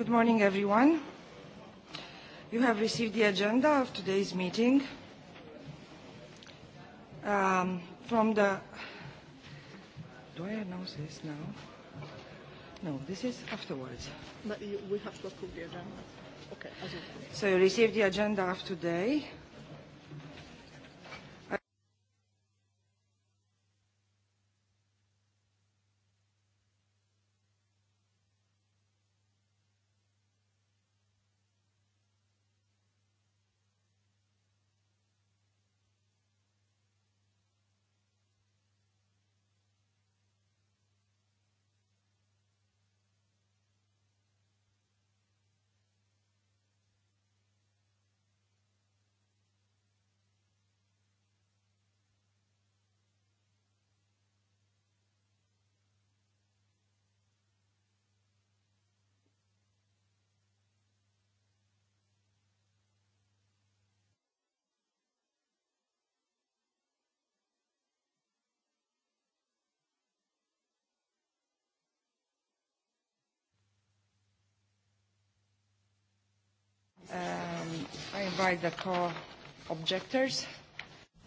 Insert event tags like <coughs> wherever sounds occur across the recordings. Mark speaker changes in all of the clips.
Speaker 1: Good morning, everyone. You have received the agenda of today's meeting. Um, from the... Do I announce
Speaker 2: this now? No, this is afterwards.
Speaker 3: But you, we have to approve the agenda.
Speaker 2: Okay. As so you
Speaker 1: received the agenda of today.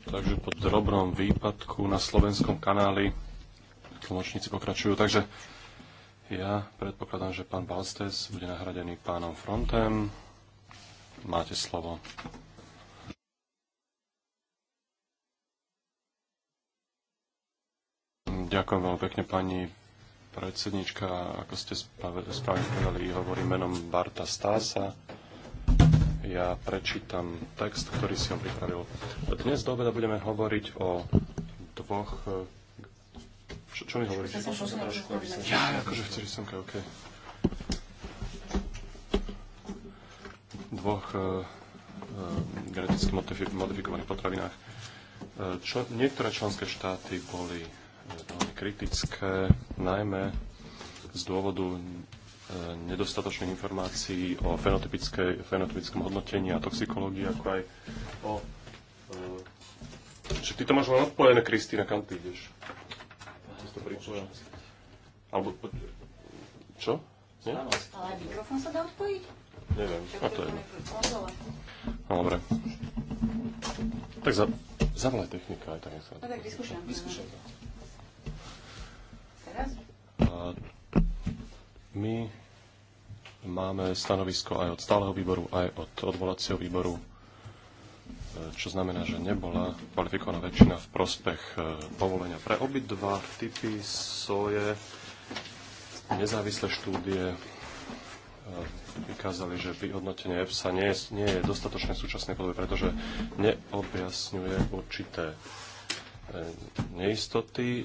Speaker 2: Takže po drobnom výpadku na slovenskom kanáli tlmočníci pokračujú. Takže ja predpokladám, že pán Balstes bude nahradený pánom Frontem. Máte slovo. Ďakujem veľmi pekne, pani predsednička. Ako ste správne povedali, hovorím menom Barta Stása ja prečítam text, ktorý si on pripravil. Dnes do obeda budeme hovoriť o dvoch... E, čo, čo mi hovoríš? Ja, akože chceš semka, OK. Dvoch uh, uh, geneticky modifikovaných potravinách. Uh, čo, niektoré členské štáty boli veľmi kritické, najmä z dôvodu nedostatočných informácií o fenotypickom hodnotení a toxikológii, ako aj o... Čiže e, ty to máš len odpojené, Kristýna, kam ty ideš? Alebo... Čo? Nie?
Speaker 1: Ale mikrofón sa dá odpojiť? Neviem, a to je
Speaker 2: jedno. No, dobre. Tak za, zavolaj technika aj tak. Sa... No tak
Speaker 3: vyskúšam. Vyskúšam Teraz?
Speaker 2: A, my máme stanovisko aj od stáleho výboru, aj od odvolacieho výboru, e, čo znamená, že nebola kvalifikovaná väčšina v prospech e, povolenia. Pre obidva typy soje nezávislé štúdie e, vykázali, že vyhodnotenie EPSA nie je, nie je dostatočné v súčasnej podobe, pretože neobjasňuje určité neistoty,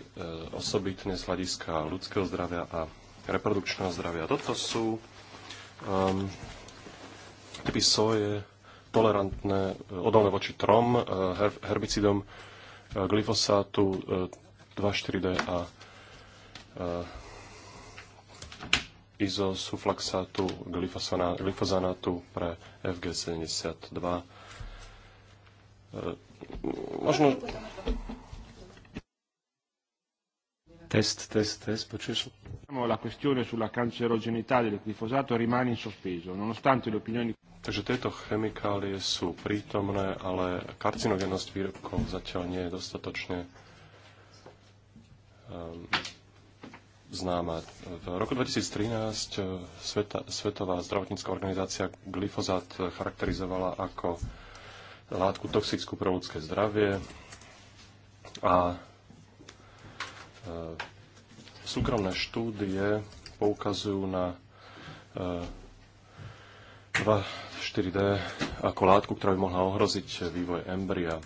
Speaker 2: osobitne z hľadiska ľudského zdravia a reprodukčného zdravia. Toto sú Um, ehm, typy soje tolerantné, e, odolné voči trom, e, herbicidom, e, glyfosátu 2,4-D a izosuflaxátu glyfosanátu pre FG72. Možno Test, test, test, počuješ? La questione sulla cancerogenità del glifosato rimane in sospeso, nonostante le opinioni... Takže tieto chemikálie sú prítomné, ale karcinogenosť výrobkov zatiaľ nie je dostatočne um, známa. V roku 2013 eh, Sveta, Svetová zdravotnícká organizácia glyfozát eh, charakterizovala ako látku toxickú pre ľudské zdravie a E, súkromné štúdie poukazujú na 2,4D e, ako látku, ktorá by mohla ohroziť vývoj embria.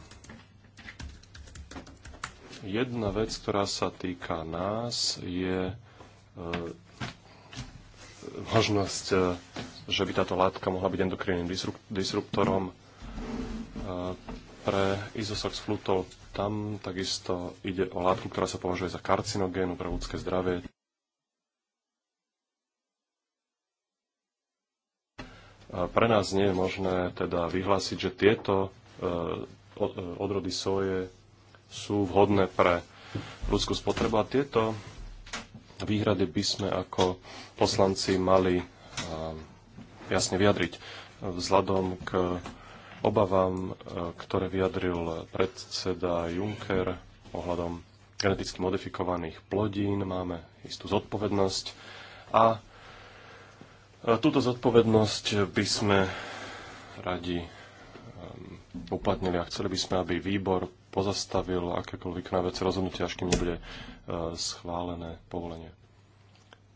Speaker 2: Jedna vec, ktorá sa týka nás, je e, možnosť, že by táto látka mohla byť endokrinným disruptorom pre izosax flutol, Tam takisto ide o látku, ktorá sa považuje za karcinogénu pre ľudské zdravie. Pre nás nie je možné teda vyhlásiť, že tieto e, e, odrody soje sú vhodné pre ľudskú spotrebu a tieto výhrady by sme ako poslanci mali e, jasne vyjadriť vzhľadom k obavám, e, ktoré vyjadril predseda Juncker ohľadom geneticky modifikovaných plodín. Máme istú zodpovednosť a e, túto zodpovednosť by sme radi e, uplatnili a chceli by sme, aby výbor pozastavil akékoľvek na veci rozhodnutia, až kým nebude schválené povolenie.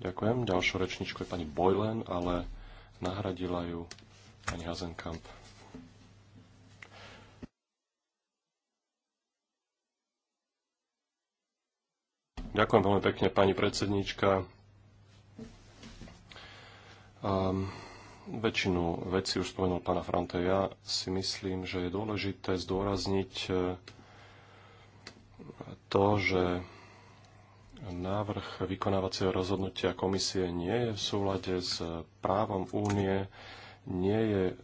Speaker 2: Ďakujem. Ďalšou rečničkou je pani Boylen, ale nahradila ju pani Hazenkamp. Ďakujem veľmi pekne, pani predsednička. Um, väčšinu vecí už spomenul pána Frante. Ja si myslím, že je dôležité zdôrazniť eh, to, že návrh vykonávacieho rozhodnutia komisie nie je v súlade s právom únie, nie je eh,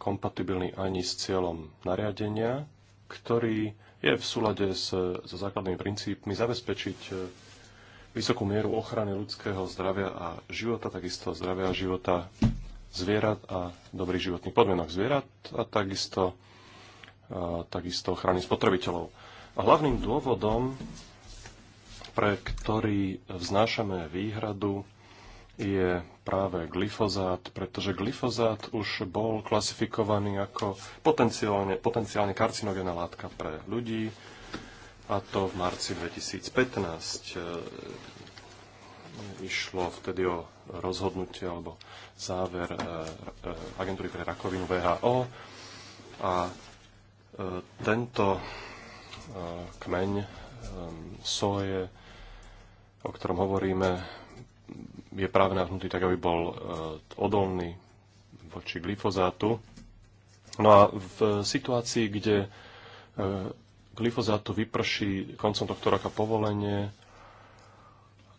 Speaker 2: kompatibilný ani s cieľom nariadenia ktorý je v súlade s, so základnými princípmi zabezpečiť e, vysokú mieru ochrany ľudského zdravia a života, takisto zdravia a života zvierat a dobrých životných podmienok zvierat a takisto, a e, takisto ochrany spotrebiteľov. A hlavným dôvodom, pre ktorý vznášame výhradu, je práve glyfozát, pretože glyfozát už bol klasifikovaný ako potenciálne, potenciálne karcinogénna látka pre ľudí a to v marci 2015 e, išlo vtedy o rozhodnutie alebo záver e, e, agentúry pre rakovinu VHO a tento kmeň soje, o ktorom hovoríme, je práve nahnutý tak, aby bol e, odolný voči glyfozátu. No a v situácii, kde e, glyfozátu vyprší koncom tohto roka povolenie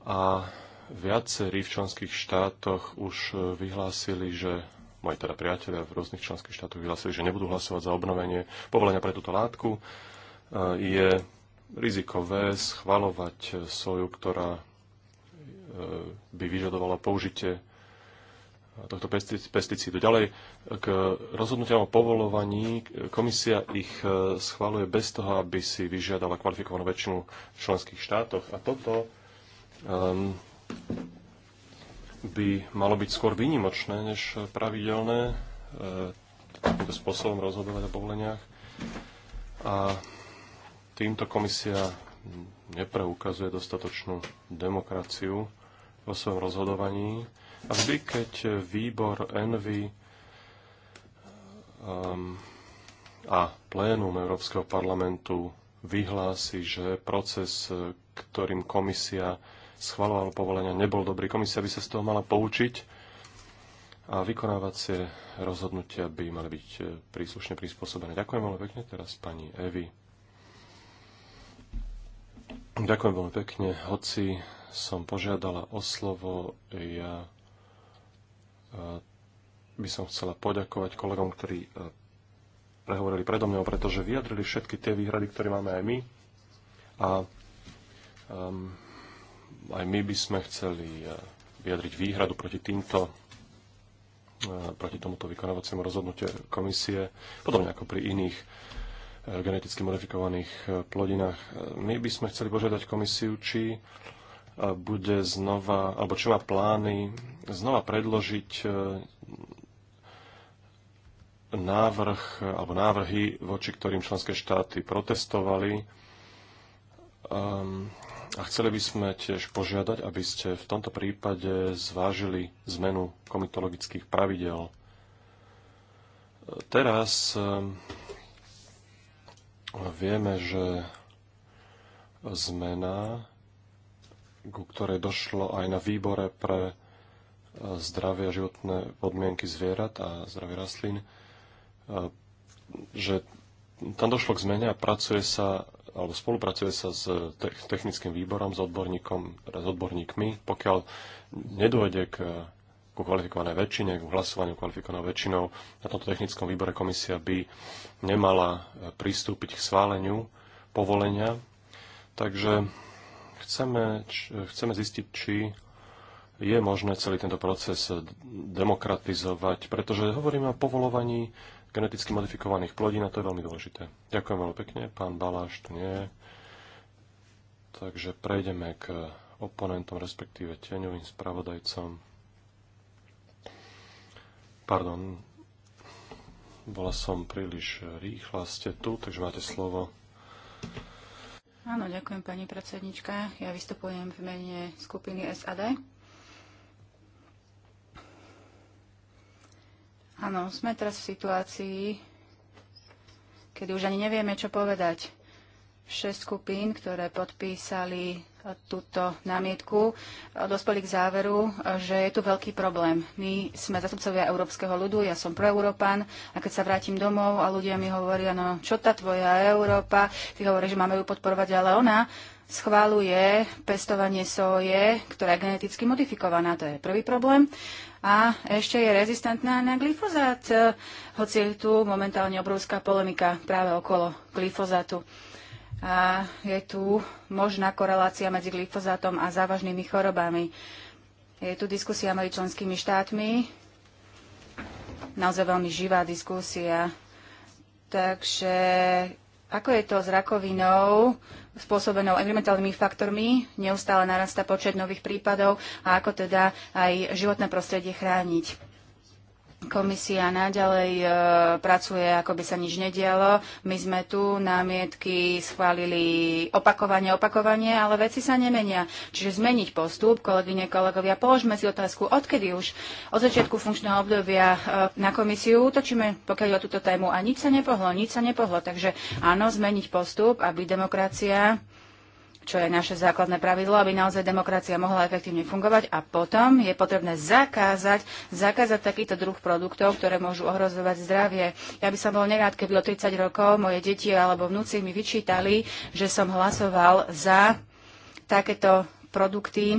Speaker 2: a viacerí v členských štátoch už e, vyhlásili, že moji teda priatelia v rôznych členských štátoch vyhlásili, že nebudú hlasovať za obnovenie povolenia pre túto látku, je rizikové schvalovať soju, ktorá E, by vyžadovala použitie tohto pesticídu. Ďalej, k rozhodnutiam o povolovaní komisia ich e, schváluje bez toho, aby si vyžiadala kvalifikovanú väčšinu v členských štátoch. A toto um, by malo byť skôr výnimočné než pravidelné e, takýmto spôsobom rozhodovať o povoleniach. A týmto komisia nepreukazuje dostatočnú demokraciu vo svojom rozhodovaní. A vždy, keď výbor Envy um, a plénum Európskeho parlamentu vyhlási, že proces, ktorým komisia schvalovala povolenia, nebol dobrý, komisia by sa z toho mala poučiť a vykonávacie rozhodnutia by mali byť eh, príslušne prispôsobené. Ďakujem veľmi pekne teraz pani Evi. Ďakujem veľmi pekne, hoci som požiadala o slovo. Ja e, by som chcela poďakovať kolegom, ktorí e, prehovorili predo mňou, pretože vyjadrili všetky tie výhrady, ktoré máme aj my. A um, aj my by sme chceli e, vyjadriť výhradu proti týmto proti tomuto vykonávaciemu rozhodnutiu komisie, podobne ako pri iných geneticky modifikovaných plodinách. My by sme chceli požiadať komisiu, či bude znova, alebo čo má plány znova predložiť e, návrh alebo návrhy, voči ktorým členské štáty protestovali. Ehm, a chceli by sme tiež požiadať, aby ste v tomto prípade zvážili zmenu komitologických pravidel. Teraz ehm, vieme, že zmena ku ktorej došlo aj na výbore pre e, zdravie a životné podmienky zvierat a zdravie rastlín, e, že tam došlo k zmene a pracuje sa, alebo spolupracuje sa s technickým výborom, s, odborníkom, teda s odborníkmi, pokiaľ nedôjde k ku kvalifikovanej väčšine, k hlasovaniu kvalifikovanou väčšinou. Na tomto technickom výbore komisia by nemala e, pristúpiť k schváleniu povolenia. Takže Chceme, chceme zistiť, či je možné celý tento proces demokratizovať, pretože hovoríme o povolovaní geneticky modifikovaných plodín a to je veľmi dôležité. Ďakujem veľmi pekne, pán Baláš tu nie. Takže prejdeme k oponentom, respektíve tieňovým spravodajcom. Pardon, bola som príliš rýchla, ste tu, takže máte slovo.
Speaker 1: Áno, ďakujem pani predsednička. Ja vystupujem v mene skupiny SAD. Áno, sme teraz v situácii, kedy už ani nevieme, čo povedať. Šesť skupín, ktoré podpísali túto námietku, dospeli k záveru, že je tu veľký problém. My sme zastupcovia európskeho ľudu, ja som proeurópan a keď sa vrátim domov a ľudia mi hovoria, no čo tá tvoja Európa, ty hovoríš, že máme ju podporovať, ale ona schváluje pestovanie soje, ktorá je geneticky modifikovaná, to je prvý problém. A ešte je rezistentná na glyfozát, hoci je tu momentálne obrovská polemika práve okolo glyfozátu a je tu možná korelácia medzi glyfozátom a závažnými chorobami. Je tu diskusia medzi členskými štátmi, naozaj veľmi živá diskusia. Takže ako je to s rakovinou spôsobenou environmentálnymi faktormi? Neustále narastá počet nových prípadov a ako teda aj životné prostredie chrániť. Komisia naďalej e, pracuje, ako by sa nič nedialo. My sme tu námietky schválili opakovanie, opakovanie, ale veci sa nemenia. Čiže zmeniť postup, kolegyne, kolegovia, položme si otázku, odkedy už od začiatku funkčného obdobia e, na komisiu útočíme, pokiaľ o túto tému a nič sa nepohlo, nič sa nepohlo. Takže áno, zmeniť postup, aby demokracia čo je naše základné pravidlo, aby naozaj demokracia mohla efektívne fungovať. A potom je potrebné zakázať, zakázať takýto druh produktov, ktoré môžu ohrozovať zdravie. Ja by som bol nerád, keby o 30 rokov moje deti alebo vnúci mi vyčítali, že som hlasoval za takéto produkty,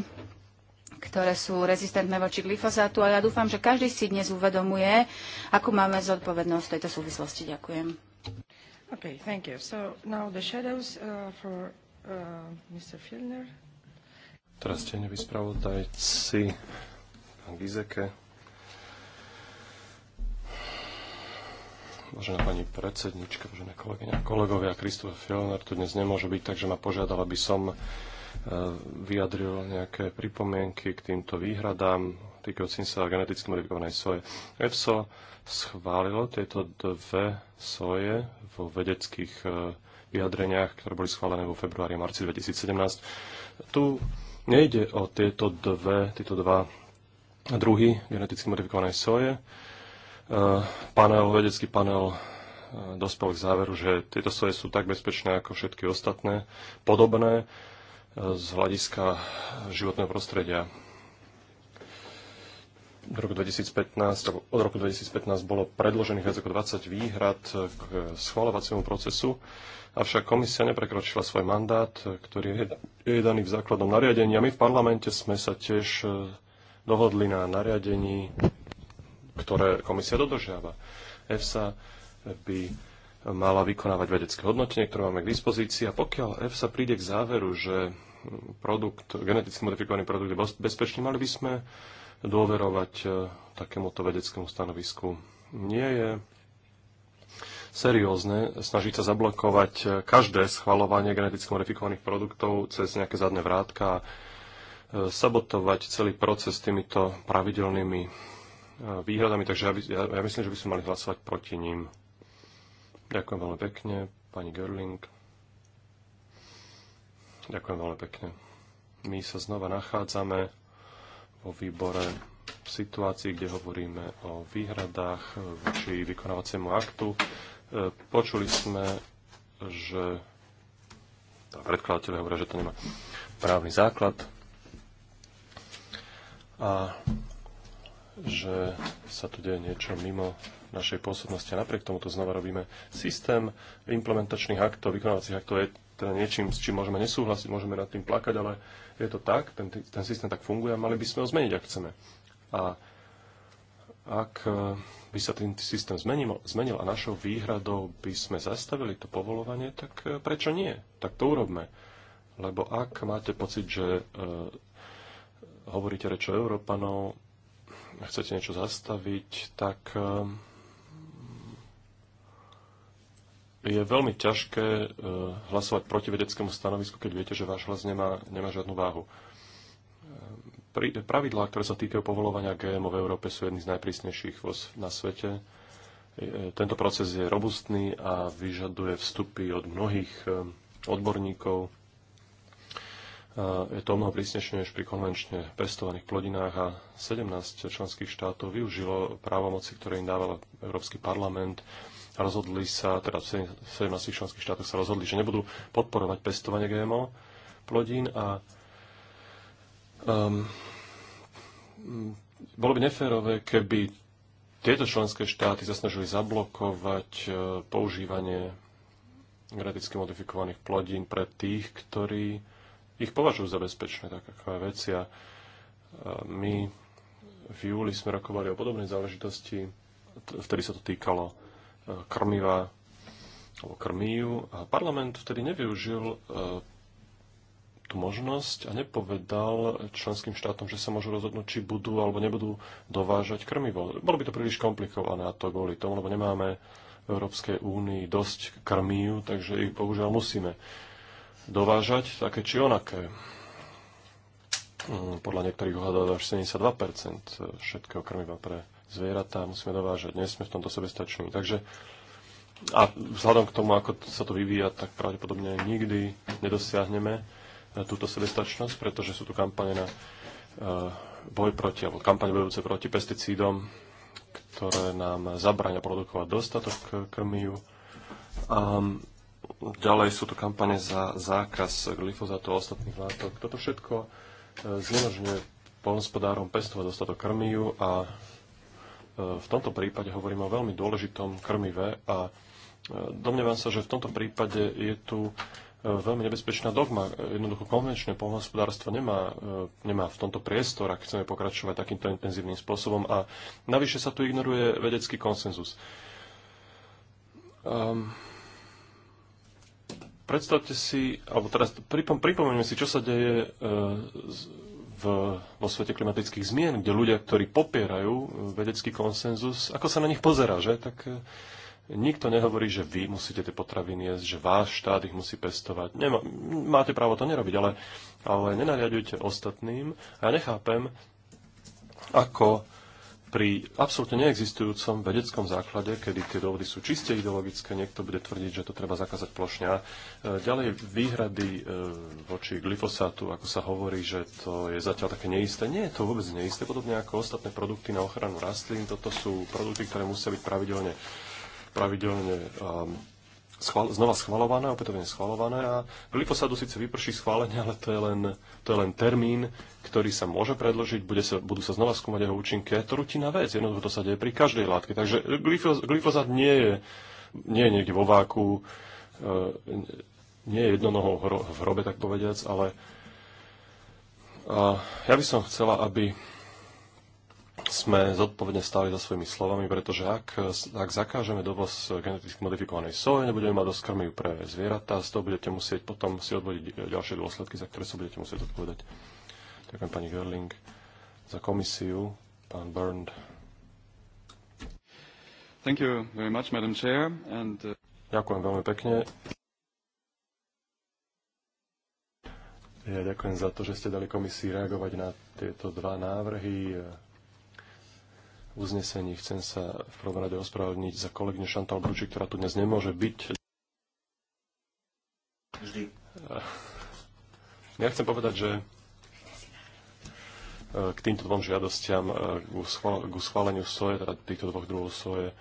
Speaker 1: ktoré sú rezistentné voči glyfosátu. A ja dúfam, že každý si dnes uvedomuje, akú máme zodpovednosť v tejto súvislosti. Ďakujem. Okay, thank you. So now
Speaker 2: the shadows uh, for Uh, Mr. Filner. spravodajci pán Gizeke. Vážená pani predsednička, vážené kolegyne a kolegovia, Kristof Fielner tu dnes nemôže byť, takže ma požiadala, aby som e, vyjadril nejaké pripomienky k týmto výhradám týkajúcim sa geneticky modifikovanej soje. EFSO schválilo tieto dve soje vo vedeckých e, vyjadreniach, ktoré boli schválené vo februári a marci 2017. Tu nejde o tieto, dve, tieto dva druhy geneticky modifikovanej soje. E, panel, vedecký panel e, dospel k záveru, že tieto soje sú tak bezpečné ako všetky ostatné, podobné e, z hľadiska životného prostredia. V roku 2015, od roku 2015 bolo predložených viac ako 20 výhrad k schvalovaciemu procesu Avšak komisia neprekročila svoj mandát, ktorý je daný v základnom nariadení. A my v parlamente sme sa tiež e, dohodli na nariadení, ktoré komisia dodržiava. EFSA by mala vykonávať vedecké hodnotenie, ktoré máme k dispozícii. A pokiaľ EFSA príde k záveru, že produkt, geneticky modifikovaný produkt je bezpečný, mali by sme dôverovať e, takémuto vedeckému stanovisku. Nie je seriózne snažiť sa zablokovať eh, každé schvalovanie geneticky modifikovaných produktov cez nejaké zadné vrátka a eh, sabotovať celý proces týmito pravidelnými eh, výhradami, takže ja, ja, ja myslím, že by sme mali hlasovať proti ním. Ďakujem veľmi pekne, pani Görling. Ďakujem veľmi pekne. My sa znova nachádzame vo výbore v situácii, kde hovoríme o výhradách voči vykonávaciemu aktu. E, počuli sme, že predkladateľe hovoria, že to nemá právny základ a že sa tu deje niečo mimo našej pôsobnosti a napriek tomu to znova robíme. Systém implementačných aktov, vykonávacích aktov je teda niečím, s čím môžeme nesúhlasiť, môžeme nad tým plakať, ale je to tak, ten, ten systém tak funguje a mali by sme ho zmeniť, ak chceme. A ak e, by sa ten systém zmenil, zmenil a našou výhradou by sme zastavili to povolovanie, tak e, prečo nie? Tak to urobme. Lebo ak máte pocit, že e, hovoríte rečo Európanov, chcete niečo zastaviť, tak e, je veľmi ťažké e, hlasovať proti vedeckému stanovisku, keď viete, že váš hlas nemá, nemá žiadnu váhu. E, pravidlá, ktoré sa týkajú povolovania GMO v Európe, sú jedny z najprísnejších na svete. E, tento proces je robustný a vyžaduje vstupy od mnohých e, odborníkov. Je to mnoho prísnejšie než pri konvenčne pestovaných plodinách a 17 členských štátov využilo právomoci, ktoré im dával Európsky parlament a rozhodli sa, teda v 17 členských štátoch sa rozhodli, že nebudú podporovať pestovanie GMO plodín a Um, bolo by neférové, keby tieto členské štáty sa snažili zablokovať e, používanie geneticky modifikovaných plodín pre tých, ktorí ich považujú za bezpečné, tak ako aj vecia. E, my v júli sme rokovali o podobnej záležitosti, vtedy sa to týkalo e, krmiva alebo krmíju a parlament vtedy nevyužil tú možnosť a nepovedal členským štátom, že sa môžu rozhodnúť, či budú alebo nebudú dovážať krmivo. Bolo by to príliš komplikované a to kvôli tomu, lebo nemáme v Európskej únii dosť krmív, takže ich bohužiaľ musíme dovážať také či onaké. Mm, podľa niektorých ohľadov až 72% všetkého krmiva pre zvieratá musíme dovážať. Nie sme v tomto sebestační. Takže a vzhľadom k tomu, ako sa to vyvíja, tak pravdepodobne nikdy nedosiahneme na túto sebestačnosť, pretože sú tu kampane na eh, boj proti, alebo kampane bojujúce proti pesticídom, ktoré nám zabráňa produkovať dostatok krmiu. A ďalej sú tu kampane za zákaz glyfozátu a ostatných látok. Toto všetko eh, znemožňuje polnospodárom pestovať dostatok krmiu a eh, v tomto prípade hovorím o veľmi dôležitom krmive a domnievam sa, že v tomto prípade je tu veľmi nebezpečná dogma. Jednoducho konvenčné polnohospodárstvo nemá, e, nemá v tomto priestor, ak chceme pokračovať takýmto intenzívnym spôsobom a navyše sa tu ignoruje vedecký konsenzus. Um, predstavte si, alebo teraz pripom, pripomeňme si, čo sa deje e, v, vo svete klimatických zmien, kde ľudia, ktorí popierajú vedecký konsenzus, ako sa na nich pozera, že? Tak e, Nikto nehovorí, že vy musíte tie potraviny jesť, že váš štát ich musí pestovať. Nemá, máte právo to nerobiť, ale, ale nenariadujte ostatným. A ja nechápem, ako pri absolútne neexistujúcom vedeckom základe, kedy tie dôvody sú čiste ideologické, niekto bude tvrdiť, že to treba zakázať plošňa. E, ďalej výhrady e, voči glyfosátu, ako sa hovorí, že to je zatiaľ také neisté. Nie je to vôbec neisté, podobne ako ostatné produkty na ochranu rastlín. Toto sú produkty, ktoré musia byť pravidelne pravidelne um, schval- znova schvalované, opätovne schvalované a glyfosádu síce vyprší schválenie, ale to je len, to je len termín, ktorý sa môže predložiť, bude sa, budú sa znova skúmať jeho účinky. Je to rutina vec, jednoducho to sa deje pri každej látke. Takže glyfosát nie je, nie je niekde vo váku, e, nie je jednonohou v hrobe, tak povediac, ale a ja by som chcela, aby sme zodpovedne stáli za svojimi slovami, pretože ak, ak zakážeme dovoz geneticky modifikovanej soje, nebudeme mať dosť krmy pre zvieratá, z toho budete musieť potom si odvodiť ďalšie dôsledky, za ktoré sa budete musieť odpovedať. Ďakujem pani Gerling za komisiu, pán Bernd. Thank you very much, Madam Chair. And, uh... Ďakujem veľmi pekne. Ja ďakujem za to, že ste dali komisii reagovať na tieto dva návrhy uznesení. Chcem sa v prvom rade ospravedlniť za kolegyňu Šantal Bruči, ktorá tu dnes nemôže byť. Vždy. Ja chcem povedať, že e, k týmto dvom žiadostiam, e, k schváleniu soje, teda týchto dvoch druhov soje e,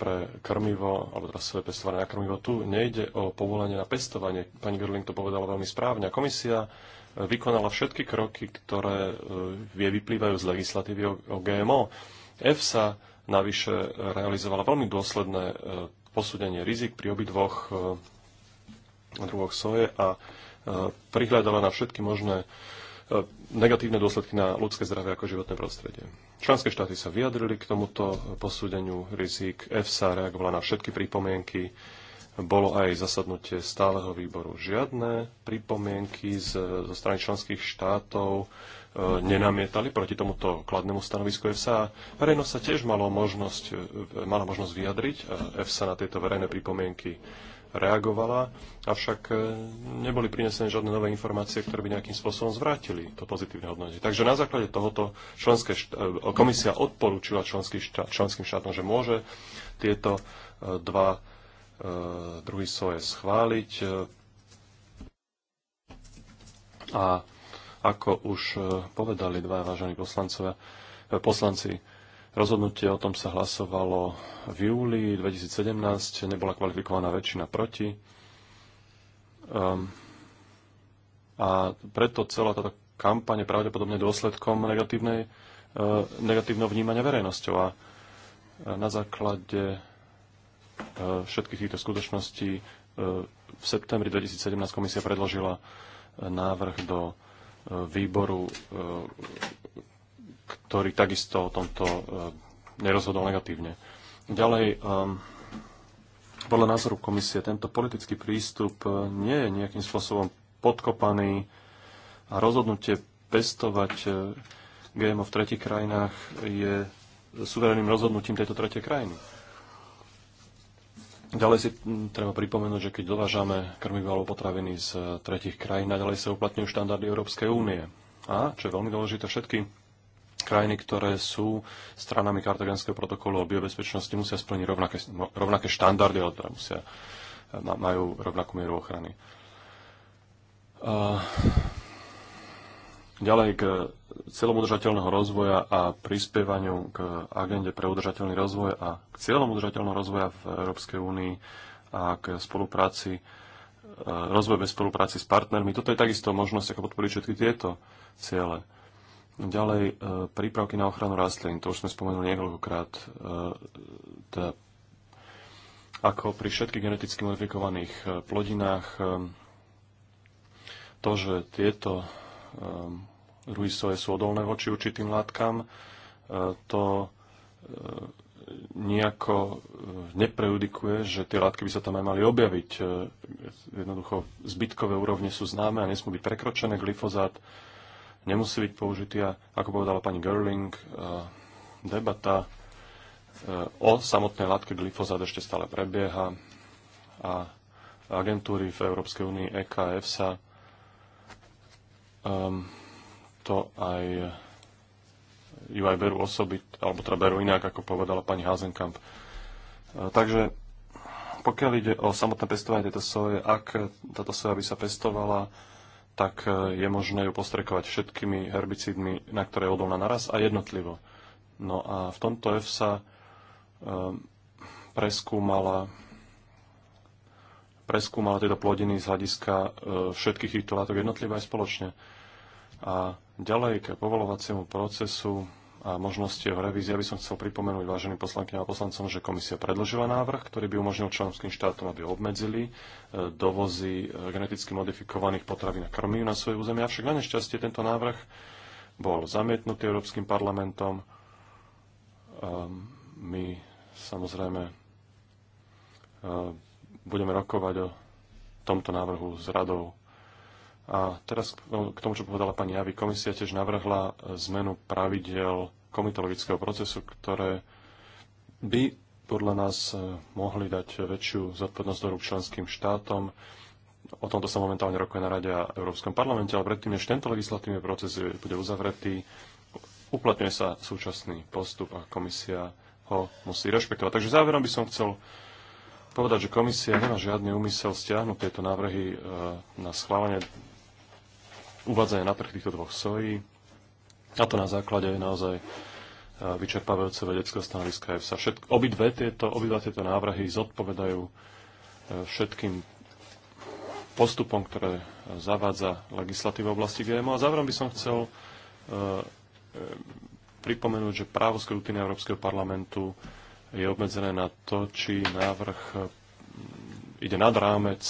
Speaker 2: pre krmivo, alebo teda soje pestované na krmivo, tu nejde o povolenie na pestovanie. Pani Gerling to povedala veľmi správne. Komisia vykonala všetky kroky, ktoré e, vie vyplývajú z legislatívy o GMO. EFSA navyše realizovala veľmi dôsledné e, posúdenie rizik pri obidvoch e, druhoch soje a prihľadala na všetky možné negatívne dôsledky na ľudské zdravie ako životné prostredie. Členské štáty sa vyjadrili k tomuto posúdeniu rizik, EFSA reagovala na všetky pripomienky bolo aj zasadnutie stáleho výboru. Žiadne pripomienky z, zo strany členských štátov e, nenamietali proti tomuto kladnému stanovisku EFSA. Verejnosť sa tiež malo možnosť, e, mala možnosť vyjadriť. EFSA na tieto verejné pripomienky reagovala, avšak e, neboli prinesené žiadne nové informácie, ktoré by nejakým spôsobom zvrátili to pozitívne hodnotenie. Takže na základe tohoto členské e, komisia odporúčila členský šta- členským štátom, že môže tieto e, dva Eh, druhý SOE schváliť. A ako už eh, povedali dva vážení poslancovia, eh, poslanci, rozhodnutie o tom sa hlasovalo v júli 2017, nebola kvalifikovaná väčšina proti. Ehm, a preto celá táto kampaň je pravdepodobne dôsledkom negatívneho vnímania verejnosťou. A na základe E, všetkých týchto skutočností e, v septembri 2017 komisia predložila e, návrh do výboru, ktorý takisto o tomto nerozhodol negatívne. Ďalej, podľa názoru komisie tento politický prístup nie je nejakým spôsobom podkopaný a rozhodnutie pestovať GMO v tretich krajinách je suverénnym rozhodnutím tejto tretej krajiny. Ďalej si treba pripomenúť, že keď dovážame krmivo alebo potraviny z e, tretich krajín, naďalej sa uplatňujú štandardy Európskej únie. A, čo je veľmi dôležité, všetky krajiny, ktoré sú stranami kartagenského protokolu o biobezpečnosti, musia splniť rovnaké, rovnaké štandardy, ale teda musia, e, majú rovnakú mieru ochrany. A, ďalej k cieľom udržateľného rozvoja a prispievaniu k agende pre udržateľný rozvoj a k cieľom udržateľného rozvoja v Európskej únii a k spolupráci, e, rozvoj bez spolupráci s partnermi. Toto je takisto možnosť, ako podporiť všetky tieto ciele. Ďalej, e, prípravky na ochranu rastlín, to už sme spomenuli niekoľkokrát. E, teda, ako pri všetkých geneticky modifikovaných plodinách, to, že tieto Ruisové sú odolné voči určitým látkam. E, to e, nejako e, neprejudikuje, že tie látky by sa tam aj mali objaviť. Jednoducho zbytkové úrovne sú známe a nesmú byť prekročené. Glyfozát nemusí byť použitý a ako povedala pani Gerling, debata o samotnej látke glyfozát ešte stále prebieha a agentúry v Európskej únii EKF sa um, ehm, to aj ju aj berú osoby, alebo teda berú inak, ako povedala pani Hazenkamp. E, takže pokiaľ ide o samotné pestovanie tejto soje, ak táto soja by sa pestovala, tak e, je možné ju postrekovať všetkými herbicídmi, na ktoré je odolná naraz a jednotlivo. No a v tomto EFSA e, preskúmala preskúmala tieto plodiny z hľadiska všetkých týchto látok jednotlivo aj spoločne. A ďalej k povolovaciemu procesu a možnosti jeho revízie by som chcel pripomenúť váženým poslankyňam a poslancom, že komisia predložila návrh, ktorý by umožnil členským štátom, aby obmedzili e, dovozy e, geneticky modifikovaných potravín a krmív na svoje územie. Avšak na nešťastie tento návrh bol zamietnutý Európskym parlamentom. E, my samozrejme budeme rokovať o tomto návrhu s radou a teraz k tomu, čo povedala pani Javi, komisia tiež navrhla e, zmenu pravidel komitologického procesu, ktoré by podľa nás e, mohli dať väčšiu zodpovednosť do rúk členským štátom. O tomto sa momentálne rokuje na Rade a Európskom parlamente, ale predtým, než tento legislatívny proces e, bude uzavretý, uplatňuje sa súčasný postup a komisia ho musí rešpektovať. Takže záverom by som chcel povedať, že komisia nemá žiadny úmysel stiahnuť tieto návrhy na schválenie uvádzanie na trh týchto dvoch sojí, a to na základe naozaj e, vyčerpávajúce vedeckého stanoviska EFSA. obidve tieto, obidva tieto návrhy zodpovedajú e, všetkým postupom, ktoré zavádza legislatíva v oblasti GMO. A záverom by som chcel e, pripomenúť, že právo skrutiny Európskeho parlamentu je obmedzené na to, či návrh ide nad rámec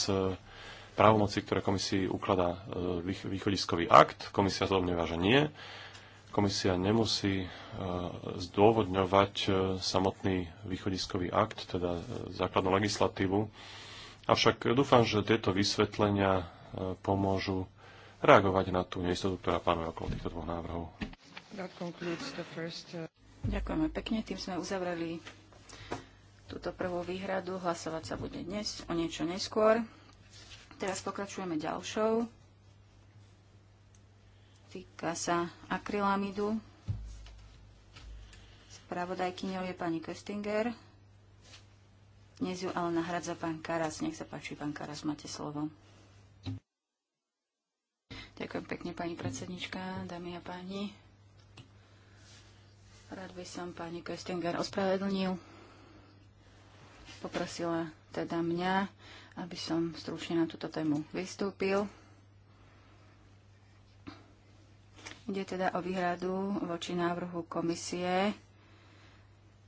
Speaker 2: právomoci, ktoré komisii ukladá e, východiskový akt. Komisia sa že nie. Komisia nemusí e, zdôvodňovať e, samotný východiskový akt, teda základnú legislatívu. Avšak dúfam, že tieto vysvetlenia pomôžu reagovať na tú neistotu, ktorá panuje okolo týchto dvoch návrhov.
Speaker 1: Uh, Ďakujeme pekne. Tým sme uzavreli túto prvú výhradu. Hlasovať sa bude dnes o niečo neskôr. Teraz pokračujeme ďalšou. Týka sa akrylamidu. Spravodajkyňou je pani Köstinger. Dnes ju ale nahradza pán Karas. Nech sa páči, pán Karas, máte slovo. Ďakujem pekne, pani predsednička, dámy a páni. Rád by som pani Köstinger ospravedlnil. Poprosila teda mňa, aby som stručne na túto tému vystúpil. Ide teda o výhradu voči návrhu komisie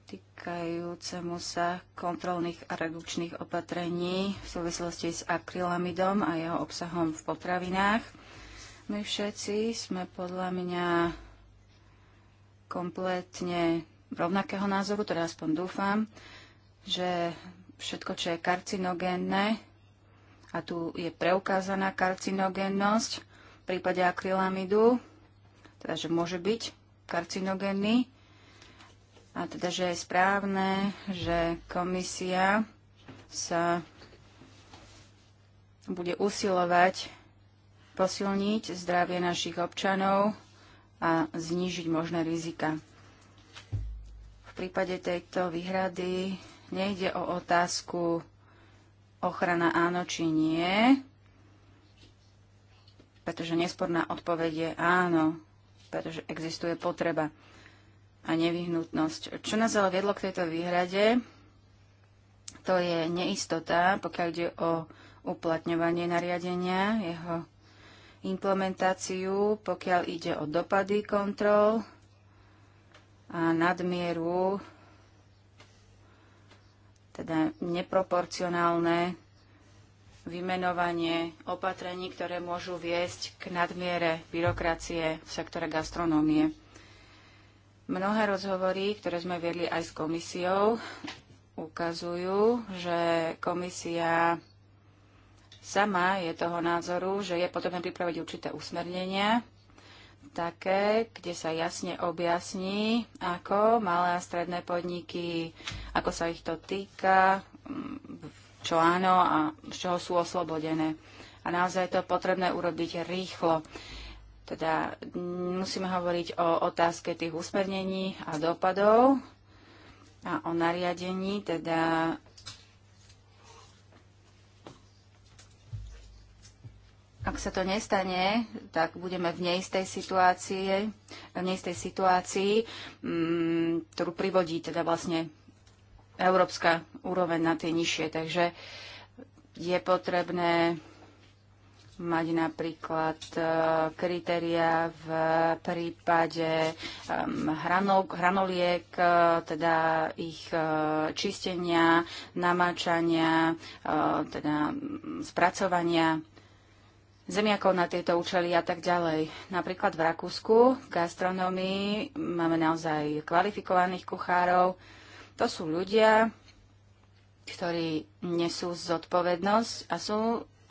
Speaker 1: týkajúcemu sa kontrolných a redukčných opatrení v súvislosti s akrylamidom a jeho obsahom v potravinách. My všetci sme podľa mňa kompletne rovnakého názoru, teda aspoň dúfam, že všetko, čo je karcinogénne, a tu je preukázaná karcinogénnosť v prípade akrylamidu, teda že môže byť karcinogénny, a teda že je správne, že komisia sa bude usilovať posilniť zdravie našich občanov a znížiť možné rizika. V prípade tejto výhrady Nejde o otázku ochrana áno či nie, pretože nesporná odpoveď je áno, pretože existuje potreba a nevyhnutnosť. Čo nás ale viedlo k tejto výhrade, to je neistota, pokiaľ ide o uplatňovanie nariadenia, jeho implementáciu, pokiaľ ide o dopady kontrol a nadmieru teda neproporcionálne vymenovanie opatrení, ktoré môžu viesť k nadmiere byrokracie v sektore gastronómie. Mnohé rozhovory, ktoré sme viedli aj s komisiou, ukazujú, že komisia sama je toho názoru, že je potrebné pripraviť určité usmernenia, také, kde sa jasne objasní, ako malé a stredné podniky, ako sa ich to týka, mm, čo áno a z čoho sú oslobodené. A naozaj je to potrebné urobiť rýchlo. Teda musíme hovoriť o otázke tých usmernení a dopadov a o nariadení, teda Ak sa to nestane, tak budeme v neistej situácii, v neistej situácii, mm, ktorú privodí teda vlastne európska úroveň na tie nižšie. Takže je potrebné mať napríklad e, kritéria v prípade hranok, hranoliek, e, teda ich e, čistenia, namáčania, teda mm, spracovania zemiakov na tieto účely a tak ďalej. Napríklad v Rakúsku v gastronomii máme naozaj kvalifikovaných kuchárov. To sú ľudia, ktorí nesú zodpovednosť a sú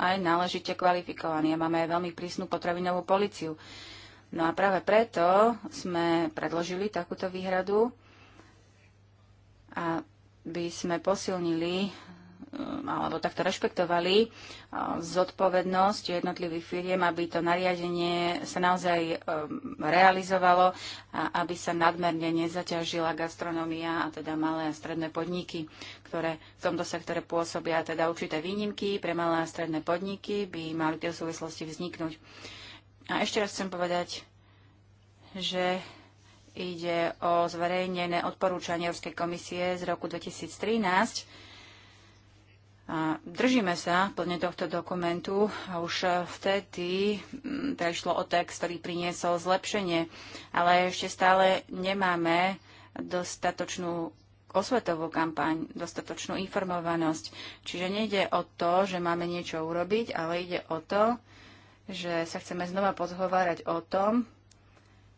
Speaker 1: aj náležite kvalifikovaní. A máme aj veľmi prísnu potravinovú policiu. No a práve preto sme predložili takúto výhradu, aby sme posilnili Mm, alebo takto rešpektovali zodpovednosť jednotlivých firiem, aby to nariadenie sa naozaj um, realizovalo a aby sa nadmerne nezaťažila gastronomia a teda malé a stredné podniky, ktoré v tomto sektore pôsobia. Teda určité výnimky pre malé a stredné podniky by mali v tej súvislosti vzniknúť. A ešte raz chcem povedať, že ide o zverejnené odporúčanie Európskej komisie z roku 2013, Držíme sa plne tohto dokumentu a už vtedy prešlo mm, o text, ktorý priniesol zlepšenie, ale ešte stále nemáme dostatočnú osvetovú kampaň, dostatočnú informovanosť. Čiže nejde o to, že máme niečo urobiť, ale ide o to, že sa chceme znova pozhovárať o tom,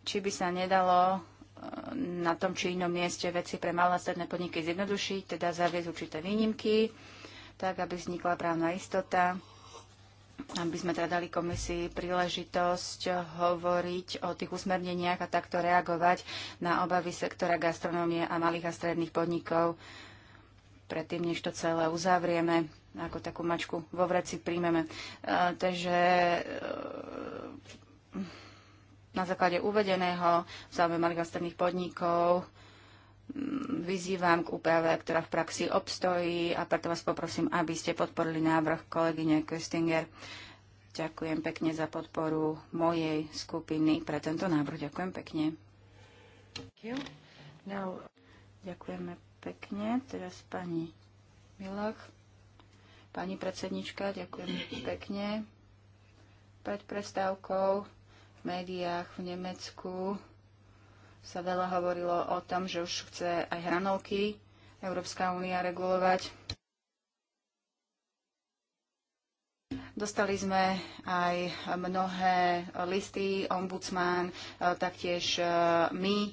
Speaker 1: či by sa nedalo e, na tom či inom mieste veci pre malé a stredné podniky zjednodušiť, teda zaviesť určité výnimky, tak aby vznikla právna istota, aby sme teda dali komisii príležitosť hovoriť o tých usmerneniach a takto reagovať na obavy sektora gastronómie a malých a stredných podnikov predtým, než to celé uzavrieme, ako takú mačku vo vreci príjmeme. E, takže e, na základe uvedeného v záujme malých a stredných podnikov vyzývam k úprave, ktorá v praxi obstojí a preto vás poprosím, aby ste podporili návrh kolegyne Köstinger. Ďakujem pekne za podporu mojej skupiny pre tento návrh. Ďakujem pekne. Ďakujeme pekne. Teraz pani Milach. Pani predsednička, ďakujem pekne. Pred prestávkou v médiách v Nemecku sa veľa hovorilo o tom, že už chce aj hranolky Európska únia regulovať. Dostali sme aj mnohé listy, ombudsman, e, taktiež e, my e,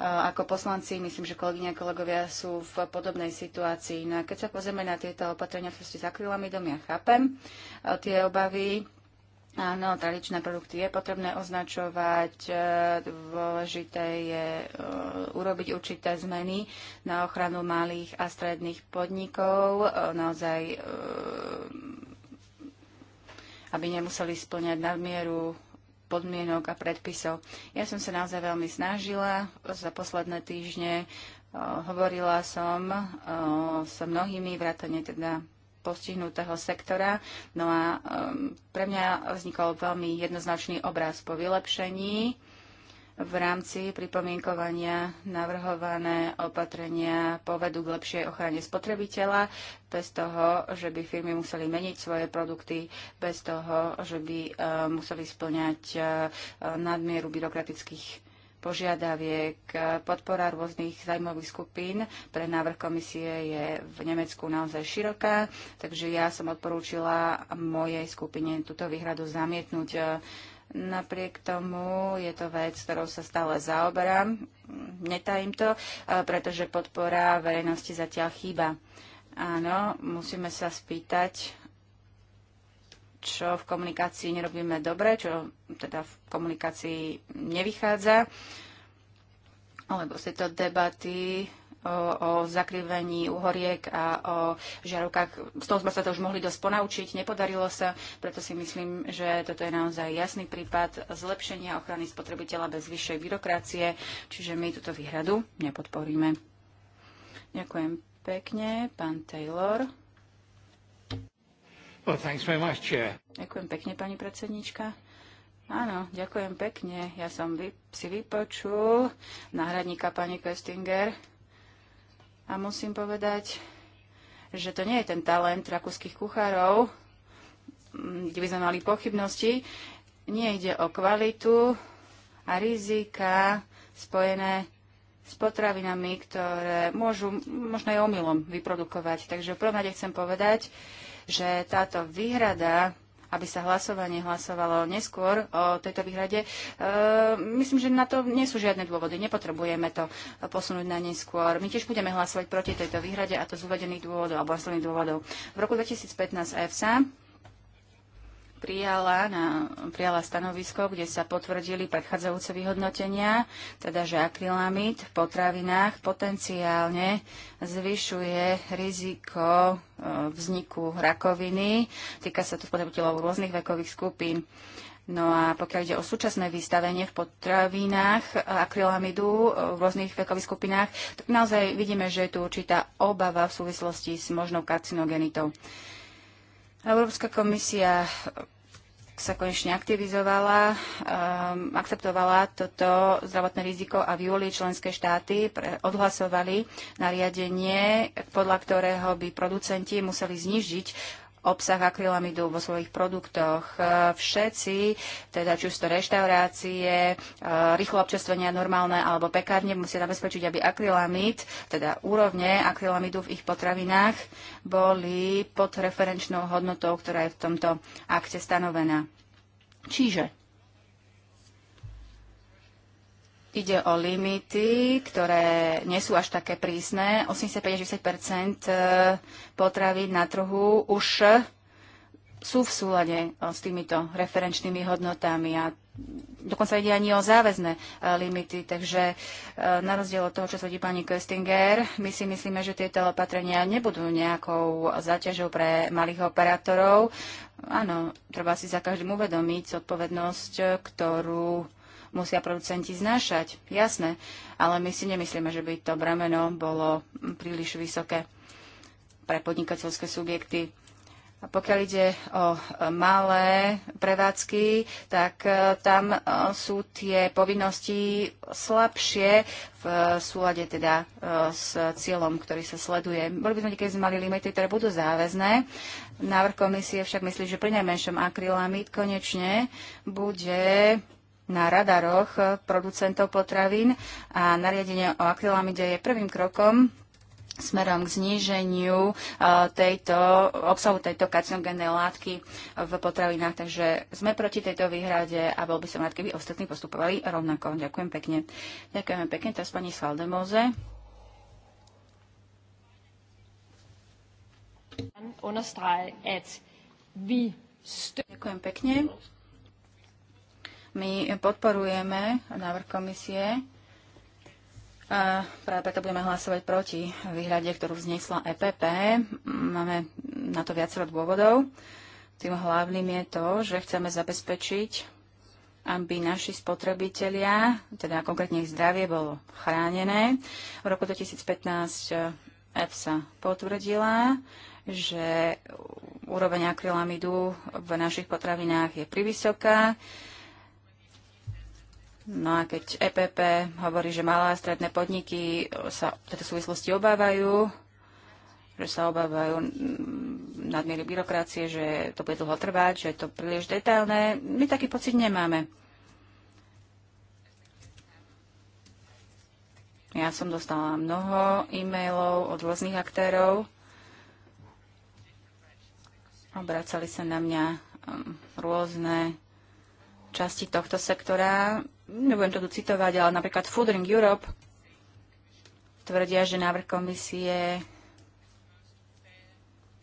Speaker 1: ako poslanci, myslím, že kolegyne a kolegovia sú v podobnej situácii. No a keď sa pozrieme na tieto opatrenia ktoré ste zakrýlami domy, ja chápem tie obavy, Áno, tradičné produkty je potrebné označovať, e, dôležité je e, urobiť určité zmeny na ochranu malých a stredných podnikov, e, naozaj, aby nemuseli splňať nadmieru podmienok a predpisov. Ja som sa naozaj veľmi snažila za posledné týždne, hovorila som so mnohými, vrátane teda postihnutého sektora. No a um, pre mňa vznikol veľmi jednoznačný obraz po vylepšení v rámci pripomienkovania navrhované opatrenia povedú k lepšej ochrane spotrebiteľa, bez toho, že by firmy museli meniť svoje produkty, bez toho, že by uh, museli splňať uh, nadmieru byrokratických požiadaviek, podpora rôznych zájmových skupín pre návrh komisie je v Nemecku naozaj široká, takže ja som odporúčila mojej skupine túto výhradu zamietnúť. Napriek tomu je to vec, ktorou sa stále zaoberám, netajím to, pretože podpora verejnosti zatiaľ chýba. Áno, musíme sa spýtať, čo v komunikácii nerobíme dobre, čo teda v komunikácii nevychádza, alebo si to debaty o, o zakrivení uhoriek a o žiarovkách. Z toho sme sa to už mohli dosť ponaučiť, nepodarilo sa, preto si myslím, že toto je naozaj jasný prípad zlepšenia ochrany spotrebiteľa bez vyššej byrokracie, čiže my túto výhradu nepodporíme. Ďakujem pekne, pán Taylor.
Speaker 3: Ďakujem
Speaker 1: pekne, pani predsednička. Áno, ďakujem pekne. Ja som si vypočul náhradníka pani Köstinger a musím povedať, že to nie je ten talent rakúskych kuchárov, mm, kde by sme mali pochybnosti. Nie ide o kvalitu a rizika spojené s potravinami, ktoré môžu možno aj omylom vyprodukovať. Takže v prvom rade chcem povedať, že táto výhrada aby sa hlasovanie hlasovalo neskôr o tejto výhrade. E, myslím, že na to nie sú žiadne dôvody. Nepotrebujeme to posunúť na neskôr. My tiež budeme hlasovať proti tejto výhrade a to z uvedených dôvodov alebo dôvodov. V roku 2015 EFSA prijala, na, prijala stanovisko, kde sa potvrdili predchádzajúce vyhodnotenia, teda že akrylamid v potravinách potenciálne zvyšuje riziko e, vzniku rakoviny. Týka sa to spotrebiteľov rôznych vekových skupín. No a pokiaľ ide o súčasné vystavenie v potravinách akrylamidu e, v rôznych vekových skupinách, tak naozaj vidíme, že je tu určitá obava v súvislosti s možnou karcinogenitou. Európska komisia sa konečne aktivizovala, um, akceptovala toto zdravotné riziko a v júli členské štáty pre, odhlasovali nariadenie, podľa ktorého by producenti museli znižiť obsah akrylamidu vo svojich produktoch. E, všetci, teda či už to reštaurácie, e, rýchlo občerstvenia normálne alebo pekárne, musia zabezpečiť, aby akrylamid, teda úrovne akrylamidu v ich potravinách, boli pod referenčnou hodnotou, ktorá je v tomto akte stanovená. Čiže Ide o limity, ktoré nie sú až také prísne. 85-60 e, potravín na trhu už sú v súlade e, s týmito referenčnými hodnotami a dokonca ide ani o záväzné e, limity. Takže na rozdiel od toho, čo tvrdí pani Köstinger, my si myslíme, že tieto opatrenia nebudú nejakou záťažou pre malých operátorov. Áno, treba si za každým uvedomiť zodpovednosť, ktorú musia producenti znášať. Jasné, ale my si nemyslíme, že by to bremeno bolo príliš vysoké pre podnikateľské subjekty. A pokiaľ ide o e, malé prevádzky, tak e, tam e, sú tie povinnosti slabšie v súlade teda s cieľom, ktorý sa sleduje. Boli by sme, keď mali limity, ktoré budú záväzné. Návrh komisie však myslí, že pri najmenšom akrylamid konečne bude na radaroch producentov potravín a nariadenie o akrylamide je prvým krokom smerom k zníženiu e, tejto, obsahu tejto karcinogénnej látky v potravinách. Takže sme proti tejto výhrade a bol by som rád, keby ostatní postupovali rovnako. Ďakujem pekne. Ďakujeme pekne. Teraz pani Saldemoze. Ďakujem pekne. My podporujeme návrh komisie a práve preto budeme hlasovať proti výhrade, ktorú vznesla EPP. Máme na to viacero dôvodov. Tým hlavným je to, že chceme zabezpečiť, aby naši spotrebitelia, teda konkrétne ich zdravie, bolo chránené. V roku 2015 EFSA potvrdila, že úroveň akrylamidu v našich potravinách je privysoká. vysoká No a keď EPP hovorí, že malé a stredné podniky e, sa v tejto súvislosti obávajú, že sa obávajú nadmiery byrokracie, že to bude dlho trvať, že je to príliš detailné, my taký pocit nemáme. Ja som dostala mnoho e-mailov od rôznych aktérov. Obracali sa na mňa rôzne časti tohto sektora nebudem to tu citovať, ale napríklad Foodring Europe tvrdia, že návrh komisie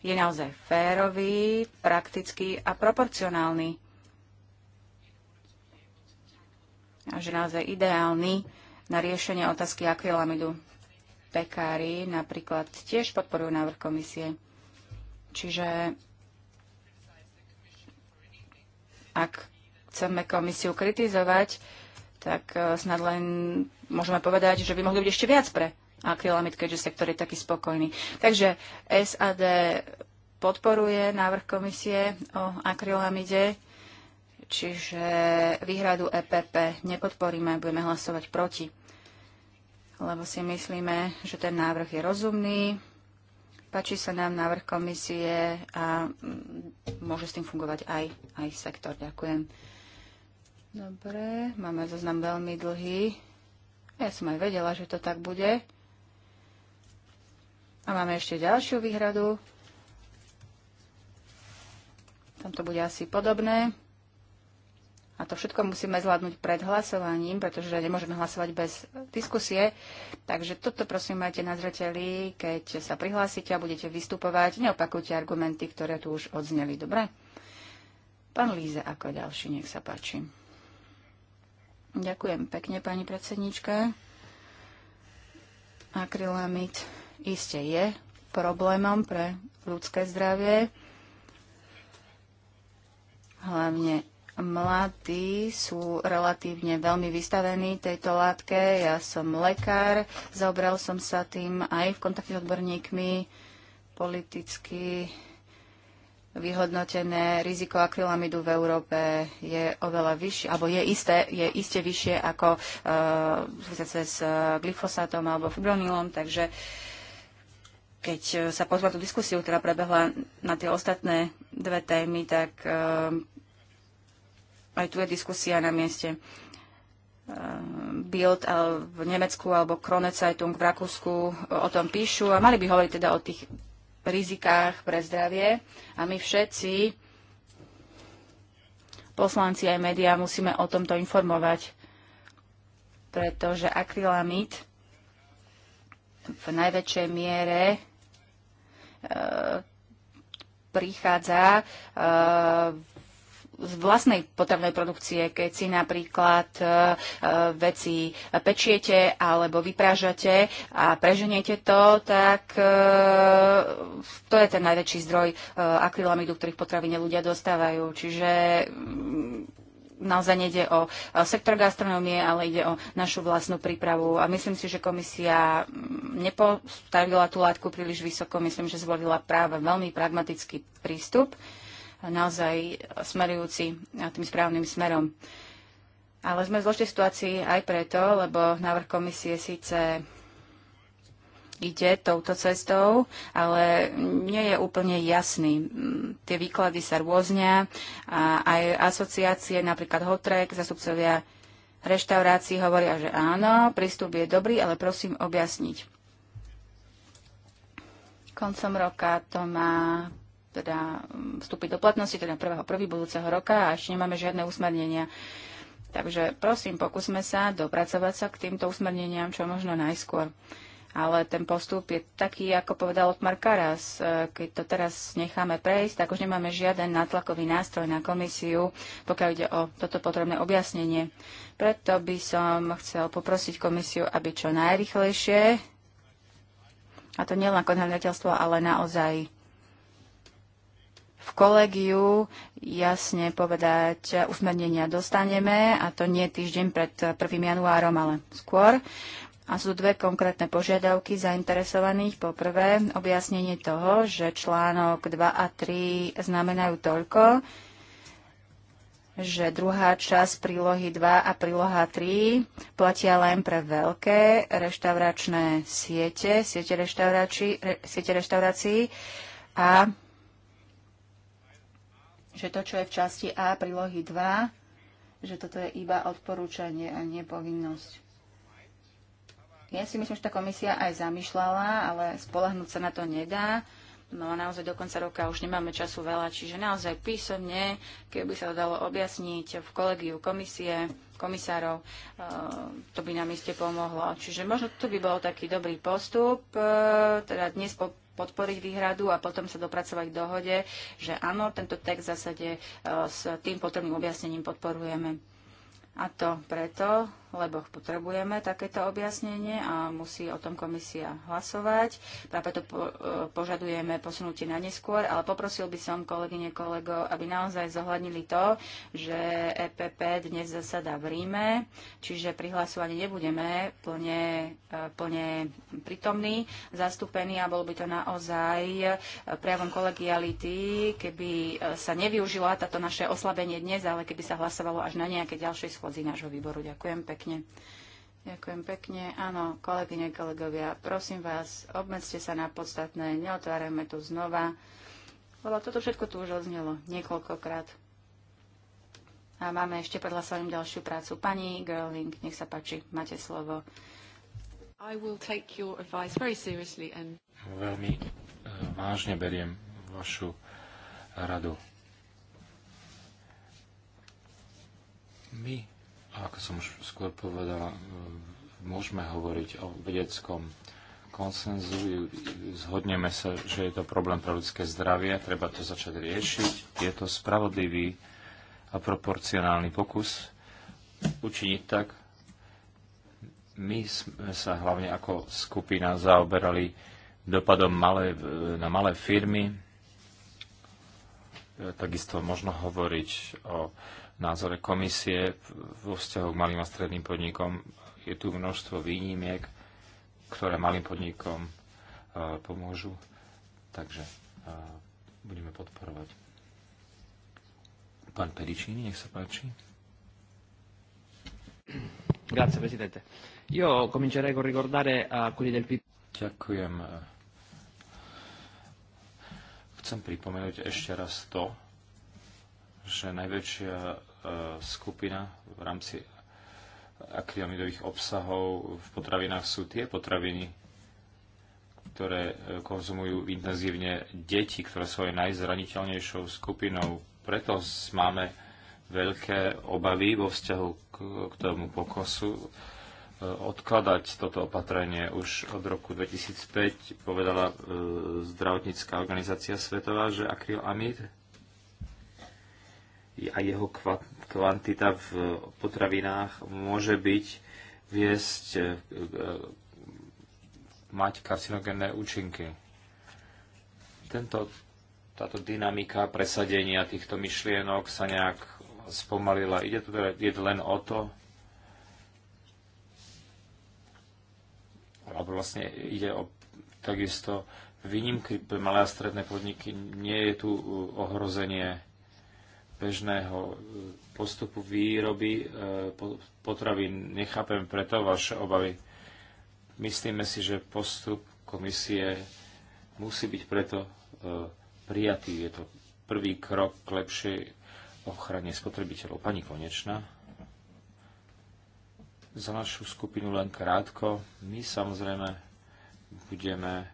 Speaker 1: je naozaj férový, praktický a proporcionálny. A že naozaj ideálny na riešenie otázky akrylamidu. Pekári napríklad tiež podporujú návrh komisie. Čiže ak chceme komisiu kritizovať, tak e, snad len môžeme povedať, že by mohli byť ešte viac pre akrylamid, keďže sektor je taký spokojný. Takže SAD podporuje návrh komisie o akrylamide, čiže výhradu EPP nepodporíme, budeme hlasovať proti, lebo si myslíme, že ten návrh je rozumný, páči sa nám návrh komisie a mm, môže s tým fungovať aj, aj sektor. Ďakujem. Dobre, máme zoznam veľmi dlhý. Ja som aj vedela, že to tak bude. A máme ešte ďalšiu výhradu. Tam to bude asi podobné. A to všetko musíme zvládnuť pred hlasovaním, pretože nemôžeme hlasovať bez diskusie. Takže toto prosím majte na zreteli, keď sa prihlásite a budete vystupovať. Neopakujte argumenty, ktoré tu už odzneli. Dobre? Pán Líze ako ďalší, nech sa páči. Ďakujem pekne, pani predsednička. Akrylamid iste je problémom pre ľudské zdravie. Hlavne mladí sú relatívne veľmi vystavení tejto látke. Ja som lekár, zaobral som sa tým aj v kontakte s odborníkmi politicky vyhodnotené riziko akrylamidu v Európe je oveľa vyššie, alebo je isté, je iste vyššie ako uh, s e, glyfosátom alebo fibronilom, takže keď e, sa pozvala tú diskusiu, ktorá prebehla na tie ostatné dve témy, tak uh, aj tu je diskusia na mieste. Bild v Nemecku alebo Kronecajtung v Rakúsku o tom píšu a mali by hovoriť teda o tých rizikách pre zdravie a my všetci, poslanci aj médiá, musíme o tomto informovať, pretože akrylamid v najväčšej miere e, prichádza e, z vlastnej potravnej produkcie, keď si napríklad e, e, veci pečiete alebo vyprážate a preženiete to, tak e, to je ten najväčší zdroj akrylamidu, ktorých potraviny ľudia dostávajú. Čiže mm, naozaj nejde o sektor gastronomie, ale ide o našu vlastnú prípravu. A myslím si, že komisia mm, nepostavila tú látku príliš vysoko. Myslím, že zvolila práve veľmi pragmatický prístup naozaj smerujúci tým správnym smerom. Ale sme v zložitej situácii aj preto, lebo návrh komisie síce ide touto cestou, ale nie je úplne jasný. Tie výklady sa rôznia a aj asociácie, napríklad Hotrek, zastupcovia reštaurácií hovoria, že áno, prístup je dobrý, ale prosím objasniť. Koncom roka to má teda mm, vstúpiť do platnosti, teda prvý budúceho roka a ešte nemáme žiadne usmernenia. Takže prosím, pokúsme sa dopracovať sa k týmto usmerneniam čo možno najskôr. Ale ten postup je taký, ako povedal Otmar Karas. E, keď to teraz necháme prejsť, tak už nemáme žiaden nátlakový nástroj na komisiu, pokiaľ ide o toto potrebné objasnenie. Preto by som chcel poprosiť komisiu, aby čo najrychlejšie, a to nielen ako ale naozaj v kolegiu jasne povedať, usmernenia dostaneme a to nie týždeň pred 1. januárom, ale skôr. A sú dve konkrétne požiadavky zainteresovaných. Po prvé, objasnenie toho, že článok 2 a 3 znamenajú toľko, že druhá časť prílohy 2 a príloha 3 platia len pre veľké reštauračné siete, siete, re, siete reštaurácií a že to, čo je v časti A prílohy 2, že toto je iba odporúčanie a nepovinnosť. Ja si myslím, že tá komisia aj zamýšľala, ale spolahnúť sa na to nedá. No a naozaj do konca roka už nemáme času veľa, čiže naozaj písomne, keby sa to dalo objasniť v kolegiu komisie, komisárov, eh, to by nám iste pomohlo. Čiže možno to by bol taký dobrý postup, eh, teda dnes po podporiť výhradu a potom sa dopracovať k dohode, že áno, tento text v zásade e, s tým potrebným objasnením podporujeme. A to preto, lebo potrebujeme takéto objasnenie a musí o tom komisia hlasovať. Práve to e, požadujeme posunutie na neskôr, ale poprosil by som kolegyne kolego, aby naozaj zohľadnili to, že EPP dnes zasada v Ríme, čiže pri hlasovaní nebudeme plne, e, plne prítomní, zastúpení a bol by to naozaj e, prejavom kolegiality, keby sa nevyužila táto naše oslabenie dnes, ale keby sa hlasovalo až na nejaké ďalšej schôdzi nášho výboru. Ďakujem pekne pekne. Ďakujem pekne. Áno, kolegyne, kolegovia, prosím vás, obmedzte sa na podstatné, neotvárajme tu znova, lebo toto všetko tu už odznelo niekoľkokrát. A máme ešte pred hlasovaním ďalšiu prácu. Pani Girling, nech sa páči, máte slovo. I will take your advice very seriously and...
Speaker 3: Veľmi uh, vážne beriem vašu radu. My ako som už skôr povedala, e, môžeme hovoriť o vedeckom konsenzu, zhodneme sa, že je to problém pre ľudské zdravie, treba to začať riešiť. Je to spravodlivý a proporcionálny pokus učiniť tak. My sme sa hlavne ako skupina zaoberali dopadom malé, e, na malé firmy. E, takisto možno hovoriť o názore komisie vo vzťahu k malým a stredným podnikom. Je tu množstvo výnimiek, ktoré malým podnikom e, pomôžu, takže e, budeme podporovať. Pán Pedičíny, nech sa páči. Grazie Presidente. Io comincerei con ricordare a quelli del PIP. Ďakujem. Chcem pripomenúť ešte raz to, že najväčšia E, skupina v rámci akrylamidových obsahov v potravinách sú tie potraviny, ktoré e, konzumujú intenzívne deti, ktoré sú aj najzraniteľnejšou skupinou. Preto máme veľké obavy vo vzťahu k, k tomu pokosu e, odkladať toto opatrenie. Už od roku 2005 povedala zdravotnícká organizácia svetová, že akrylamid a jeho kvantita v potravinách môže byť viesť e, e, mať karcinogénne účinky. Tento, táto dynamika presadenia týchto myšlienok sa nejak spomalila. Ide tu teda, ide len o to, alebo vlastne ide o takisto výnimky pre malé a stredné podniky. Nie je tu e, ohrozenie bežného e, postupu výroby e, potravín. Nechápem preto vaše obavy. Myslíme si, že postup komisie musí byť preto e, prijatý. Je to prvý krok k lepšej ochrane spotrebiteľov. Pani Konečná. Za našu skupinu len krátko. My samozrejme budeme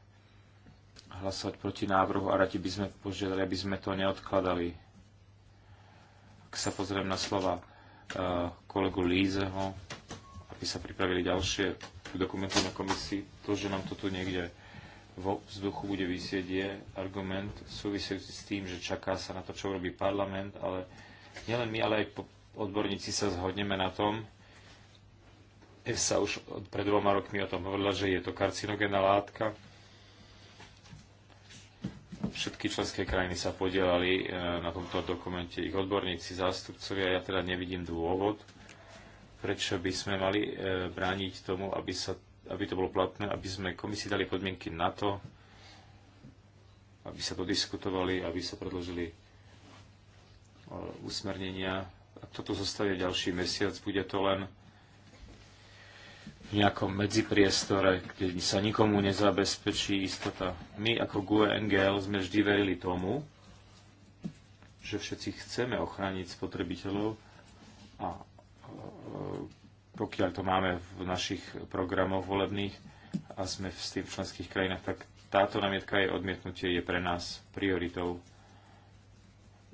Speaker 3: hlasovať proti návrhu a radi by sme požiadali, aby sme to neodkladali sa pozriem na slova e, kolegu Lízeho, aby sa pripravili ďalšie dokumenty na komisii, to, že nám to tu niekde vo vzduchu bude vysieť, je argument súvisiaci s tým, že čaká sa na to, čo urobí parlament, ale nielen my, ale aj odborníci sa zhodneme na tom, EFSA už pred dvoma rokmi o tom hovorila, že je to karcinogénna látka, Všetky členské krajiny sa podielali e, na tomto dokumente, ich odborníci, zástupcovia. Ja teda nevidím dôvod, prečo by sme mali e, brániť tomu, aby, sa, aby to bolo platné, aby sme komisii dali podmienky na to, aby sa to diskutovali, aby sa predložili e, usmernenia. Ak toto zostane ďalší mesiac, bude to len v nejakom medzipriestore, kde sa nikomu nezabezpečí istota. My ako GUE NGL sme vždy verili tomu, že všetci chceme ochrániť spotrebiteľov a e, pokiaľ to máme v našich programoch volebných a sme v tých členských krajinách, tak táto namietka je odmietnutie je pre nás prioritou.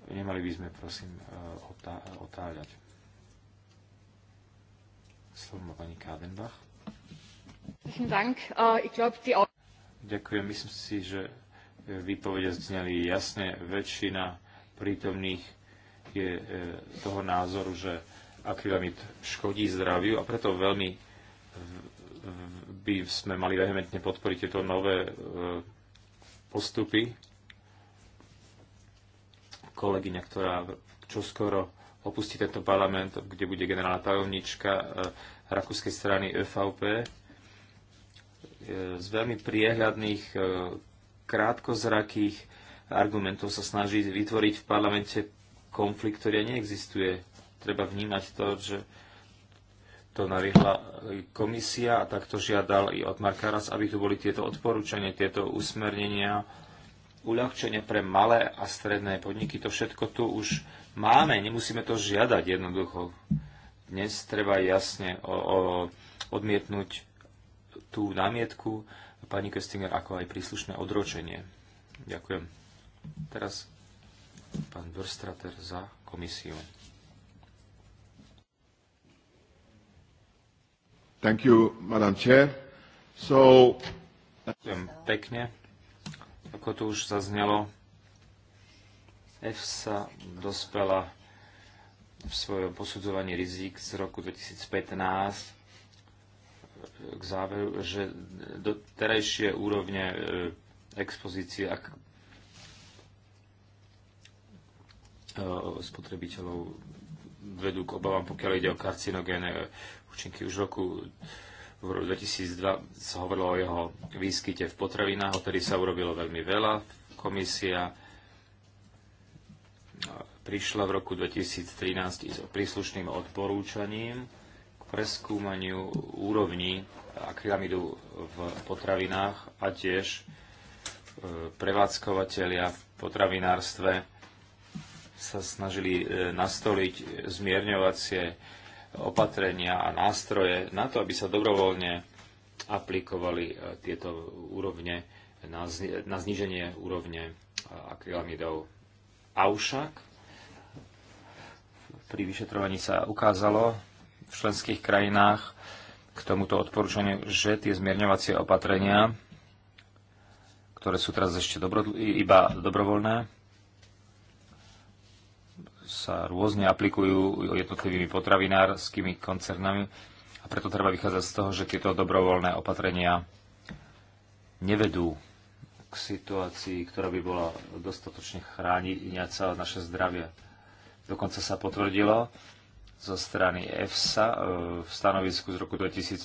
Speaker 3: Nemali by sme, prosím, e, otáľať. Slovo má pani
Speaker 2: äh,
Speaker 3: Ďakujem. Myslím si, že výpovede zneli jasne. Väčšina prítomných je e, toho názoru, že akrylamid škodí zdraviu a preto veľmi by sme mali vehementne podporiť tieto nové e, postupy. Kolegyňa, ktorá čoskoro opustí tento parlament, kde bude generálna tajomnička e, rakúskej strany ÖVP e, z veľmi priehľadných, e, krátkozrakých argumentov sa snaží vytvoriť v parlamente konflikt, ktorý neexistuje. Treba vnímať to, že to navihla komisia a takto žiadal i od Markaras, aby tu boli tieto odporúčania, tieto usmernenia, uľahčenia pre malé a stredné podniky. To všetko tu už máme, nemusíme to žiadať jednoducho. Dnes treba jasne o, o, odmietnúť tú námietku pani Köstinger, ako aj príslušné odročenie. Ďakujem. Teraz pán Verstrater za komisiu.
Speaker 2: Thank you, Madam Chair. So... Ďakujem
Speaker 3: pekne. Ako to už zaznelo, EFSA dospela v svojom posudzovaní rizik z roku 2015 k záveru, že doterajšie úrovne e, expozície ak e, spotrebiteľov vedú k obavám, pokiaľ ide o karcinogéne e, účinky. Už v roku, v roku 2002 sa hovorilo o jeho výskyte v potravinách, ktorých sa urobilo veľmi veľa. Komisia prišla v roku 2013 s príslušným odporúčaním k preskúmaniu úrovni akrylamidu v potravinách a tiež e, prevádzkovateľia v potravinárstve sa snažili e, nastoliť zmierňovacie opatrenia a nástroje na to, aby sa dobrovoľne aplikovali e, tieto úrovne na, zni- na zníženie úrovne akrylamidov. Avšak pri vyšetrovaní sa ukázalo v členských krajinách k tomuto odporúčaniu, že tie zmierňovacie opatrenia, ktoré sú teraz ešte dobro, iba dobrovoľné, sa rôzne aplikujú jednotlivými potravinárskymi koncernami a preto treba vychádzať z toho, že tieto dobrovoľné opatrenia nevedú k situácii, ktorá by bola dostatočne chrániť naše zdravie. Dokonca sa potvrdilo zo strany EFSA e, v stanovisku z roku 2015,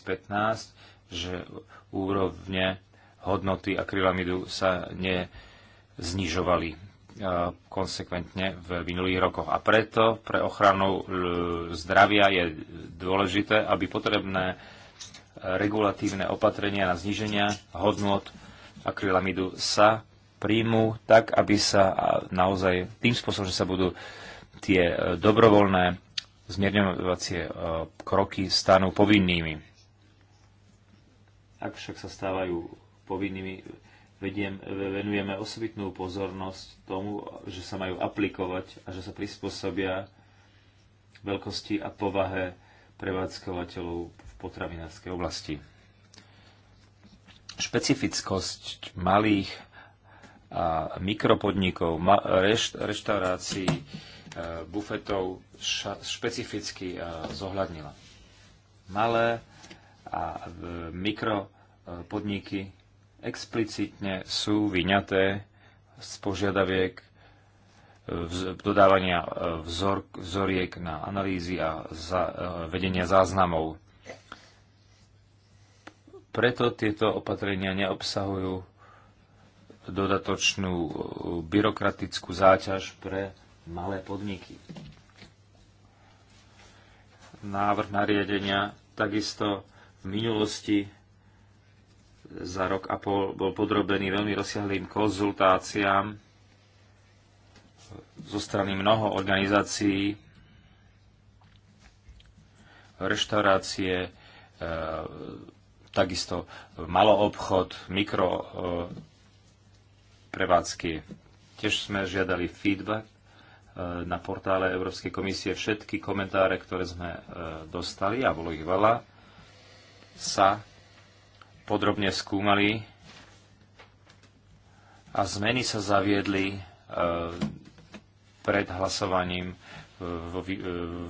Speaker 3: že úrovne hodnoty akrylamidu sa neznižovali e, konsekventne v minulých rokoch. A preto pre ochranu e, zdravia je dôležité, aby potrebné regulatívne opatrenia na zniženia hodnot akrylamidu sa príjmu tak, aby sa naozaj tým spôsobom, že sa budú tie e, dobrovoľné zmierňovacie e, kroky stanú povinnými. Ak však sa stávajú povinnými, vediem, venujeme osobitnú pozornosť tomu, že sa majú aplikovať a že sa prispôsobia veľkosti a povahe prevádzkovateľov v potravinárskej oblasti. Špecifickosť malých a mikropodnikov, ma, rešt, reštaurácií, E, bufetov špecificky e, zohľadnila. Malé a e, mikropodniky explicitne sú vyňaté z požiadaviek dodávania vzor, vzoriek na analýzy a za, vedenia záznamov. Preto tieto opatrenia neobsahujú dodatočnú byrokratickú záťaž pre malé podniky. Návrh nariadenia takisto v minulosti za rok a pol bol podrobený veľmi rozsiahlým konzultáciám zo strany mnoho organizácií, reštaurácie, e, takisto maloobchod, mikroprevádzky. E, Tiež sme žiadali feedback na portále Európskej komisie všetky komentáre, ktoré sme e, dostali, a bolo ich veľa, sa podrobne skúmali a zmeny sa zaviedli e, pred hlasovaním e,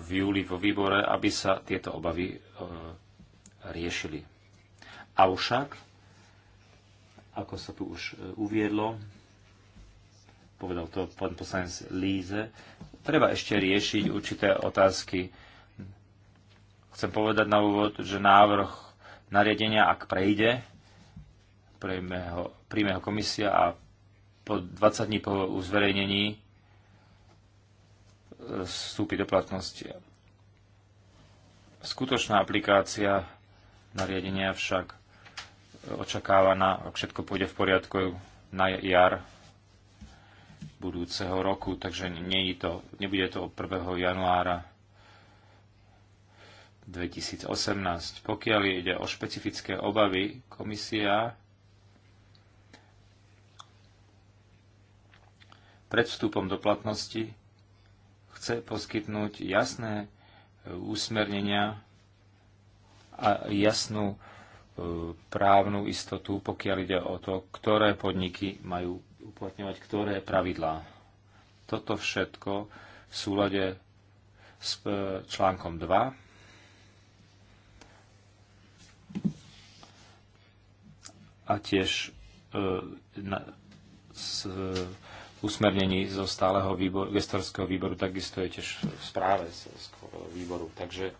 Speaker 3: v júli vo výbore, aby sa tieto obavy riešili. Avšak, ako sa tu už uviedlo, povedal to pán poslanec Líze, treba ešte riešiť určité otázky. Chcem povedať na úvod, že návrh nariadenia, ak prejde, príjme ho, príjme ho komisia a po 20 dní po uzverejnení e, vstúpi do platnosti. Skutočná aplikácia nariadenia však očakávaná, ak všetko pôjde v poriadku, na jar budúceho roku, takže nie je to, nebude to od 1. januára 2018. Pokiaľ ide o špecifické obavy, komisia pred vstupom do platnosti chce poskytnúť jasné úsmernenia e, a jasnú e, právnu istotu, pokiaľ ide o to, ktoré podniky majú uplatňovať ktoré pravidlá. Toto všetko v súlade s e, článkom 2 a tiež e, na, s, e, usmernení zo stáleho výboru, gestorského výboru, takisto je tiež v správe z výboru. Takže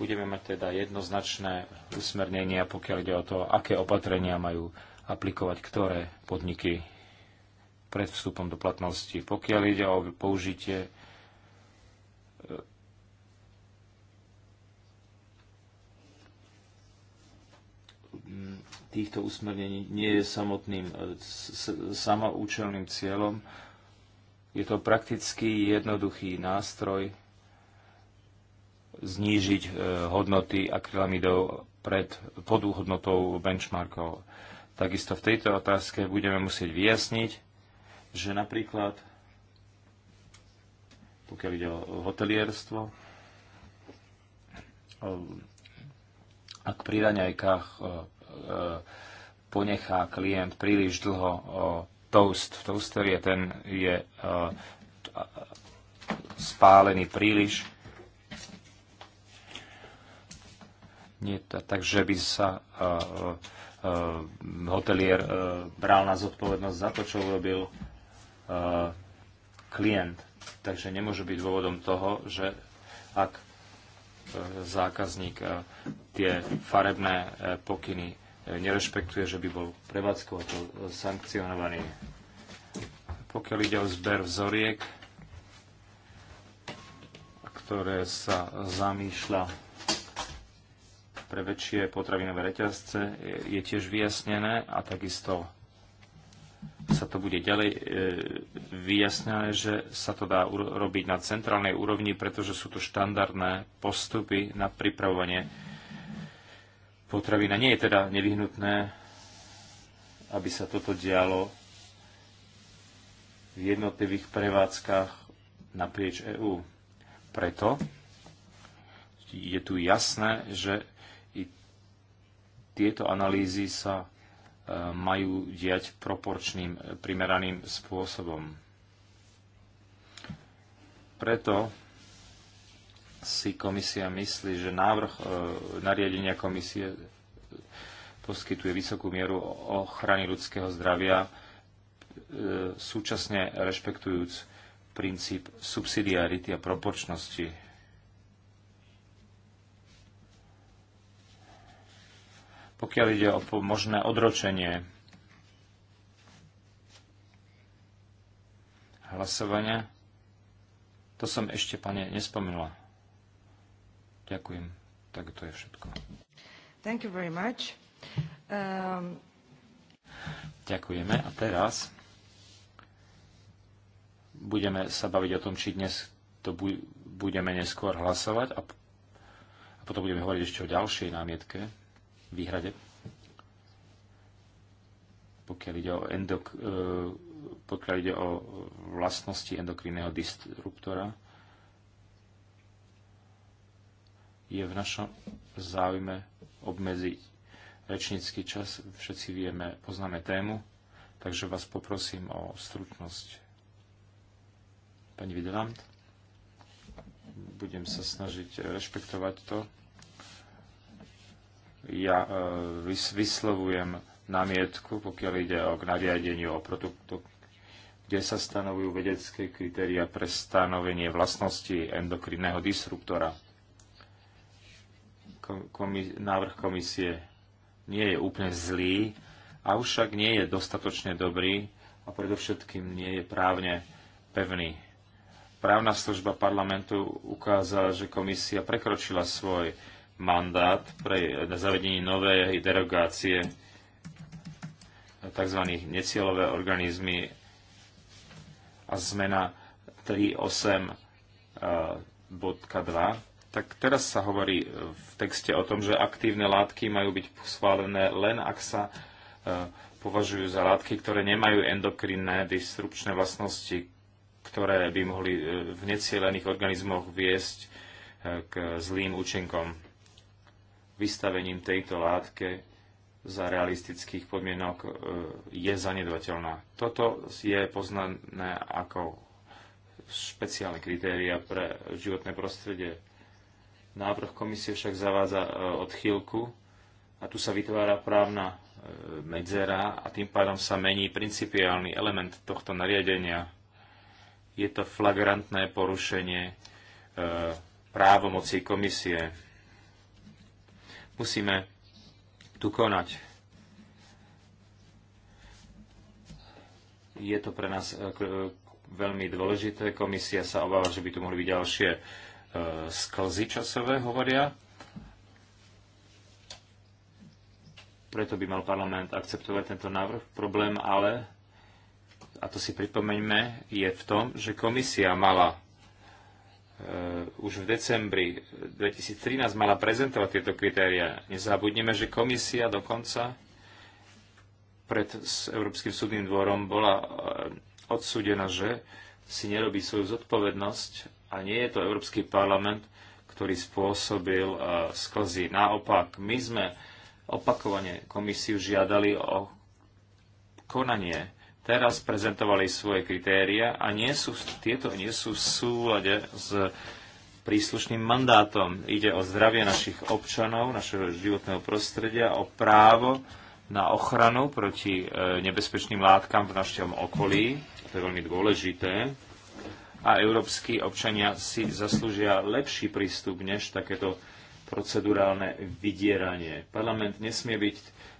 Speaker 3: Budeme mať teda jednoznačné usmernenia, pokiaľ ide o to, aké opatrenia majú aplikovať ktoré podniky pred vstupom do platnosti. Pokiaľ ide o použitie e, týchto usmernení nie je samotným e, samoučelným cieľom. Je to prakticky jednoduchý nástroj, znížiť e, hodnoty akrylamidov pred podúhodnotou benchmarkov. Takisto v tejto otázke budeme musieť vyjasniť, že napríklad, pokiaľ ide o hotelierstvo, e, ak pri raňajkách e, ponechá klient príliš dlho toast v toasterie, ten je spálený príliš, nie, takže by sa uh, uh, hotelier uh, bral na zodpovednosť za to, čo urobil uh, klient. Takže nemôže byť dôvodom toho, že ak uh, zákazník uh, tie farebné uh, pokyny uh, nerešpektuje, že by bol prevádzkovateľ sankcionovaný. Pokiaľ ide o zber vzoriek, ktoré sa zamýšľa pre väčšie potravinové reťazce je tiež vyjasnené a takisto sa to bude ďalej e, vyjasňané, že sa to dá robiť na centrálnej úrovni, pretože sú to štandardné postupy na pripravovanie potravina. Nie je teda nevyhnutné, aby sa toto dialo v jednotlivých prevádzkach naprieč EÚ. Preto je tu jasné, že tieto analýzy sa e, majú diať proporčným, e, primeraným spôsobom. Preto si komisia myslí, že návrh e, nariadenia komisie poskytuje vysokú mieru ochrany ľudského zdravia, súčasne rešpektujúc princíp subsidiarity a proporčnosti Pokiaľ ide o možné odročenie hlasovania, to som ešte, pane, nespomenula. Ďakujem. Tak to je všetko.
Speaker 1: Thank you very much. Um...
Speaker 3: Ďakujeme. A teraz budeme sa baviť o tom, či dnes to budeme neskôr hlasovať a, potom budeme hovoriť ešte o ďalšej námietke výhrade. Pokiaľ ide o, endok, e, pokiaľ ide o vlastnosti endokrinného disruptora, je v našom záujme obmedziť rečnícky čas. Všetci vieme, poznáme tému, takže vás poprosím o stručnosť. Pani Videland, budem sa snažiť rešpektovať to ja e, vyslovujem namietku, pokiaľ ide o k nariadeniu o produktu, kde sa stanovujú vedecké kritéria pre stanovenie vlastnosti endokrinného disruptora. Komis- návrh komisie nie je úplne zlý, avšak nie je dostatočne dobrý a predovšetkým nie je právne pevný. Právna služba parlamentu ukázala, že komisia prekročila svoj mandát pre zavedenie novej derogácie tzv. necieľové organizmy a zmena 3.8.2 tak teraz sa hovorí v texte o tom, že aktívne látky majú byť schválené len ak sa e, považujú za látky, ktoré nemajú endokrinné disrupčné vlastnosti, ktoré by mohli e, v necielených organizmoch viesť e, k zlým účinkom vystavením tejto látke za realistických podmienok e, je zanedbateľná. Toto je poznané ako špeciálne kritéria pre životné prostredie. Návrh komisie však zavádza e, odchýlku a tu sa vytvára právna e, medzera a tým pádom sa mení principiálny element tohto nariadenia. Je to flagrantné porušenie právomocí komisie Musíme tu konať. Je to pre nás eh, eh, veľmi dôležité. Komisia sa obáva, že by tu mohli byť ďalšie eh, sklzy časové, hovoria. Preto by mal parlament akceptovať tento návrh. Problém ale, a to si pripomeňme, je v tom, že komisia mala Eh, už v decembri 2013 mala prezentovať tieto kritéria. Nezabudneme, že komisia dokonca pred Európskym súdnym dvorom bola eh, odsúdená, že si nerobí svoju zodpovednosť a nie je to Európsky parlament, ktorý spôsobil eh, sklzy. Naopak, my sme opakovane komisiu žiadali o konanie teraz prezentovali svoje kritéria a nie sú, tieto nie sú v súlade s príslušným mandátom. Ide o zdravie našich občanov, našeho životného prostredia, o právo na ochranu proti e, nebezpečným látkam v našom okolí. To je veľmi dôležité. A európsky občania si zaslúžia lepší prístup než takéto procedurálne vydieranie. Parlament nesmie byť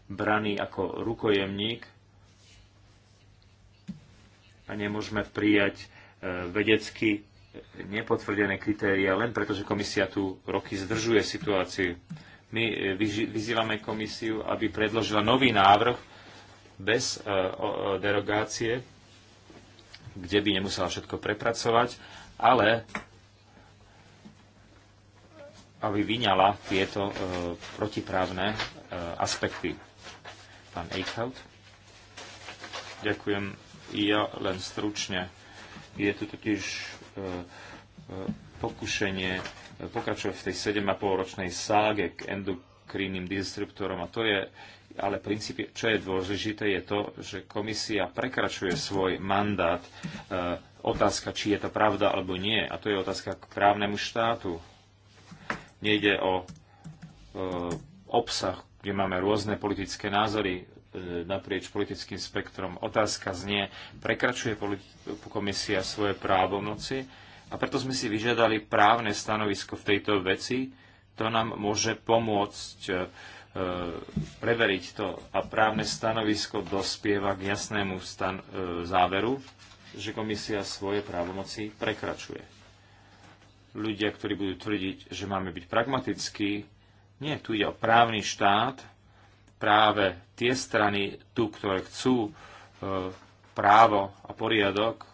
Speaker 3: braný ako rukojemník a nemôžeme prijať e, vedecky nepotvrdené kritéria len preto, že komisia tu roky zdržuje situáciu. My e, vyzývame komisiu, aby predložila nový návrh bez e, derogácie, kde by nemusela všetko prepracovať, ale aby vyňala tieto protiprávne aspekty. Pán Eichhout. Ďakujem ja len stručne. Je tu totiž e, e, pokušenie e, pokračovať v tej 7,5-ročnej ságe k endokrínnym disruptorom a to je ale princípe, čo je dôležité, je to, že komisia prekračuje svoj mandát. E, otázka, či je to pravda alebo nie, a to je otázka k právnemu štátu. Nejde o e, obsah, kde máme rôzne politické názory. E, naprieč politickým spektrom. Otázka znie, prekračuje komisia svoje právomoci a preto sme si vyžiadali právne stanovisko v tejto veci. To nám môže pomôcť e, e, preveriť to a právne stanovisko dospieva k jasnému stan- e, záveru, že komisia svoje právomoci prekračuje. Ľudia, ktorí budú tvrdiť, že máme byť pragmatickí, nie, tu ide o právny štát, práve tie strany, tu, ktoré chcú e, právo a poriadok,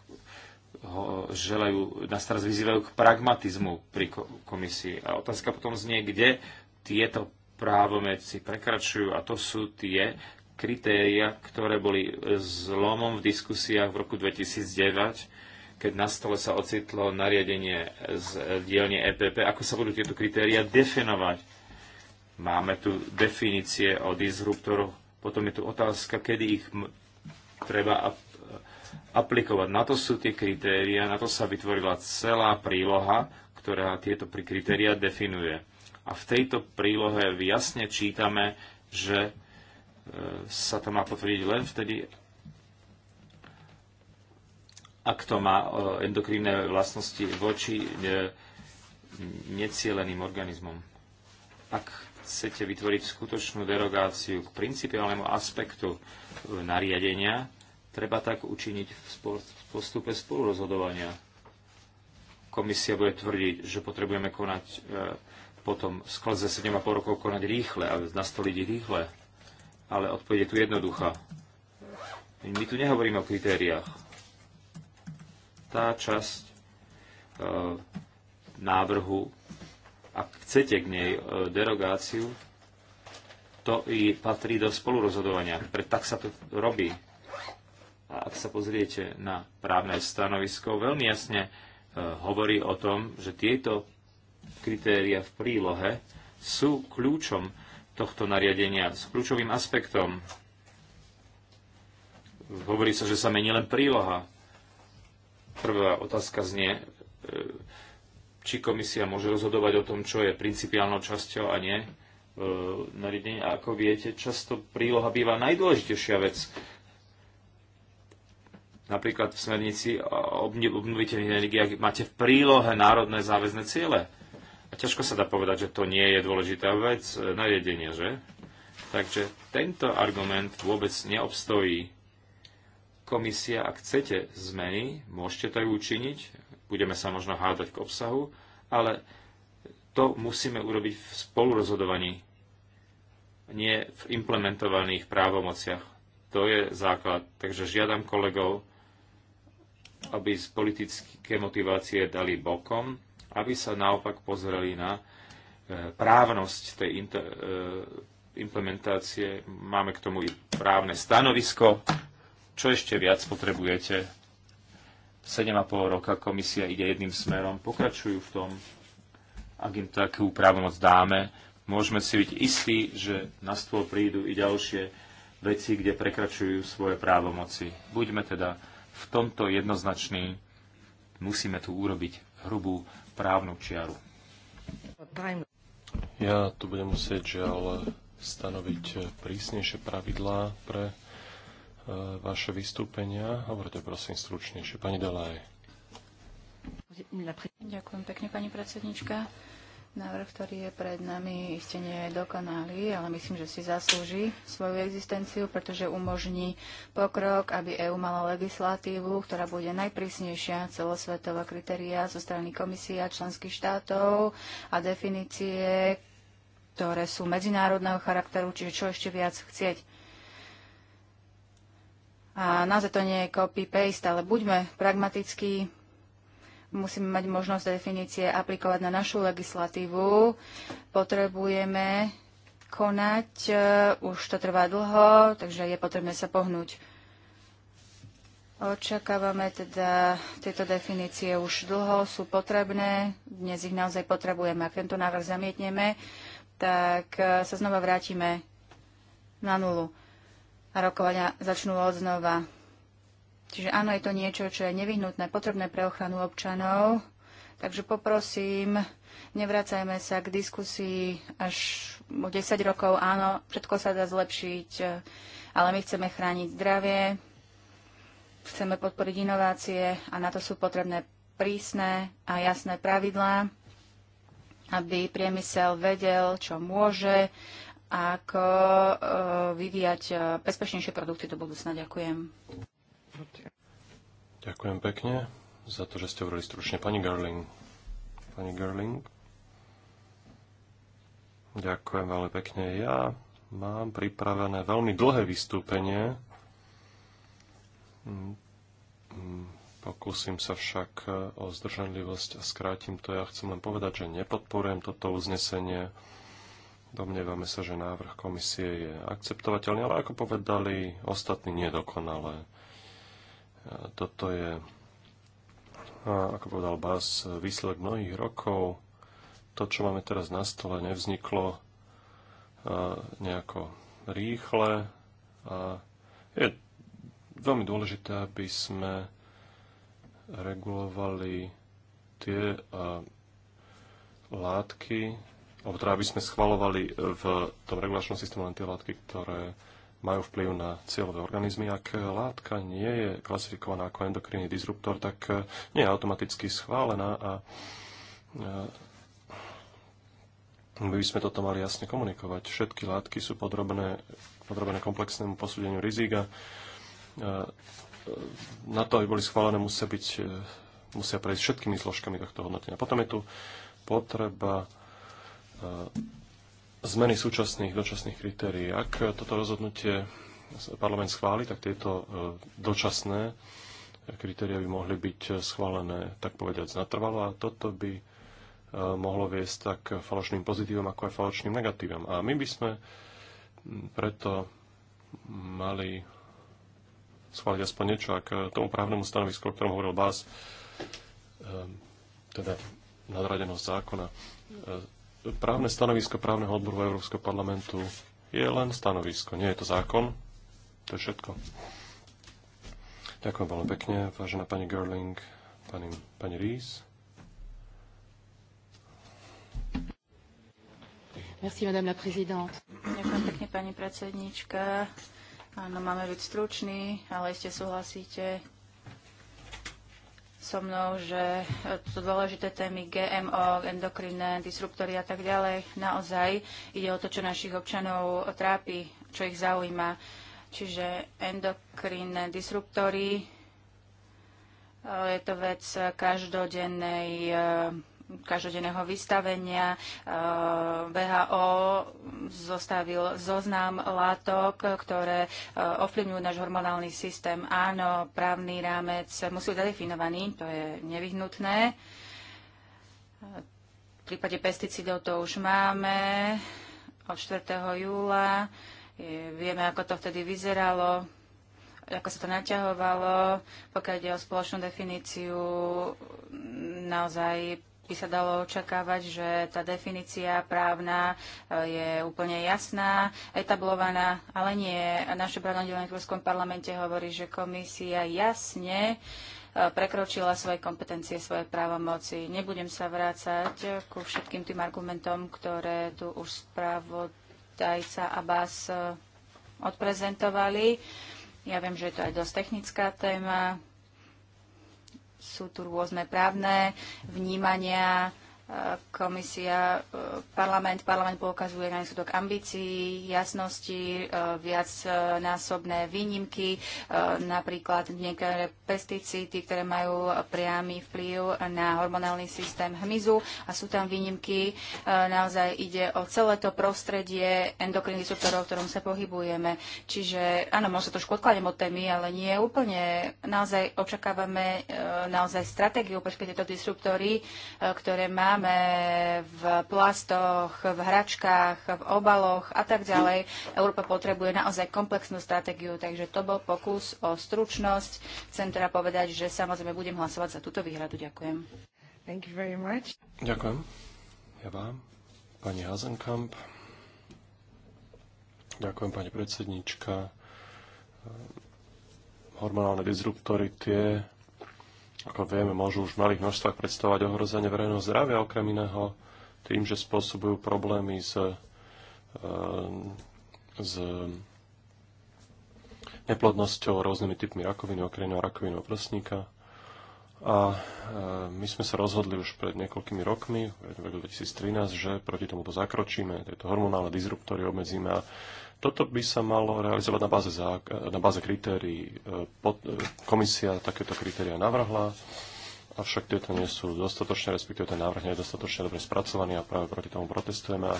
Speaker 3: ho želajú, nás teraz vyzývajú k pragmatizmu pri komisii. A otázka potom znie, kde tieto právomeci prekračujú. A to sú tie kritéria, ktoré boli zlomom v diskusiách v roku 2009, keď na stole sa ocitlo nariadenie z dielne EPP, ako sa budú tieto kritéria definovať. Máme tu definície o disruptoroch, potom je tu otázka, kedy ich treba aplikovať. Na to sú tie kritéria, na to sa vytvorila celá príloha, ktorá tieto kritéria definuje. A v tejto prílohe jasne čítame, že sa to má potvrdiť len vtedy, ak to má endokrínne vlastnosti voči necieleným organizmom. Ak chcete vytvoriť skutočnú derogáciu k principiálnemu aspektu e, nariadenia, treba tak učiniť v postupe spolurozhodovania. Komisia bude tvrdiť, že potrebujeme konať e, potom sklze 7,5 rokov konať rýchle a nastoliť rýchle. Ale odpovede je tu jednoduchá. My tu nehovoríme o kritériách. Tá časť e, návrhu ak chcete k nej e, derogáciu, to i patrí do spolurozhodovania. Pre tak sa to robí. A ak sa pozriete na právne stanovisko, veľmi jasne e, hovorí o tom, že tieto kritéria v prílohe sú kľúčom tohto nariadenia, s kľúčovým aspektom. Hovorí sa, že sa mení len príloha. Prvá otázka znie, e, či komisia môže rozhodovať o tom, čo je principiálnou časťou a nie e, nariadenie. A ako viete, často príloha býva najdôležitejšia vec. Napríklad v smernici o obnoviteľných energiách máte v prílohe národné záväzné ciele. A ťažko sa dá povedať, že to nie je dôležitá vec e, nariadenia, že? Takže tento argument vôbec neobstojí. Komisia, ak chcete zmeny, môžete to aj učiniť, Budeme sa možno hádať k obsahu, ale to musíme urobiť v spolurozhodovaní, nie v implementovaných právomociach. To je základ. Takže žiadam kolegov, aby z politické motivácie dali bokom, aby sa naopak pozreli na e, právnosť tej e, implementácie. Máme k tomu i právne stanovisko. Čo ešte viac potrebujete? 7,5 roka komisia ide jedným smerom, pokračujú v tom, ak im takú právomoc dáme, môžeme si byť istí, že na stôl prídu i ďalšie veci, kde prekračujú svoje právomoci. Buďme teda v tomto jednoznační,
Speaker 2: musíme tu urobiť hrubú právnu čiaru. Ja tu budem musieť žiaľ stanoviť prísnejšie pravidlá pre Eh, vaše vystúpenia. Hovorte prosím stručnejšie. Pani Delaj.
Speaker 1: Ďakujem pekne, pani predsednička. Návrh, ktorý je pred nami, iste nie je dokonalý, ale myslím, že si zaslúži svoju existenciu, pretože umožní pokrok, aby EÚ mala legislatívu, ktorá bude najprísnejšia celosvetová kritéria zo strany komisie a členských štátov a definície, ktoré sú medzinárodného charakteru, čiže čo ešte viac chcieť. A naozaj to nie je copy-paste, ale buďme pragmatickí, musíme mať možnosť definície aplikovať na našu legislatívu. Potrebujeme konať, eh, už to trvá dlho, takže je potrebné sa pohnúť. Očakávame teda, tieto definície už dlho sú potrebné, dnes ich naozaj potrebujeme. Ak tento návrh zamietneme, tak eh, sa znova vrátime na nulu a rokovania začnú znova. Čiže áno, je to niečo, čo je nevyhnutné, potrebné pre ochranu občanov. Takže poprosím, nevracajme sa k diskusii až o 10 rokov. Áno, všetko sa dá zlepšiť, ale my chceme chrániť zdravie, chceme podporiť inovácie a na to sú potrebné prísne a jasné pravidlá, aby priemysel vedel, čo môže, ako eh, vyvíjať eh, bezpečnejšie produkty do budúcna. Ďakujem.
Speaker 2: Ďakujem pekne za to, že ste hovorili stručne. Pani Garling. Pani Garling. Ďakujem veľmi pekne. Ja mám pripravené veľmi dlhé vystúpenie. Mm, mm, pokúsim sa však eh, o zdržanlivosť a skrátim to. Ja chcem len povedať, že nepodporujem toto uznesenie Domnievame sa, že návrh komisie je akceptovateľný, ale ako povedali, ostatní nedokonalé. E, toto je, ako povedal Bas, výsledok mnohých rokov. To, čo máme teraz na stole, nevzniklo e, nejako rýchle a je veľmi dôležité, aby sme regulovali tie e, látky, alebo teda aby sme schvalovali e, v tom regulačnom systému len tie látky, ktoré majú vplyv na cieľové organizmy. Ak látka nie je klasifikovaná ako endokrinný disruptor, tak e, nie je automaticky schválená a e, my by sme toto mali jasne komunikovať. Všetky látky sú podrobné, podrobené komplexnému posúdeniu rizika. Na to, aby boli schválené, musia, byť, musia prejsť všetkými zložkami tohto hodnotenia. Potom je tu potreba E, zmeny súčasných dočasných kritérií. Ak toto rozhodnutie parlament schváli, tak tieto e, dočasné kritéria by mohli byť schválené, tak povediať, znatrvalo a toto by e, mohlo viesť tak falošným pozitívom, ako aj falošným negatívom. A my by sme preto mali schváliť aspoň niečo ak k tomu právnemu stanovisku, o ktorom hovoril Bás, teda nadradenosť zákona právne stanovisko právneho odboru Európskeho parlamentu je len stanovisko, nie je to zákon. To je všetko. Ďakujem veľmi pekne, vážená pani Gerling, pani, pani Rees.
Speaker 1: Merci, madame la présidente. Ďakujem pekne, pani predsednička. Áno, máme byť stručný, ale ešte súhlasíte so mnou, že e, sú dôležité témy GMO, endokrinné disruptory a tak ďalej. Naozaj ide o to, čo našich občanov trápi, čo ich zaujíma. Čiže endokrinné disruptory, e, je to vec e, každodennej každodenného vystavenia. E, VHO zostavil zoznam látok, ktoré e, ovplyvňujú náš hormonálny systém. Áno, právny rámec musí byť zadefinovaný, to je nevyhnutné. V prípade pesticidov to už máme od 4. júla. Vieme, ako to vtedy vyzeralo ako sa to naťahovalo, pokiaľ ide o spoločnú definíciu, naozaj by sa dalo očakávať, že tá definícia právna e, je úplne jasná, etablovaná, ale nie. Naše právne oddelenie v Európskom parlamente hovorí, že komisia jasne e, prekročila svoje kompetencie, svoje právomoci. Nebudem sa vrácať e, ku všetkým tým argumentom, ktoré tu už správodajca a Abbas odprezentovali. Ja viem, že je to aj dosť technická téma, sú tu rôzne právne vnímania, komisia, e, parlament, parlament poukazuje na nesúdok ambícií, jasnosti, e, viacnásobné výnimky, e, napríklad niektoré pesticídy, ktoré majú priamy vplyv na hormonálny systém hmyzu a sú tam výnimky. Naozaj ide o celé to prostredie endokrinných disruptorov, v ktorom sa pohybujeme. Čiže áno, možno to odkladnem od témy, ale nie úplne. Naozaj očakávame naozaj stratégiu počkajte, tieto disruptory, ktoré má máme v plastoch, v hračkách, v obaloch a tak ďalej. Európa potrebuje naozaj komplexnú stratégiu, takže to bol pokus o stručnosť. Chcem teda povedať, že samozrejme budem hlasovať za túto výhradu. Ďakujem. Thank you very much.
Speaker 2: Ďakujem. Ja vám. Pani Hazenkamp. Ďakujem, pani predsednička. Hormonálne disruptory tie ako vieme, môžu už v malých množstvách predstavovať ohrozenie verejného zdravia, okrem iného tým, že spôsobujú problémy s, e, s neplodnosťou, rôznymi typmi rakoviny, okrem iného rakovinou prsníka. A e, my sme sa rozhodli už pred niekoľkými rokmi, v roku 2013, že proti tomuto zakročíme, tieto hormonálne disruptory obmedzíme a toto by sa malo realizovať na báze, na báze kritérií. E, pod, e, komisia takéto kritéria navrhla, avšak tieto nie sú dostatočné, respektíve ten návrh nie je dostatočne dobre spracovaný a práve proti tomu protestujeme. A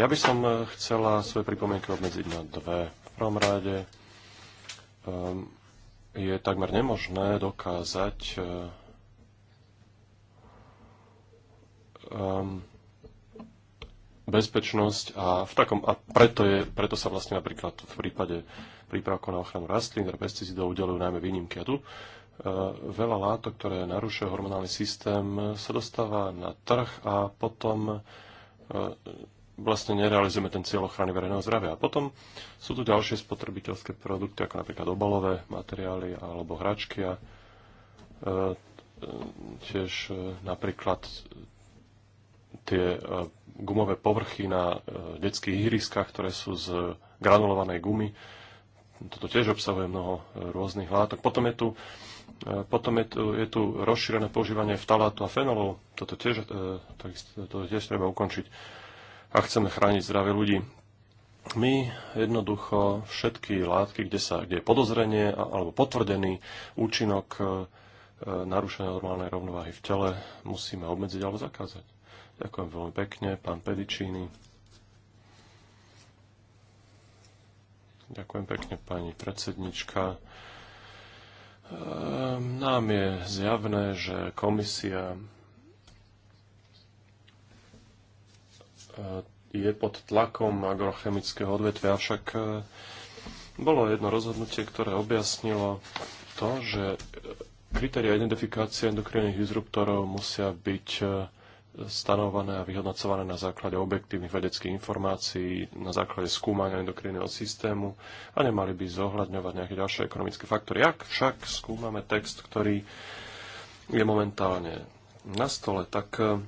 Speaker 2: ja by som e, chcela svoje pripomienky obmedziť na dve. V prvom rade um, je takmer nemožné dokázať um, bezpečnosť a, v takom, a preto, je, preto sa vlastne napríklad v prípade prípravkov na ochranu rastlín a pesticidov udelujú najmä výnimky. A tu e, veľa látok, ktoré narušuje hormonálny systém, sa dostáva na trh a potom e, vlastne nerealizujeme ten cieľ ochrany verejného zdravia. A potom sú tu ďalšie spotrebiteľské produkty, ako napríklad obalové materiály alebo hračky a e, tiež e, napríklad tie e, gumové povrchy na e, detských ihriskách, ktoré sú z granulovanej gumy. Toto tiež obsahuje mnoho e, rôznych látok. Potom je tu, potom je tu, je tu rozšírené používanie vtalátu a fenolov. Toto tiež, to tiež treba ukončiť. A chceme chrániť zdravie ľudí. My jednoducho všetky látky, kde, sa, kde je podozrenie alebo potvrdený účinok narušenia normálnej rovnováhy v tele, musíme obmedziť alebo zakázať. Ďakujem veľmi pekne, pán Pedičíny. Ďakujem pekne, pani predsednička. Ehm, nám je zjavné, že komisia e, je pod tlakom agrochemického odvetvia, avšak e, bolo jedno rozhodnutie, ktoré objasnilo to, že e, kritéria identifikácie endokrinných disruptorov musia byť stanovené a vyhodnocované na základe objektívnych vedeckých informácií, na základe skúmania endokrinného systému a nemali by zohľadňovať nejaké ďalšie ekonomické faktory. Ak však skúmame text, ktorý je momentálne na stole, tak e,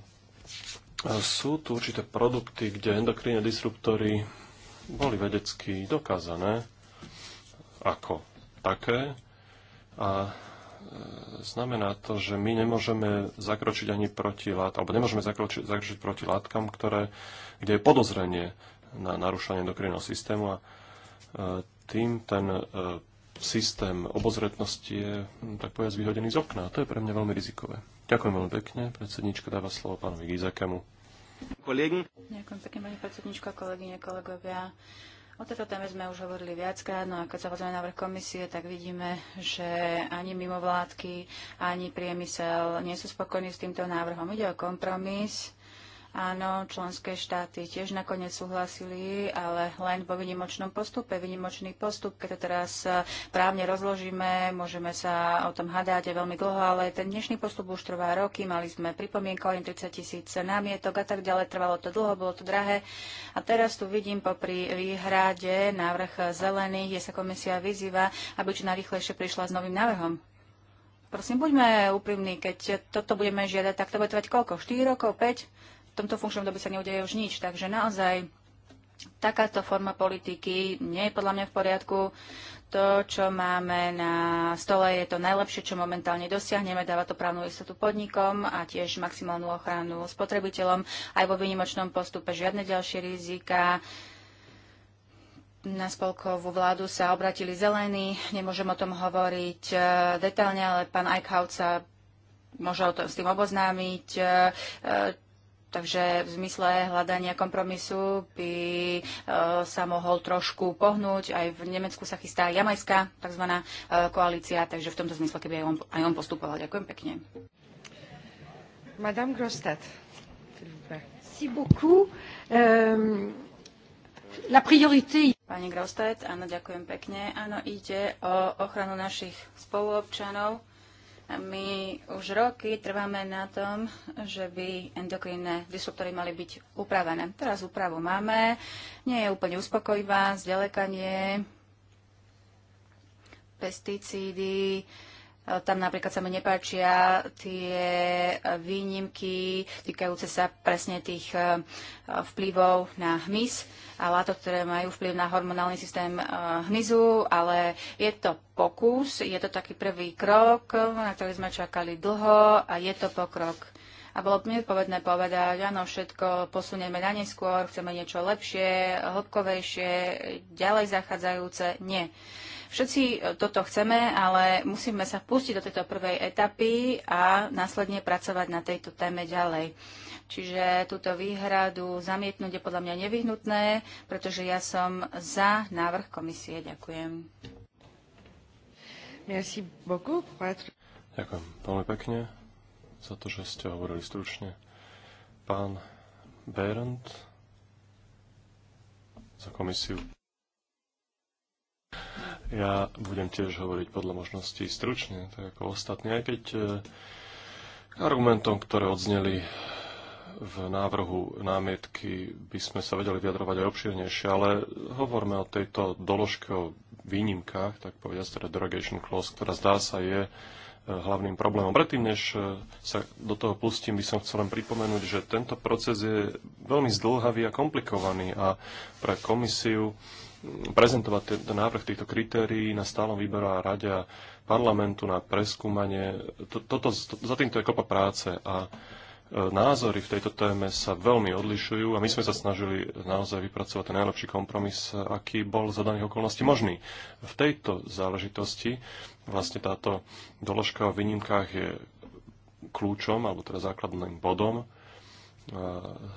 Speaker 2: sú tu určité produkty, kde endokrinné disruptory boli vedecky dokázané ako také a znamená to, že my nemôžeme zakročiť ani proti látkam, alebo nemôžeme zakročiť, zakročiť proti látkam, ktoré, kde je podozrenie na narušenie endokrinného systému a e, tým ten e, systém obozretnosti je, no, tak povedať, vyhodený z okna. A to je pre mňa veľmi rizikové. Ďakujem veľmi pekne. Predsednička dáva slovo pánovi Gizakemu.
Speaker 1: Ďakujem pekne, pani predsednička, kolegyne, kolegovia. O tejto téme sme už hovorili viackrát, no a keď sa pozrieme na vrch komisie, tak vidíme, že ani mimovládky, ani priemysel nie sú spokojní s týmto návrhom. Ide o kompromis, Áno, členské štáty tiež nakoniec súhlasili, ale len vo vynimočnom postupe. Vynimočný postup, keď to teraz e, právne rozložíme, môžeme sa o tom hadať aj veľmi dlho, ale ten dnešný postup už trvá roky. Mali sme pripomienko len 30 tisíc námietok a tak ďalej. Trvalo to dlho, bolo to drahé. A teraz tu vidím popri výhrade návrh zelených, kde sa komisia vyzýva, aby čo najrychlejšie prišla s novým návrhom. Prosím, buďme úprimní, keď toto budeme žiadať, tak to bude trvať koľko? 4 rokov, 5? tomto funkčnom dobe sa neudeje už nič. Takže naozaj takáto forma politiky nie je podľa mňa v poriadku. To, čo máme na stole, je to najlepšie, čo momentálne dosiahneme. Dáva to právnu istotu podnikom a tiež maximálnu ochranu spotrebiteľom. Aj vo výnimočnom postupe žiadne ďalšie rizika. Na spolkovú vládu sa obratili zelení. Nemôžem o tom hovoriť eh, detálne, ale pán Eichhout sa môže s tým oboznámiť eh, Takže v zmysle hľadania kompromisu by e, sa mohol trošku pohnúť. Aj v Nemecku sa chystá jamajská tzv. E, koalícia, takže v tomto zmysle, keby aj on, aj on postupoval. Ďakujem pekne. Madame Grostat. Merci beaucoup. Um, la priorité... Pani Grostat, áno, ďakujem pekne. Áno, ide o ochranu našich spoluobčanov my už roky trváme na tom, že by endokrinné disruptory mali byť upravené. Teraz úpravu máme, nie je úplne uspokojivá, zďaleka nie. Pesticídy, tam napríklad sa mi nepáčia tie výnimky týkajúce sa presne tých e, vplyvov na hmyz a látok, ktoré majú vplyv na hormonálny systém e, hmyzu, ale je to pokus, je to taký prvý krok, na ktorý sme čakali dlho a je to pokrok. A bolo mi povedné povedať, áno, všetko posunieme na neskôr, chceme niečo lepšie, hĺbkovejšie, ďalej zachádzajúce. Nie. Všetci e, toto chceme, ale musíme sa pustiť do tejto prvej etapy a následne pracovať na tejto téme ďalej. Čiže túto výhradu zamietnúť je podľa mňa nevyhnutné, pretože ja som za návrh komisie. Ďakujem. Merci beaucoup.
Speaker 2: Ďakujem veľmi pekne za to, že ste hovorili stručne. Pán Berend za komisiu. Ja budem tiež hovoriť podľa možností stručne, tak ako ostatní, aj keď e, k argumentom, ktoré odzneli v návrhu námietky, by sme sa vedeli vyjadrovať aj obširnejšie, ale hovorme o tejto doložke o výnimkách, tak povediať, teda derogation clause, ktorá zdá sa je e, hlavným problémom. Predtým, než e, sa do toho pustím, by som chcel len pripomenúť, že tento proces je veľmi zdlhavý a komplikovaný a pre komisiu prezentovať ten návrh týchto kritérií na stálom výberu a rade a parlamentu na preskúmanie. Toto, to, za týmto je kopa práce a e, názory v tejto téme sa veľmi odlišujú a my sme sa snažili naozaj vypracovať ten najlepší kompromis, aký bol za daných okolností možný. V tejto záležitosti vlastne táto doložka o výnimkách je kľúčom alebo teda základným bodom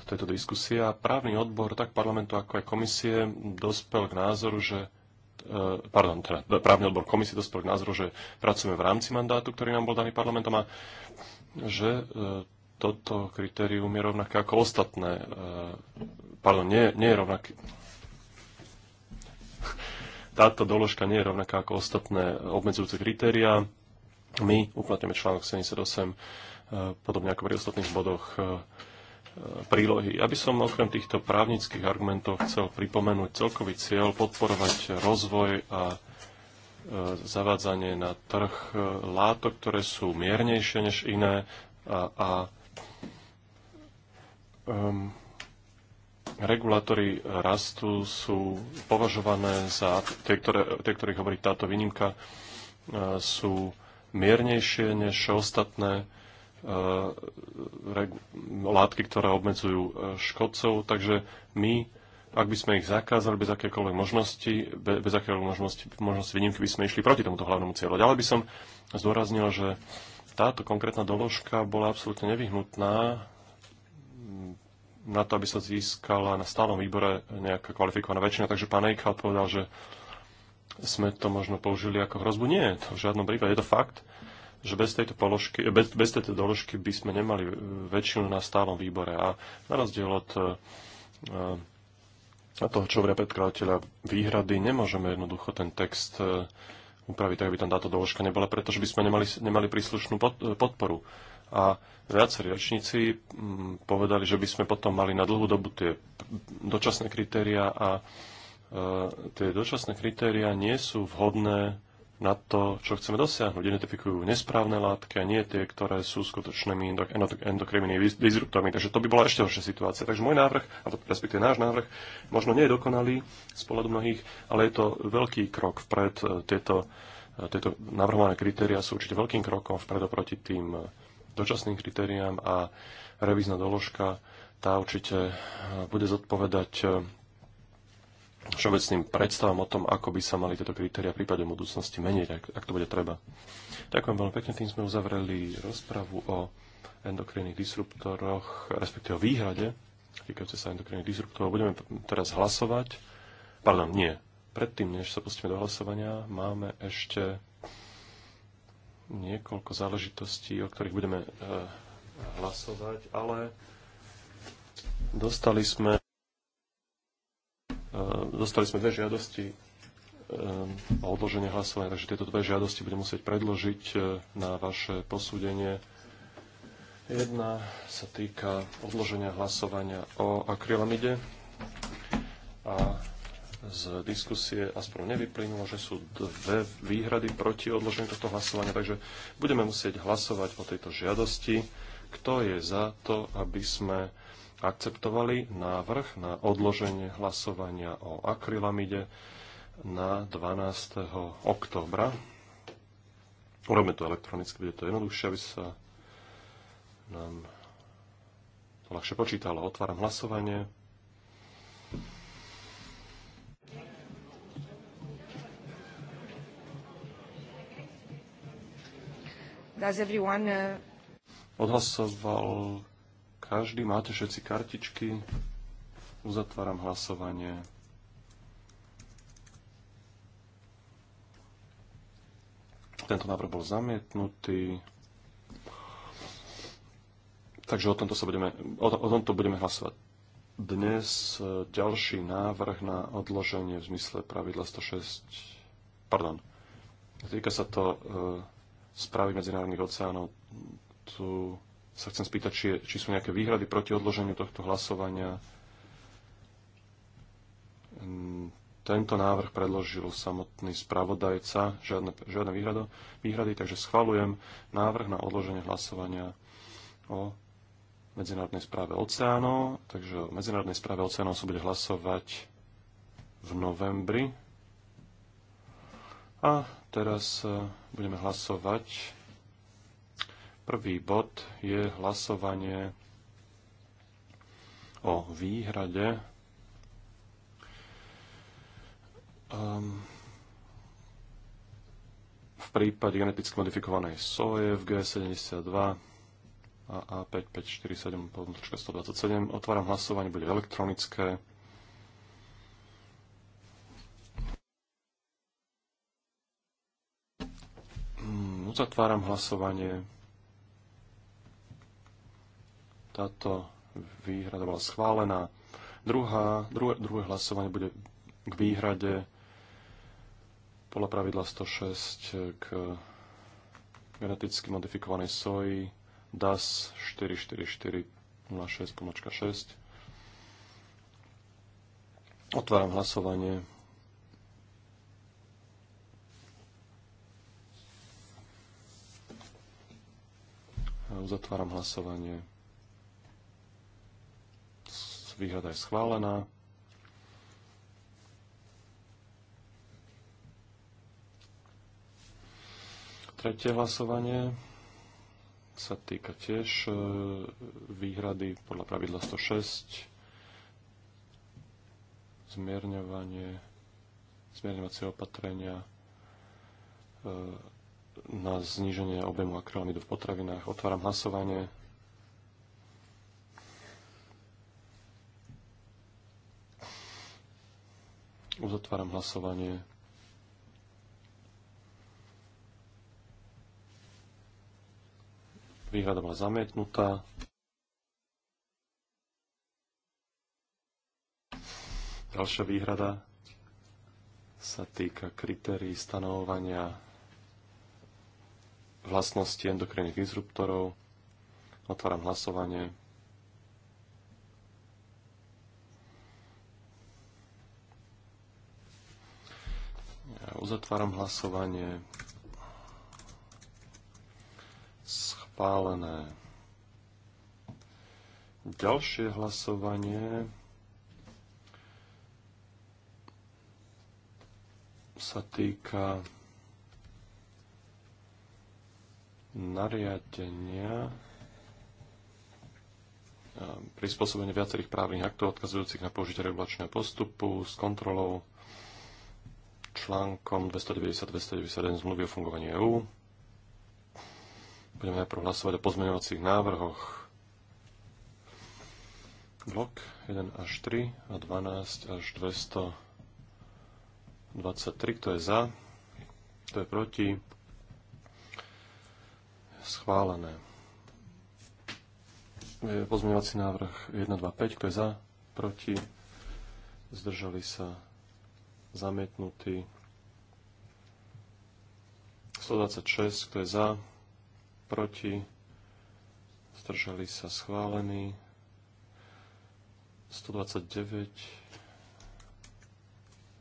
Speaker 2: tejto diskusie a právny odbor tak parlamentu ako aj komisie dospel k názoru, že e, pardon, teda e, právny odbor komisie dospel k názoru, že pracujeme v rámci mandátu, ktorý nám bol daný parlamentom a že e, toto kritérium je rovnaké ako ostatné. Pardon, nie, nie je rovnaké. <laughs> Táto doložka nie je rovnaká ako ostatné obmedzujúce kritéria. My uplatňujeme článok 78 podobne ako pri ostatných bodoch prílohy. Ja by som okrem týchto právnických argumentov chcel pripomenúť celkový cieľ podporovať rozvoj a e, zavádzanie na trh e, látok, ktoré sú miernejšie než iné a, a um, regulátory rastu sú považované za, tie, ktoré, tie, ktorých hovorí táto výnimka, e, sú miernejšie než ostatné Eh, látky, ktoré obmedzujú eh, škodcov, takže my, ak by sme ich zakázali bez akékoľvek možnosti, bez akékoľvek možnosti, možnosti výnimky, by sme išli proti tomuto hlavnému cieľu. Ďalej by som zdôraznil, že táto konkrétna doložka bola absolútne nevyhnutná mm, na to, aby sa získala na stálom výbore nejaká kvalifikovaná väčšina. Takže pán Eichhardt povedal, že sme to možno použili ako hrozbu. Nie, to v žiadnom prípade. Je to fakt že bez tejto, položky, eh, bez, bez tejto doložky by sme nemali eh, väčšinu na stálom výbore. A na rozdiel od a eh, toho, čo hovoria predkladateľa výhrady, nemôžeme jednoducho ten text upraviť tak, aby tam táto doložka nebola, pretože by sme nemali, nemali príslušnú podporu. A viacerí rečníci mm, povedali, že by sme potom mali na dlhú dobu tie dočasné kritéria a tie dočasné kritéria nie sú vhodné na to, čo chceme dosiahnuť. Identifikujú nesprávne látky a nie tie, ktoré sú skutočnými endokrinnými disruptormi. Takže to by bola ešte horšia situácia. Takže môj návrh, alebo respektíve náš návrh, možno nie je dokonalý z pohľadu mnohých, ale je to veľký krok vpred. Tieto, tieto navrhované kritéria sú určite veľkým krokom vpred oproti tým dočasným kritériám a revízna doložka tá určite bude zodpovedať všeobecným predstavám o tom, ako by sa mali tieto kritéria v prípade budúcnosti meniť, ak, ak to bude treba. Ďakujem veľmi pekne, tým sme uzavreli rozpravu o endokrinných disruptoroch, respektíve o výhrade týkajúce sa endokrinných disruptorov. Budeme teraz hlasovať. Pardon, nie. Predtým, než sa pustíme do hlasovania, máme ešte niekoľko záležitostí, o ktorých budeme e, hlasovať, ale dostali sme Ehm, dostali sme dve žiadosti o ehm, odloženie hlasovania, takže tieto dve žiadosti budem musieť predložiť e, na vaše posúdenie. Jedna sa týka odloženia hlasovania o akrylamide a z diskusie aspoň nevyplynulo, že sú dve výhrady proti odloženiu tohto hlasovania, takže budeme musieť hlasovať o tejto žiadosti. Kto je za to, aby sme akceptovali návrh na odloženie hlasovania o akrylamide na 12. októbra. Urobme to elektronicky, bude to jednoduchšie, aby sa nám to ľahšie počítalo. Otváram hlasovanie.
Speaker 1: Does everyone, uh...
Speaker 2: Odhlasoval každý. Máte všetci kartičky. Uzatváram hlasovanie. Tento návrh bol zamietnutý. Takže o tomto, sa budeme, o, o tomto budeme hlasovať dnes. Ďalší návrh na odloženie v zmysle pravidla 106. Pardon. Týka sa to e, správy medzinárodných oceánov. Tu sa chcem spýtať, či, či sú nejaké výhrady proti odloženiu tohto hlasovania. Ehm, tento návrh predložil samotný spravodajca, žiadne, žiadne výhrado, výhrady, takže schvalujem návrh na odloženie hlasovania o medzinárodnej správe oceánov. Takže o medzinárodnej správe oceánov sa bude hlasovať v novembri. A teraz eh, budeme hlasovať Prvý bod je hlasovanie o výhrade um, v prípade geneticky modifikovanej soje v G72 a A5547 127. Otváram hlasovanie, bude elektronické. Uzatváram hmm, no, hlasovanie. Táto výhrada bola schválená. Druhá, druhé, druhé hlasovanie bude k výhrade podľa pravidla 106 k geneticky modifikovanej soji DAS 444 06, 6. Otváram hlasovanie. Uzatváram hlasovanie výhrada je schválená. Tretie hlasovanie sa týka tiež e, výhrady podľa pravidla 106 zmierňovanie, zmierňovacie opatrenia e, na zníženie objemu akrylamidu v potravinách. Otváram hlasovanie. Uzatváram hlasovanie. Výhrada bola zamietnutá. Ďalšia výhrada sa týka kritérií stanovovania vlastnosti endokrinných disruptorov. Otváram hlasovanie. Uzatváram hlasovanie. Schválené. Ďalšie hlasovanie sa týka nariadenia prispôsobenie viacerých právnych aktov odkazujúcich na použitie regulačného postupu s kontrolou článkom 290-291 zmluvy o fungovaní EÚ. Budeme najprv hlasovať o pozmeňovacích návrhoch blok 1 až 3 a 12 až 223. Kto je za? Kto je proti? Schválené. Pozmeňovací návrh 1, 2, 5. Kto je za? Proti? Zdržali sa? zamietnutý. 126, kto je za, proti, zdržali sa schválení. 129,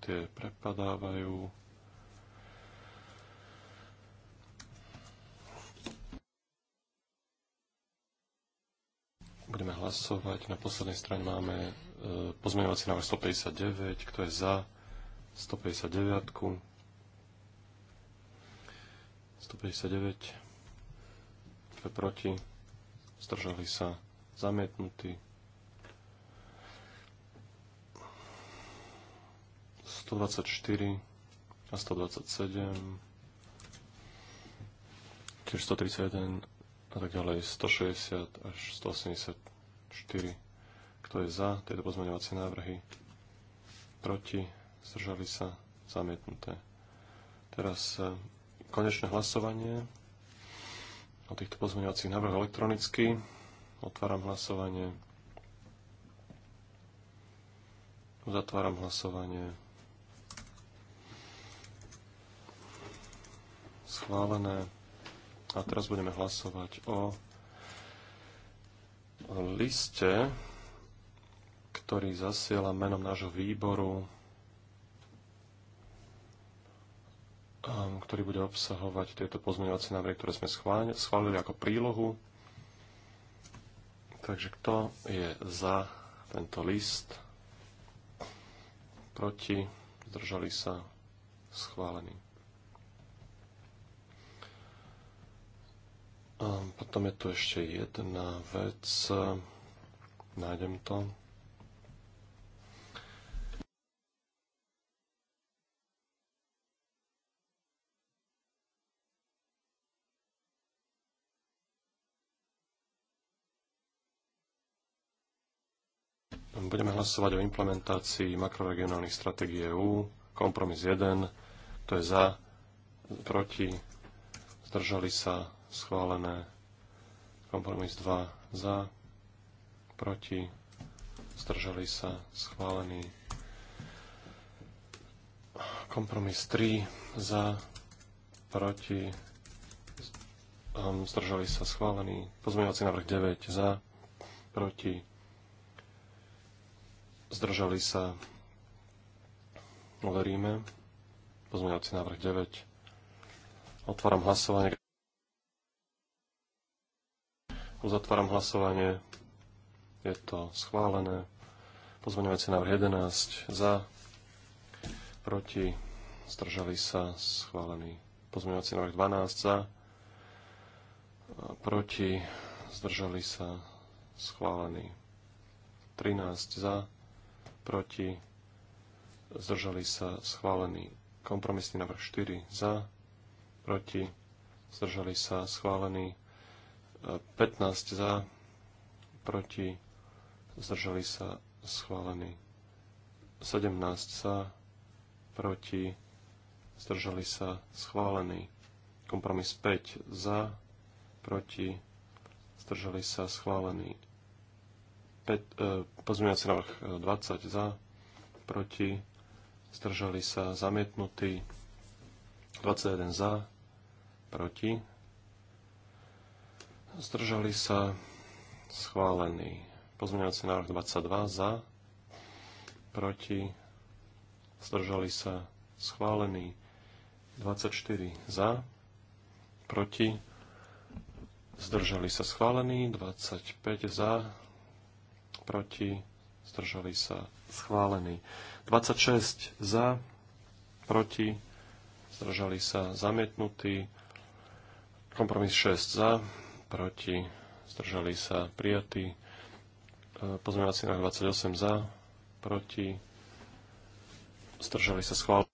Speaker 2: tie prepadávajú. Budeme hlasovať. Na poslednej strane máme e, pozmeňovací návrh 159, kto je za, 159. 159. je proti? Zdržali sa zamietnutí. 124 a 127 tiež 131 a tak ďalej 160 až 184 kto je za tieto pozmeňovacie návrhy proti zdržali sa, zamietnuté. Teraz e, konečné hlasovanie o týchto pozmeňovacích návrhoch elektronicky. Otváram hlasovanie. Uzatváram hlasovanie. Schválené. A teraz budeme hlasovať o liste, ktorý zasiela menom nášho výboru Um, ktorý bude obsahovať tieto pozmeňovacie návrhy, ktoré sme schválili ako prílohu. Takže kto je za tento list? Proti? Zdržali sa? Schválený. Um, potom je tu ešte jedna vec. Nájdem to. Budeme hlasovať o implementácii makroregionálnych stratégií EÚ. Kompromis 1, to je za, proti, zdržali sa, schválené. Kompromis 2, za, proti, zdržali sa, schválený. Kompromis 3, za, proti, um, zdržali sa, schválený. Pozmeňovací návrh 9, za, proti, Zdržali sa. Overíme. Pozmeňovací návrh 9. Otváram hlasovanie. Uzatváram hlasovanie. Je to schválené. Pozmeňovací návrh 11. Za. Proti. Zdržali sa. Schválený. Pozmeňovací návrh 12. Za. Proti. Zdržali sa. Schválený. 13 za proti, zdržali sa schválený kompromisný návrh 4 za, proti, zdržali sa schválený 15 e, za, proti, zdržali sa schválený 17 za, proti, zdržali sa schválený kompromis 5 za, proti, zdržali sa schválený E, pozmeňovací návrh 20 e, za, proti, zdržali sa zamietnutí 21 za, proti, zdržali sa schválený pozmeňovací návrh 22 za, proti, zdržali sa schválený 24 za, proti, zdržali sa schválený 25 za, proti, zdržali sa schválený. 26 za, proti, zdržali sa zamietnutý. Kompromis 6 za, proti, zdržali sa prijatý. E, pozmeňovací návrh 28 za, proti, zdržali sa schválený.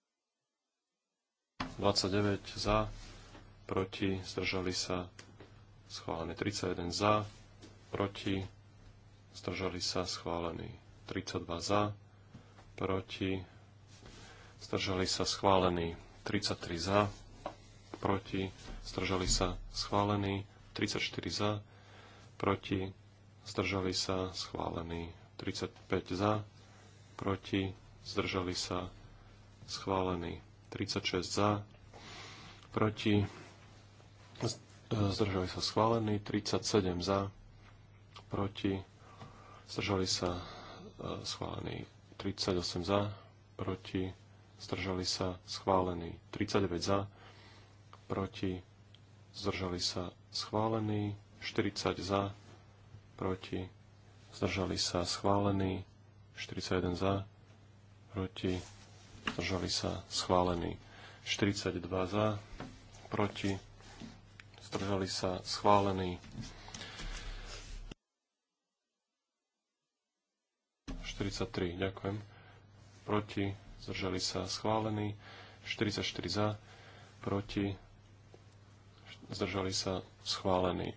Speaker 2: 29 za, proti, zdržali sa schválené 31 za, proti, zdržali sa schválení. 32 za, proti, zdržali sa schválení. 33 za, proti, zdržali sa schválení. 34 za, proti, zdržali sa schválení. 35 za, proti, zdržali sa schválení. 36 za, proti, zdržali sa schválení. 37 za, proti, Zdržali sa e, schválení, 38 za, proti, zdržali sa schválený 39 za, proti, zdržali sa schválení, 40 za, proti, zdržali sa schválení, 41 za, proti, zdržali sa schválení, 42 za, proti, zdržali sa schválení. 43, ďakujem. Proti, zdržali sa schválení. 44 za, proti, zdržali sa schválení.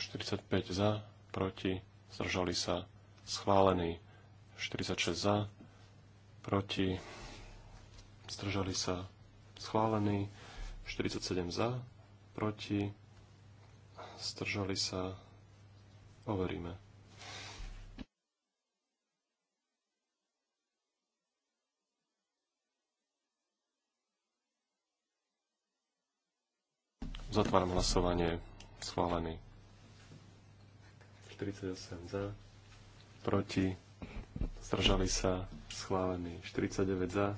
Speaker 2: 45 za, proti, zdržali sa schválení. 46 za, proti, zdržali sa schválení. 47 za, proti, zdržali sa, overíme. Zatváram hlasovanie. Schválený. 48 za. Proti. Zdržali sa. Schválený. 49 za.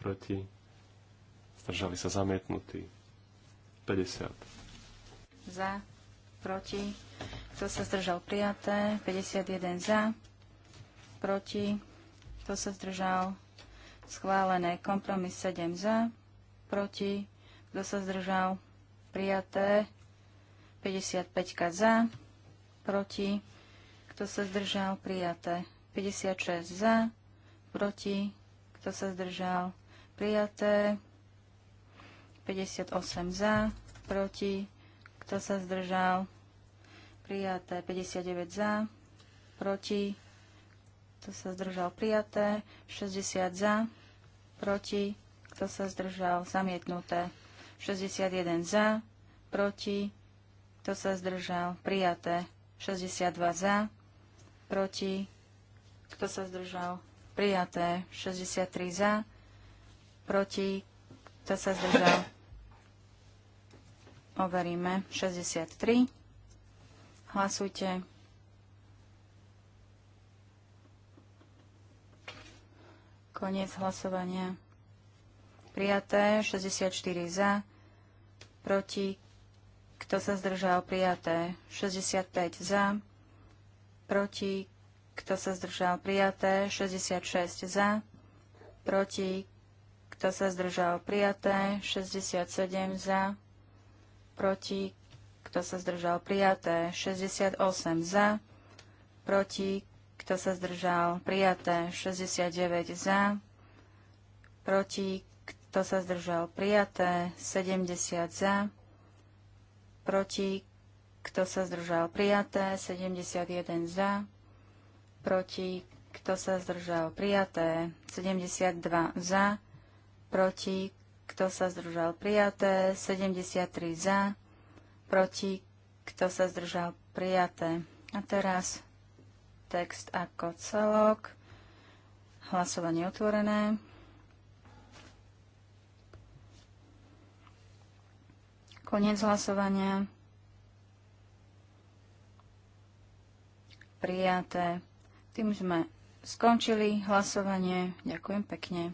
Speaker 2: Proti. Zdržali sa. Zamietnutý. 50.
Speaker 1: Za. Proti. Kto sa zdržal prijaté? 51 za. Proti. Kto sa zdržal? Schválené. Kompromis 7 za. Proti. Kto sa zdržal? prijaté. 55 za, proti, kto sa zdržal, prijaté. 56 za, proti, kto sa zdržal, prijaté. 58 za, proti, kto sa zdržal, prijaté. 59 za, proti, kto sa zdržal, prijaté. 60 za, proti, kto sa zdržal, zamietnuté. 61 za, proti, kto sa zdržal, prijaté. 62 za, proti, kto sa zdržal, prijaté. 63 za, proti, kto sa zdržal, overíme. 63. Hlasujte. Koniec hlasovania. Prijaté 64 za, proti, kto sa zdržal, prijaté. 65 za, proti, kto sa zdržal, prijaté. 66 za, proti, kto sa zdržal, prijaté. 67 za, proti, kto sa zdržal, prijaté. 68 za, proti, kto sa zdržal, prijaté. 69 za, proti, kto sa zdržal? Prijaté. 70 za. Proti. Kto sa zdržal? Prijaté. 71 za. Proti. Kto sa zdržal? Prijaté. 72 za. Proti. Kto sa zdržal? Prijaté. 73 za. Proti. Kto sa zdržal? Prijaté. A teraz text ako celok. Hlasovanie otvorené. Koniec hlasovania. Prijaté. Tým sme skončili hlasovanie. Ďakujem pekne.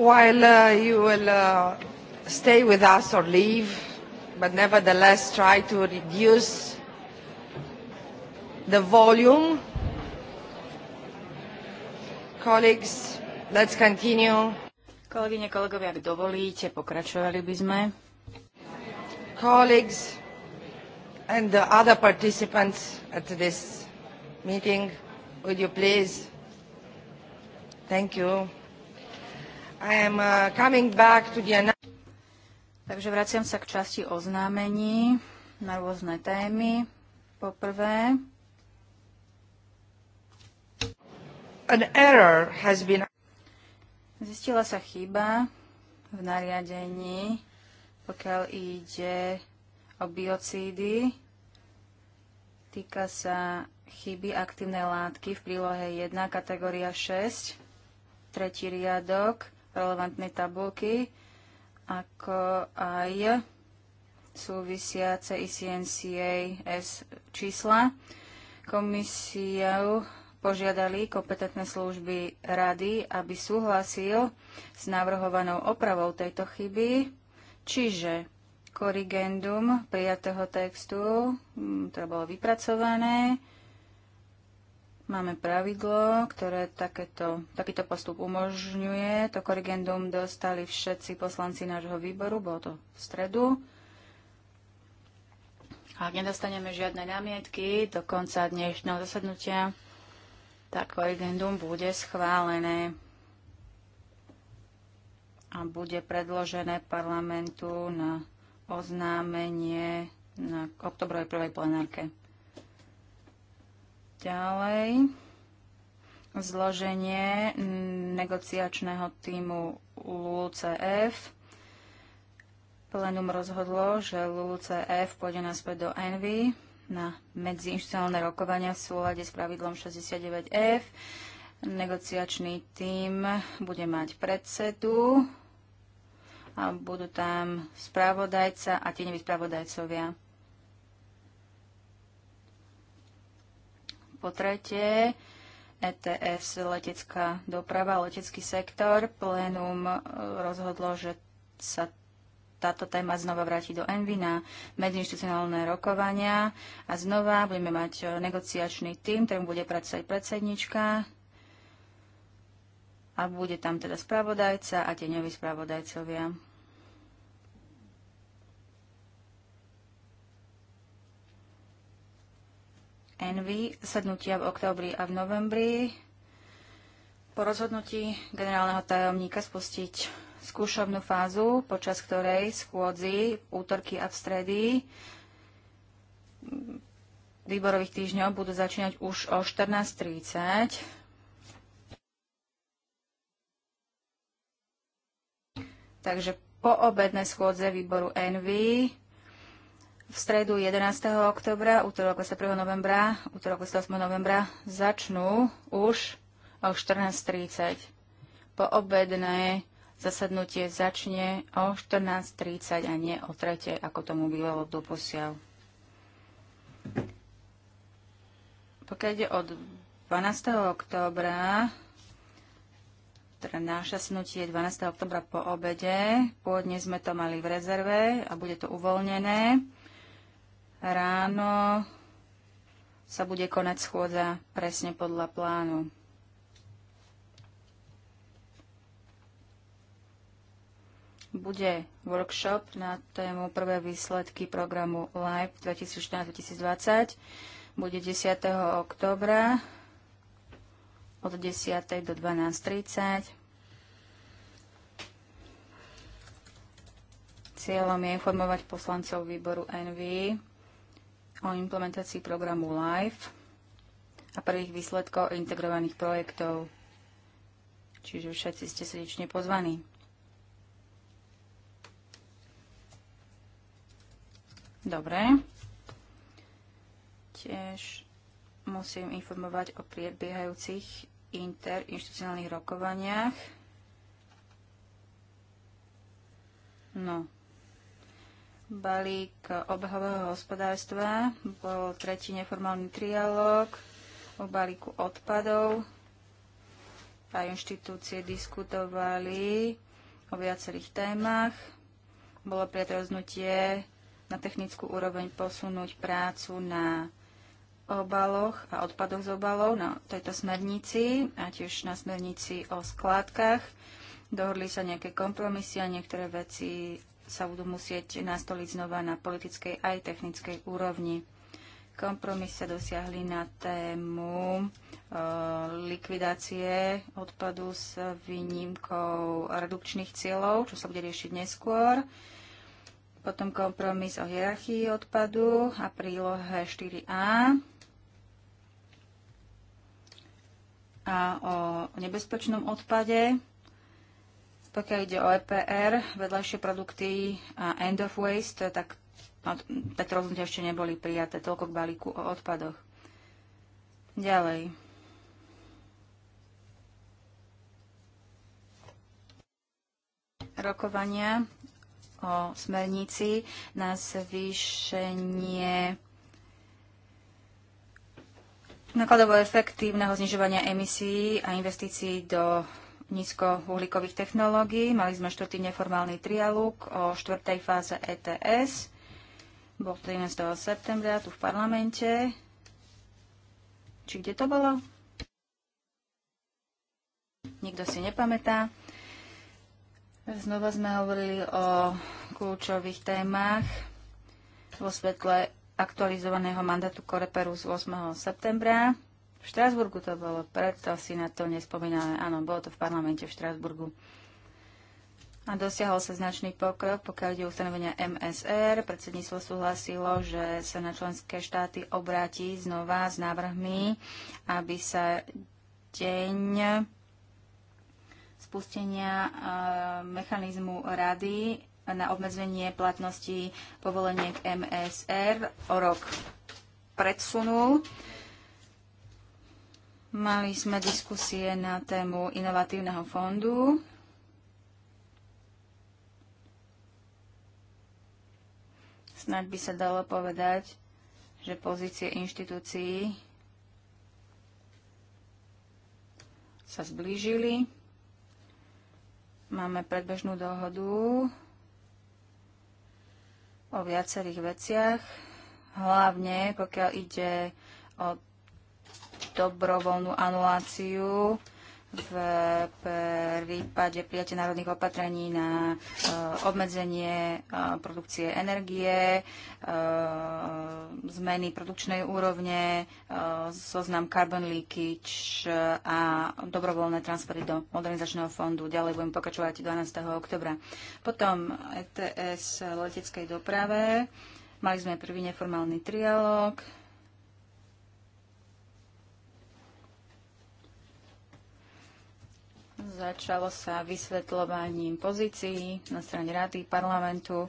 Speaker 1: while uh, you will uh, stay with us or leave, but nevertheless try to reduce the volume. Colleagues, let's continue. Kolegyne, kolegovia, ak dovolíte, pokračovali by sme. Colleagues and the other participants at this meeting, would you please? Thank you am, uh, the... Takže vraciam sa k časti oznámení na rôzne témy. Poprvé, an error has been... Zistila sa chyba v nariadení, pokiaľ ide o biocídy. Týka sa chyby aktívnej látky v prílohe 1, kategória 6, tretí riadok relevantné tabulky, ako aj súvisiace ICNCA S čísla. Komisiou požiadali kompetentné služby rady, aby súhlasil s navrhovanou opravou tejto chyby, čiže korigendum prijatého textu, mm, ktoré bolo vypracované, Máme pravidlo, ktoré takéto, takýto postup umožňuje. To korrigendum dostali všetci poslanci nášho výboru, bolo to v stredu. Ak nedostaneme žiadne námietky do konca dnešného zasadnutia, tak korrigendum bude schválené a bude predložené parlamentu na oznámenie na oktobrovej prvej plenárke. Ďalej zloženie negociačného týmu LULCF. Plenum rozhodlo, že LULCF pôjde naspäť do Envy na medziinštitucionálne rokovania v súlade s pravidlom 69F. Negociačný tím bude mať predsedu a budú tam správodajca a tieňoví správodajcovia. Po tretie, ETS, letecká doprava, letecký sektor. Plénum e, rozhodlo, že sa táto téma znova vráti do Envy na medzinstitucionálne rokovania a znova budeme mať e, negociačný tým, ktorým bude pracovať predsednička a bude tam teda spravodajca a tieňoví spravodajcovia. Envy, sednutia v oktobri a v novembri. Po rozhodnutí generálneho tajomníka spustiť skúšobnú fázu, počas ktorej schôdzi útorky a v stredy výborových týždňov budú začínať už o 14.30. Takže poobedné schôdze výboru Envy v stredu 11. oktobra, útorok 21. novembra, útorok 28. novembra začnú už o 14.30. Po obedné zasadnutie začne o 14.30 a nie o 3. ako tomu bývalo doposiaľ. Pokiaľ ide od 12. oktobra, teda náša snutie 12. oktobra po obede, pôvodne sme to mali v rezerve a bude to uvoľnené ráno sa bude konať schôdza presne podľa plánu. Bude workshop na tému prvé výsledky programu LIVE 2014-2020. Bude 10. oktobra od 10. do 12.30. Cieľom je informovať poslancov výboru NV o implementácii programu LIFE a prvých výsledkov integrovaných projektov. Čiže všetci ste srdečne pozvaní. Dobre. Tiež musím informovať o priebiehajúcich interinstitucionálnych rokovaniach. No, balík obehového hospodárstva, bol tretí neformálny trialóg o balíku odpadov a inštitúcie diskutovali o viacerých témach. Bolo predroznutie na technickú úroveň posunúť prácu na obaloch a odpadoch z obalov na tejto smernici a tiež na smernici o skládkach. Dohodli sa nejaké kompromisy a niektoré veci sa budú musieť nastoliť znova na politickej aj technickej úrovni. Kompromis sa dosiahli na tému e, likvidácie odpadu s výnimkou redukčných cieľov, čo sa bude riešiť neskôr. Potom kompromis o hierarchii odpadu a prílohe 4a a o nebezpečnom odpade pokiaľ ide o EPR, vedľajšie produkty a end of waste, tak no, tak rozhodnutia ešte neboli prijaté. Toľko k balíku o odpadoch. Ďalej. Rokovania o smernici na zvýšenie nakladovo efektívneho znižovania emisí a investícií do nízkouhlíkových technológií. Mali sme štvrtý neformálny trialóg o štvrtej fáze ETS. Bol 13. septembra tu v parlamente. Či kde to bolo? Nikto si nepamätá. Znova sme hovorili o kľúčových témach vo svetle aktualizovaného mandátu Koreperu z 8. septembra. V Štrásburgu to bolo, preto si na to nespomíname. Áno, bolo to v parlamente v Štrásburgu. A dosiahol sa značný pokrok, pokiaľ ide ustanovenia MSR. Predsedníctvo súhlasilo, že sa na členské štáty obráti znova s návrhmi, aby sa deň spustenia e, mechanizmu rady na obmedzenie platnosti k MSR o rok predsunul. E, Mali sme diskusie na tému inovatívneho fondu. Snaď by sa dalo povedať, že pozície inštitúcií sa zblížili. Máme predbežnú dohodu o viacerých veciach, hlavne pokiaľ ide o dobrovoľnú anuláciu v prípade prijatia národných opatrení na eh, obmedzenie eh, produkcie energie, eh, zmeny produkčnej úrovne, zoznam carbon leakage a dobrovoľné transfery do modernizačného fondu. Ďalej budem pokračovať 12. oktobra. Potom ETS leteckej doprave. Mali sme prvý neformálny trialóg Začalo sa vysvetľovaním pozícií na strane Rady parlamentu.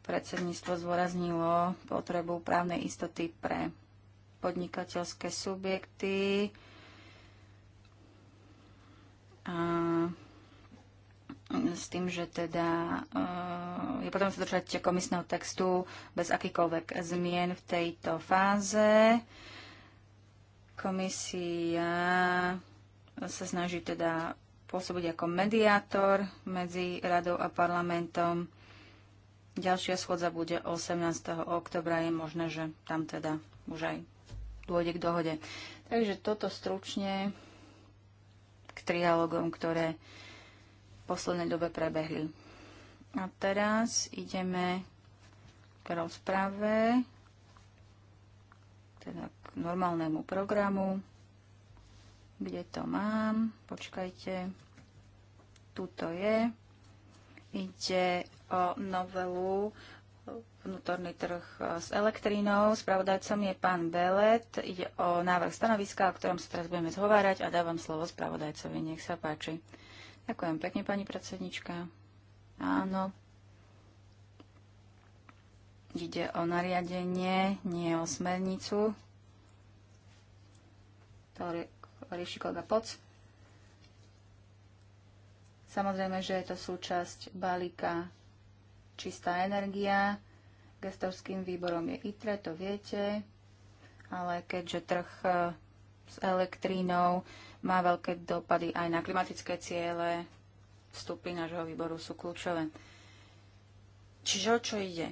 Speaker 1: Predsedníctvo zdôraznilo potrebu právnej istoty pre podnikateľské subjekty. A s tým, že teda e, je potom sa držať komisného textu bez akýkoľvek zmien v tejto fáze. Komisia sa snaží teda pôsobiť ako mediátor medzi radou a parlamentom. Ďalšia schodza bude 18. oktobra. Je možné, že tam teda už aj dôjde k dohode. Takže toto stručne k trialogom, ktoré v poslednej dobe prebehli. A teraz ideme k rozprave, teda k normálnemu programu kde to mám. Počkajte, tuto je. Ide o novelu vnútorný trh e, s elektrínou. Spravodajcom je pán Belet. Ide o návrh stanoviska, o ktorom sa teraz budeme zhovárať a dávam slovo spravodajcovi. Nech sa páči. Ďakujem pekne, pani predsednička. Áno. Ide o nariadenie, nie o smernicu ako rieši Poc. Samozrejme, že je to súčasť balíka čistá energia. Gestorským výborom je ITRE, to viete. Ale keďže trh eh, s elektrínou má veľké dopady aj na klimatické ciele, vstupy nášho výboru sú kľúčové. Čiže o čo ide?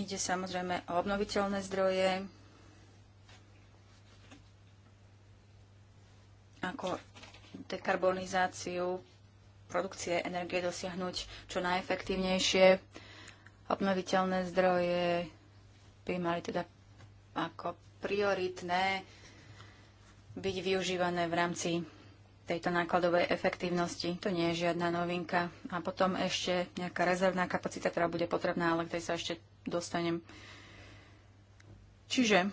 Speaker 1: Ide samozrejme o obnoviteľné zdroje, ako dekarbonizáciu produkcie energie dosiahnuť čo najefektívnejšie. Obnoviteľné zdroje by mali teda ako prioritné byť využívané v rámci tejto nákladovej efektívnosti. To nie je žiadna novinka. A potom ešte nejaká rezervná kapacita, ktorá bude potrebná, ale k tej sa ešte dostanem. Čiže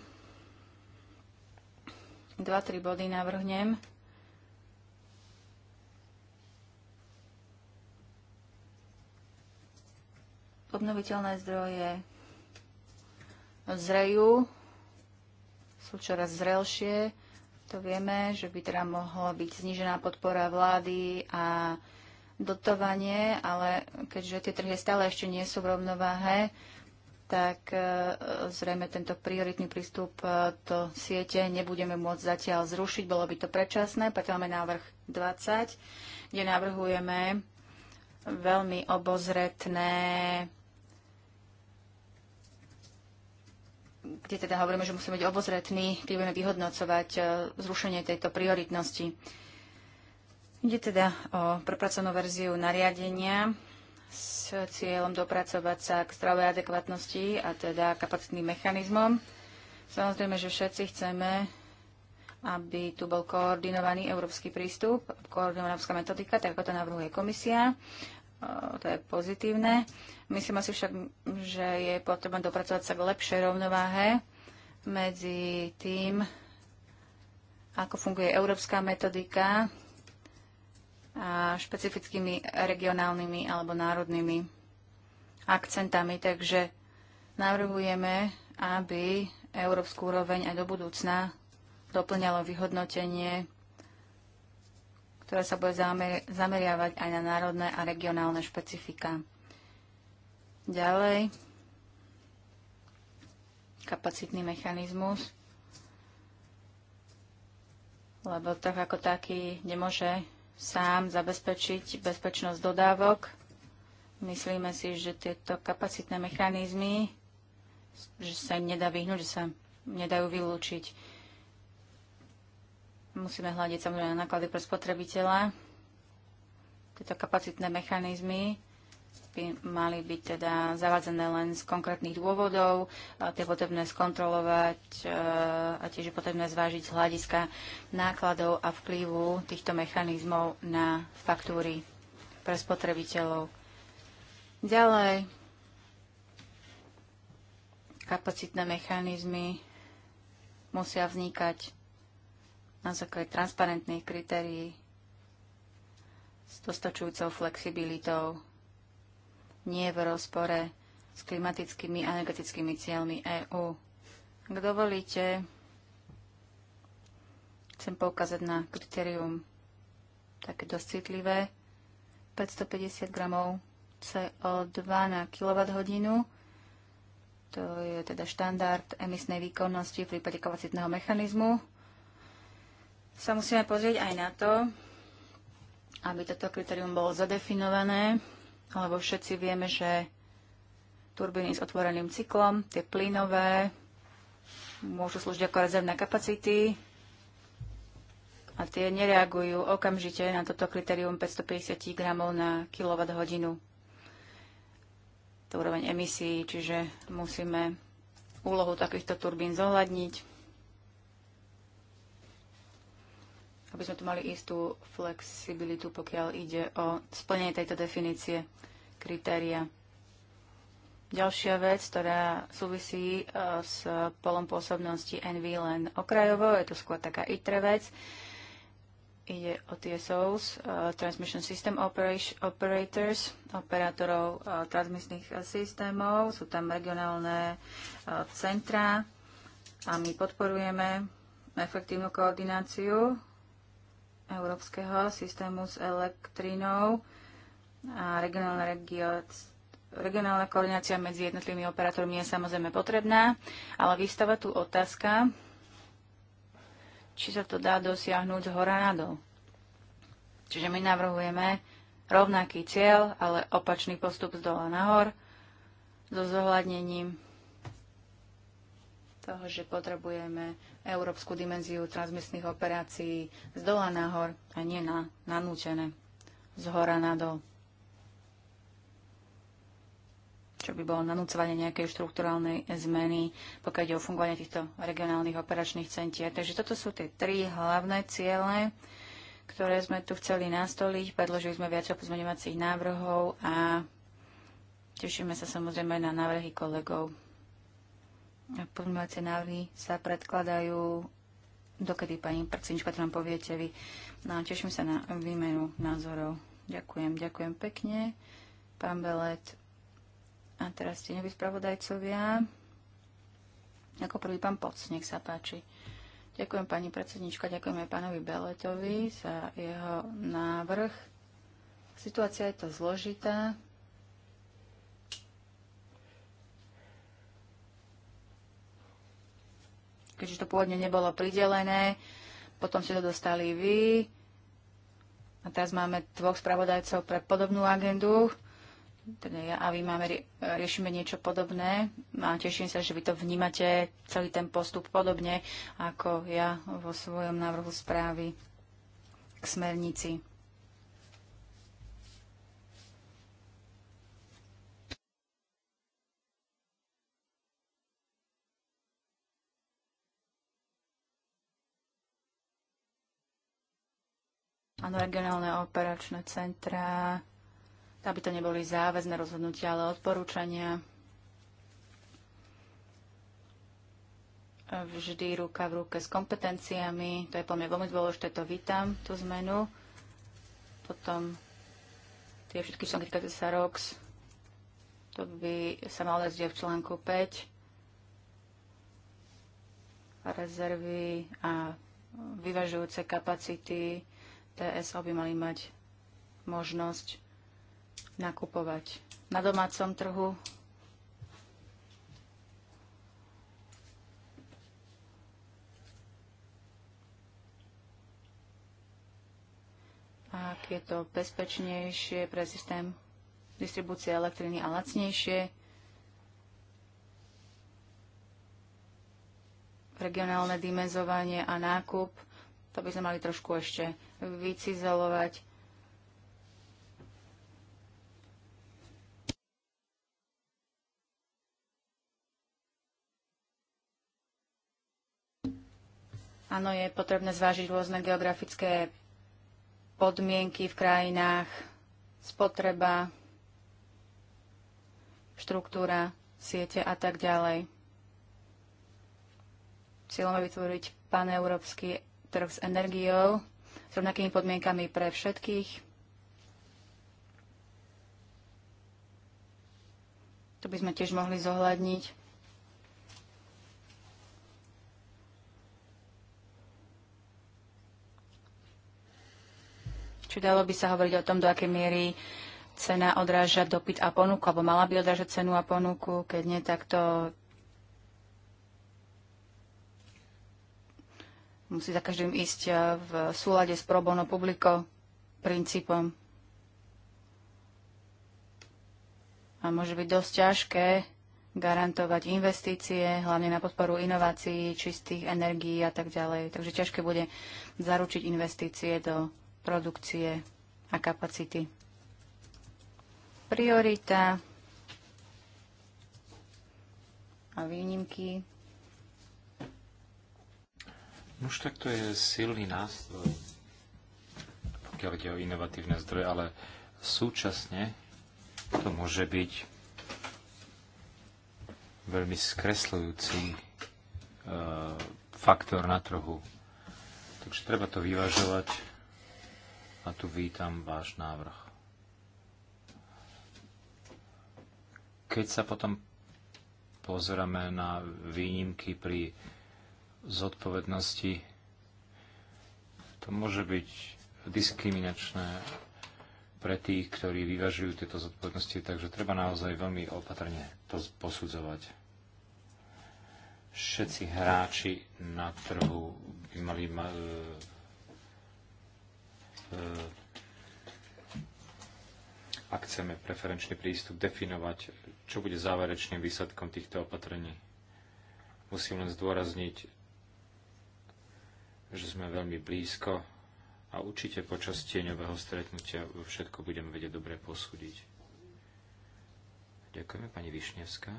Speaker 1: 2-3 body navrhnem. Obnoviteľné zdroje zrejú, sú čoraz zrelšie. To vieme, že by teda mohla byť znížená podpora vlády a dotovanie, ale keďže tie trhy stále ešte nie sú v rovnováhe, tak e, zrejme tento prioritný prístup e, do siete nebudeme môcť zatiaľ zrušiť. Bolo by to predčasné, preto máme návrh 20, kde navrhujeme veľmi obozretné kde teda hovoríme, že musíme byť obozretní, keď budeme vyhodnocovať e, zrušenie tejto prioritnosti. Ide teda o prepracovanú verziu nariadenia s cieľom dopracovať sa k zdravej adekvátnosti a teda kapacitným mechanizmom. Samozrejme, že všetci chceme, aby tu bol koordinovaný európsky prístup, koordinovaná európska metodika, tak ako to navrhuje komisia to je pozitívne. Myslím si však, že je potrebné dopracovať sa k lepšej rovnováhe medzi tým, ako funguje európska metodika a špecifickými regionálnymi alebo národnými akcentami. Takže navrhujeme, aby európsku úroveň aj do budúcna doplňalo vyhodnotenie ktorá sa bude zameriavať aj na národné a regionálne špecifika. Ďalej, kapacitný mechanizmus, lebo tak ako taký nemôže sám zabezpečiť bezpečnosť dodávok. Myslíme si, že tieto kapacitné mechanizmy, že sa im nedá vyhnúť, že sa nedajú vylúčiť. Musíme hľadiť samozrejme na náklady pre spotrebiteľa. Tieto kapacitné mechanizmy by mali byť teda zavadzené len z konkrétnych dôvodov, tie potrebné skontrolovať e, a tiež je potrebné zvážiť z hľadiska nákladov a vplyvu týchto mechanizmov na faktúry pre spotrebiteľov. Ďalej, kapacitné mechanizmy musia vznikať na základe transparentných kritérií s dostačujúcou flexibilitou, nie v rozpore s klimatickými a energetickými cieľmi EÚ. Ak dovolíte, chcem poukázať na kritérium také dosť citlivé, 550 gramov CO2 na kWh. To je teda štandard emisnej výkonnosti v prípade kapacitného mechanizmu sa musíme pozrieť aj na to, aby toto kritérium bolo zadefinované, lebo všetci vieme, že turbíny s otvoreným cyklom, tie plynové, môžu slúžiť ako rezervné kapacity a tie nereagujú okamžite na toto kritérium 550 g na kWh. To úroveň emisí, čiže musíme úlohu takýchto turbín zohľadniť. aby sme tu mali istú flexibilitu, pokiaľ ide o splnenie tejto definície kritéria. Ďalšia vec, ktorá súvisí e, s polom pôsobnosti NV len okrajovo, je to skôr taká ITRE vec. Ide o TSOs, e, Transmission System Operators, operátorov e, transmisných systémov. Sú tam regionálne centra a my podporujeme efektívnu koordináciu európskeho systému s elektrinou a regionálna, regio- regionálna koordinácia medzi jednotlivými operátormi je samozrejme potrebná, ale vystáva tu otázka, či sa to dá dosiahnuť z hora nadol. Čiže my navrhujeme rovnaký cieľ, ale opačný postup z dola nahor so zohľadnením toho, že potrebujeme európsku dimenziu transmisných operácií z dola nahor a nie na nanútené, z hora nadol. Čo by bolo nanúcovanie nejakej štruktúralnej zmeny, pokiaľ ide o fungovanie týchto regionálnych operačných centier. Takže toto sú tie tri hlavné ciele, ktoré sme tu chceli nastoliť. Predložili sme viac pozmeňovacích návrhov a tešíme sa samozrejme na návrhy kolegov. Poďme návrhy sa predkladajú dokedy pani predsednička to nám poviete vy. No teším sa na výmenu názorov. Ďakujem, ďakujem pekne. Pán Belet. A teraz ste noví spravodajcovia. Ako prvý pán Poc, nech sa páči. Ďakujem pani predsednička, ďakujem aj pánovi Beletovi za jeho návrh. Situácia je to zložitá. keďže to pôvodne nebolo pridelené. Potom ste to dostali vy. A teraz máme dvoch spravodajcov pre podobnú agendu. Teda ja a vy máme, riešime niečo podobné a teším sa, že vy to vnímate celý ten postup podobne ako ja vo svojom návrhu správy k smernici. Áno, regionálne operačné centra, aby to neboli záväzné rozhodnutia, ale odporúčania. Vždy ruka v ruke s kompetenciami. To je po mne veľmi dôležité, to vítam, tú zmenu. Potom tie všetky články týkajúce sa ROX, to by sa malo dať v článku 5. Rezervy a vyvažujúce kapacity TSO by mali mať možnosť nakupovať na domácom trhu. Ak je to bezpečnejšie pre systém distribúcie elektriny a lacnejšie, regionálne dimenzovanie a nákup – to by sme mali trošku ešte vycizelovať. Áno, je potrebné zvážiť rôzne geografické podmienky v krajinách, spotreba, štruktúra, siete a tak ďalej. Cieľom je vytvoriť paneurópsky trh s energiou s rovnakými podmienkami pre všetkých. To by sme tiež mohli zohľadniť. Či dalo by sa hovoriť o tom, do akej miery cena odráža dopyt a ponuku, alebo mala by odrážať cenu a ponuku, keď nie, tak to Musí za každým ísť e, v súlade s pro bono publico princípom. A môže byť dosť ťažké garantovať investície, hlavne na podporu inovácií, čistých energií a tak ďalej. Takže ťažké bude zaručiť investície do produkcie a kapacity. Priorita a výnimky
Speaker 3: už tak to je silný nástroj, pokiaľ ide o inovatívne zdroje, ale súčasne to môže byť veľmi skresľujúci e, faktor na trhu. Takže treba to vyvažovať a tu vítam váš návrh. Keď sa potom pozrieme na výnimky pri zodpovednosti. To môže byť diskriminačné pre tých, ktorí vyvažujú tieto zodpovednosti, takže treba naozaj veľmi opatrne to posudzovať. Všetci hráči na trhu by mali ma, e, e, ak chceme preferenčný prístup definovať, čo bude záverečným výsledkom týchto opatrení. Musím len zdôrazniť, že sme veľmi blízko a určite počas tieňového stretnutia všetko budeme vedieť dobre posúdiť. Ďakujeme pani Višnevská.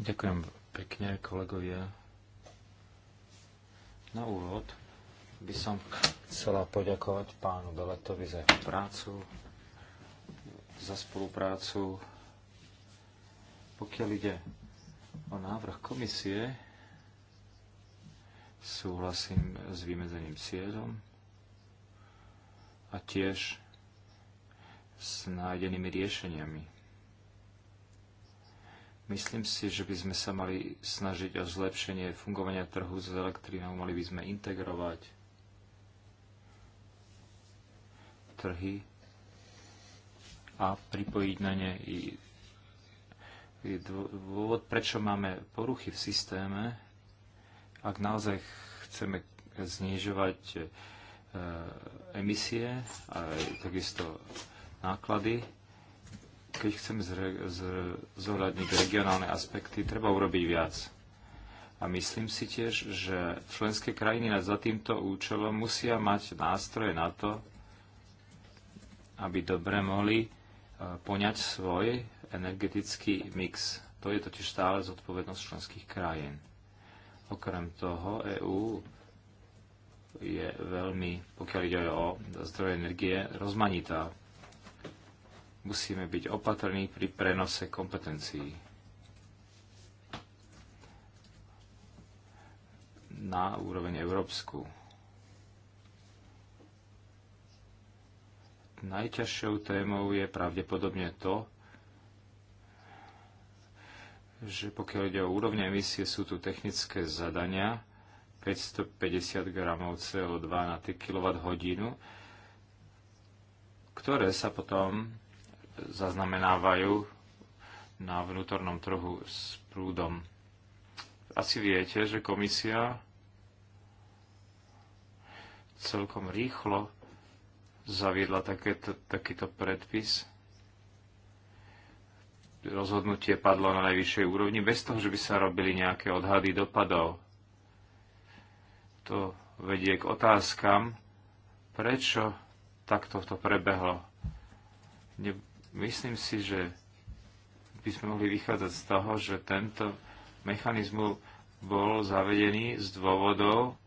Speaker 3: Ďakujem pekne, kolegovia. Na úvod by som chcela poďakovať pánu Beletovi za jeho prácu, za spoluprácu. Pokiaľ ide o návrh komisie, súhlasím s vymedzeným cieľom a tiež s nájdenými riešeniami. Myslím si, že by sme sa mali snažiť o zlepšenie fungovania trhu s elektrínou, mali by sme integrovať trhy a pripojiť na ne i dôvod, prečo máme poruchy v systéme, ak naozaj chceme znižovať e, emisie a takisto náklady, keď chceme zohľadniť regionálne aspekty, treba urobiť viac. A myslím si tiež, že členské krajiny za týmto účelom musia mať nástroje na to, aby dobre mohli poňať svoj energetický mix. To je totiž stále zodpovednosť členských krajín. Okrem toho EÚ je veľmi, pokiaľ ide o zdroje energie, rozmanitá. Musíme byť opatrní pri prenose kompetencií. na úroveň európsku. Najťažšou témou je pravdepodobne to, že pokiaľ ide o úrovne emisie, sú tu technické zadania 550 gramov CO2 na 3 kWh, ktoré sa potom zaznamenávajú na vnútornom trhu s prúdom. Asi viete, že komisia celkom rýchlo zaviedla takéto, takýto predpis. Rozhodnutie padlo na najvyššej úrovni bez toho, že by sa robili nejaké odhady dopadov. To vedie k otázkam, prečo takto to prebehlo. Ne, myslím si, že by sme mohli vychádzať z toho, že tento mechanizmus bol zavedený z dôvodov,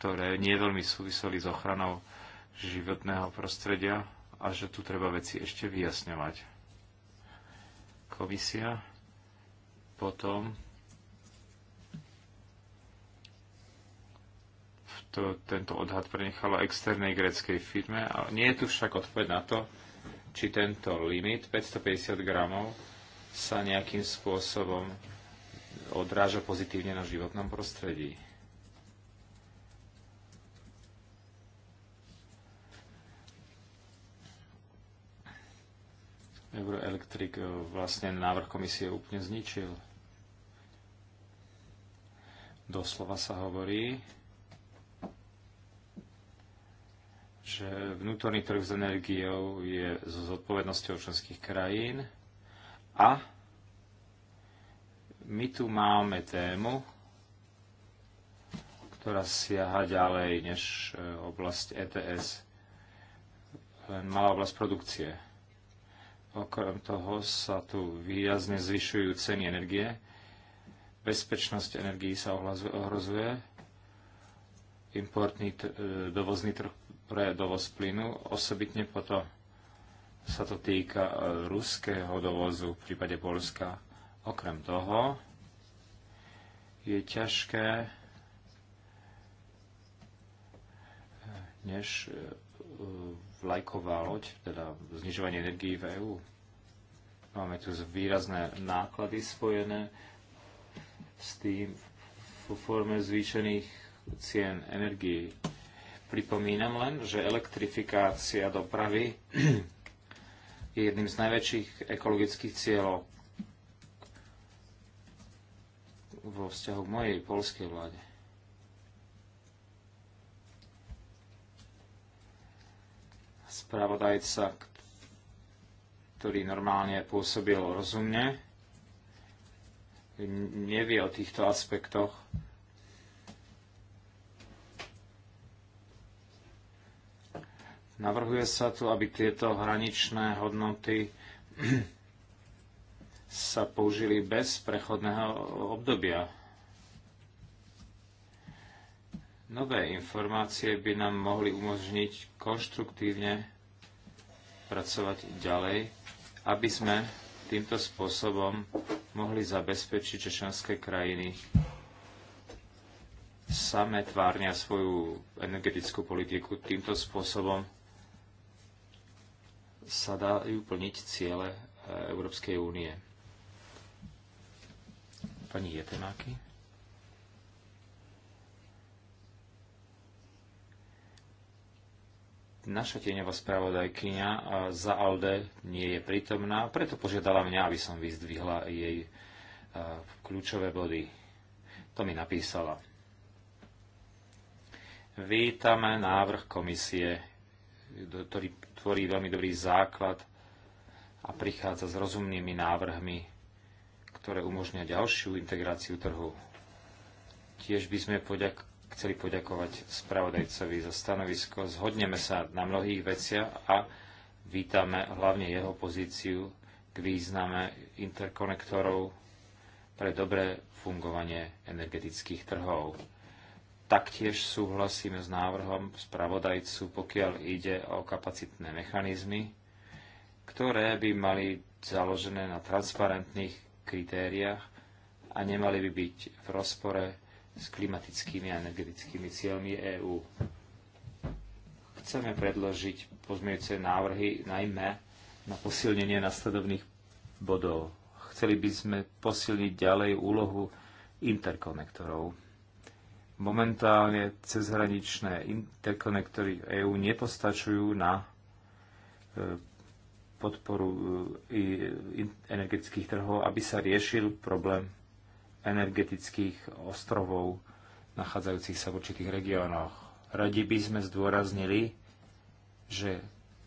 Speaker 3: ktoré nie veľmi súviseli s ochranou životného prostredia a že tu treba veci ešte vyjasňovať. Komisia potom to, tento odhad prenechala externej gréckej firme a nie je tu však odpoveď na to, či tento limit 550 gramov sa nejakým spôsobom odráža pozitívne na životnom prostredí. Euroelectric eh, vlastne návrh komisie úplne zničil. Doslova sa hovorí, že vnútorný trh s energiou je so zodpovednosťou členských krajín a my tu máme tému, ktorá siaha ďalej než eh, oblasť ETS, len malá oblasť produkcie. Okrem toho sa tu výrazne zvyšujú ceny energie. Bezpečnosť energií sa ohrozuje. Importný e, dovozný trh pre dovoz plynu. Osobitne potom sa to týka e, ruského dovozu v prípade Polska. Okrem toho je ťažké e, než vlajková loď, teda znižovanie energií v EÚ. Máme tu výrazné náklady spojené s tým v forme zvýšených cien energií. Pripomínam len, že elektrifikácia dopravy je jedným z najväčších ekologických cieľov vo vzťahu mojej polskej vláde. Spravodajca, ktorý normálne pôsobil rozumne, nevie o týchto aspektoch. Navrhuje sa tu, aby tieto hraničné hodnoty <clears throat> sa použili bez prechodného obdobia. Nové informácie by nám mohli umožniť konštruktívne pracovať ďalej, aby sme týmto spôsobom mohli zabezpečiť, že členské krajiny same tvárnia svoju energetickú politiku. Týmto spôsobom sa dajú plniť ciele e, Európskej únie. Pani Jetenáky. Naša tieňová spravodajkyňa za ALDE nie je prítomná, preto požiadala mňa, aby som vyzdvihla jej kľúčové body. To mi napísala. Vítame návrh komisie, ktorý tvorí veľmi dobrý základ a prichádza s rozumnými návrhmi, ktoré umožňujú ďalšiu integráciu trhu. Tiež by sme poďak chceli poďakovať spravodajcovi za stanovisko. Zhodneme sa na mnohých veciach a vítame hlavne jeho pozíciu k význame interkonektorov pre dobré fungovanie energetických trhov. Taktiež súhlasíme s návrhom spravodajcu, pokiaľ ide o kapacitné mechanizmy, ktoré by mali založené na transparentných kritériách a nemali by byť v rozpore s klimatickými a energetickými cieľmi EÚ. Chceme predložiť pozmejúce návrhy najmä na posilnenie nasledovných bodov. Chceli by sme posilniť ďalej úlohu interkonektorov. Momentálne cezhraničné interkonektory EÚ nepostačujú na e, podporu e, energetických trhov, aby sa riešil problém energetických ostrovov nachádzajúcich sa v určitých regiónoch. Radi by sme zdôraznili, že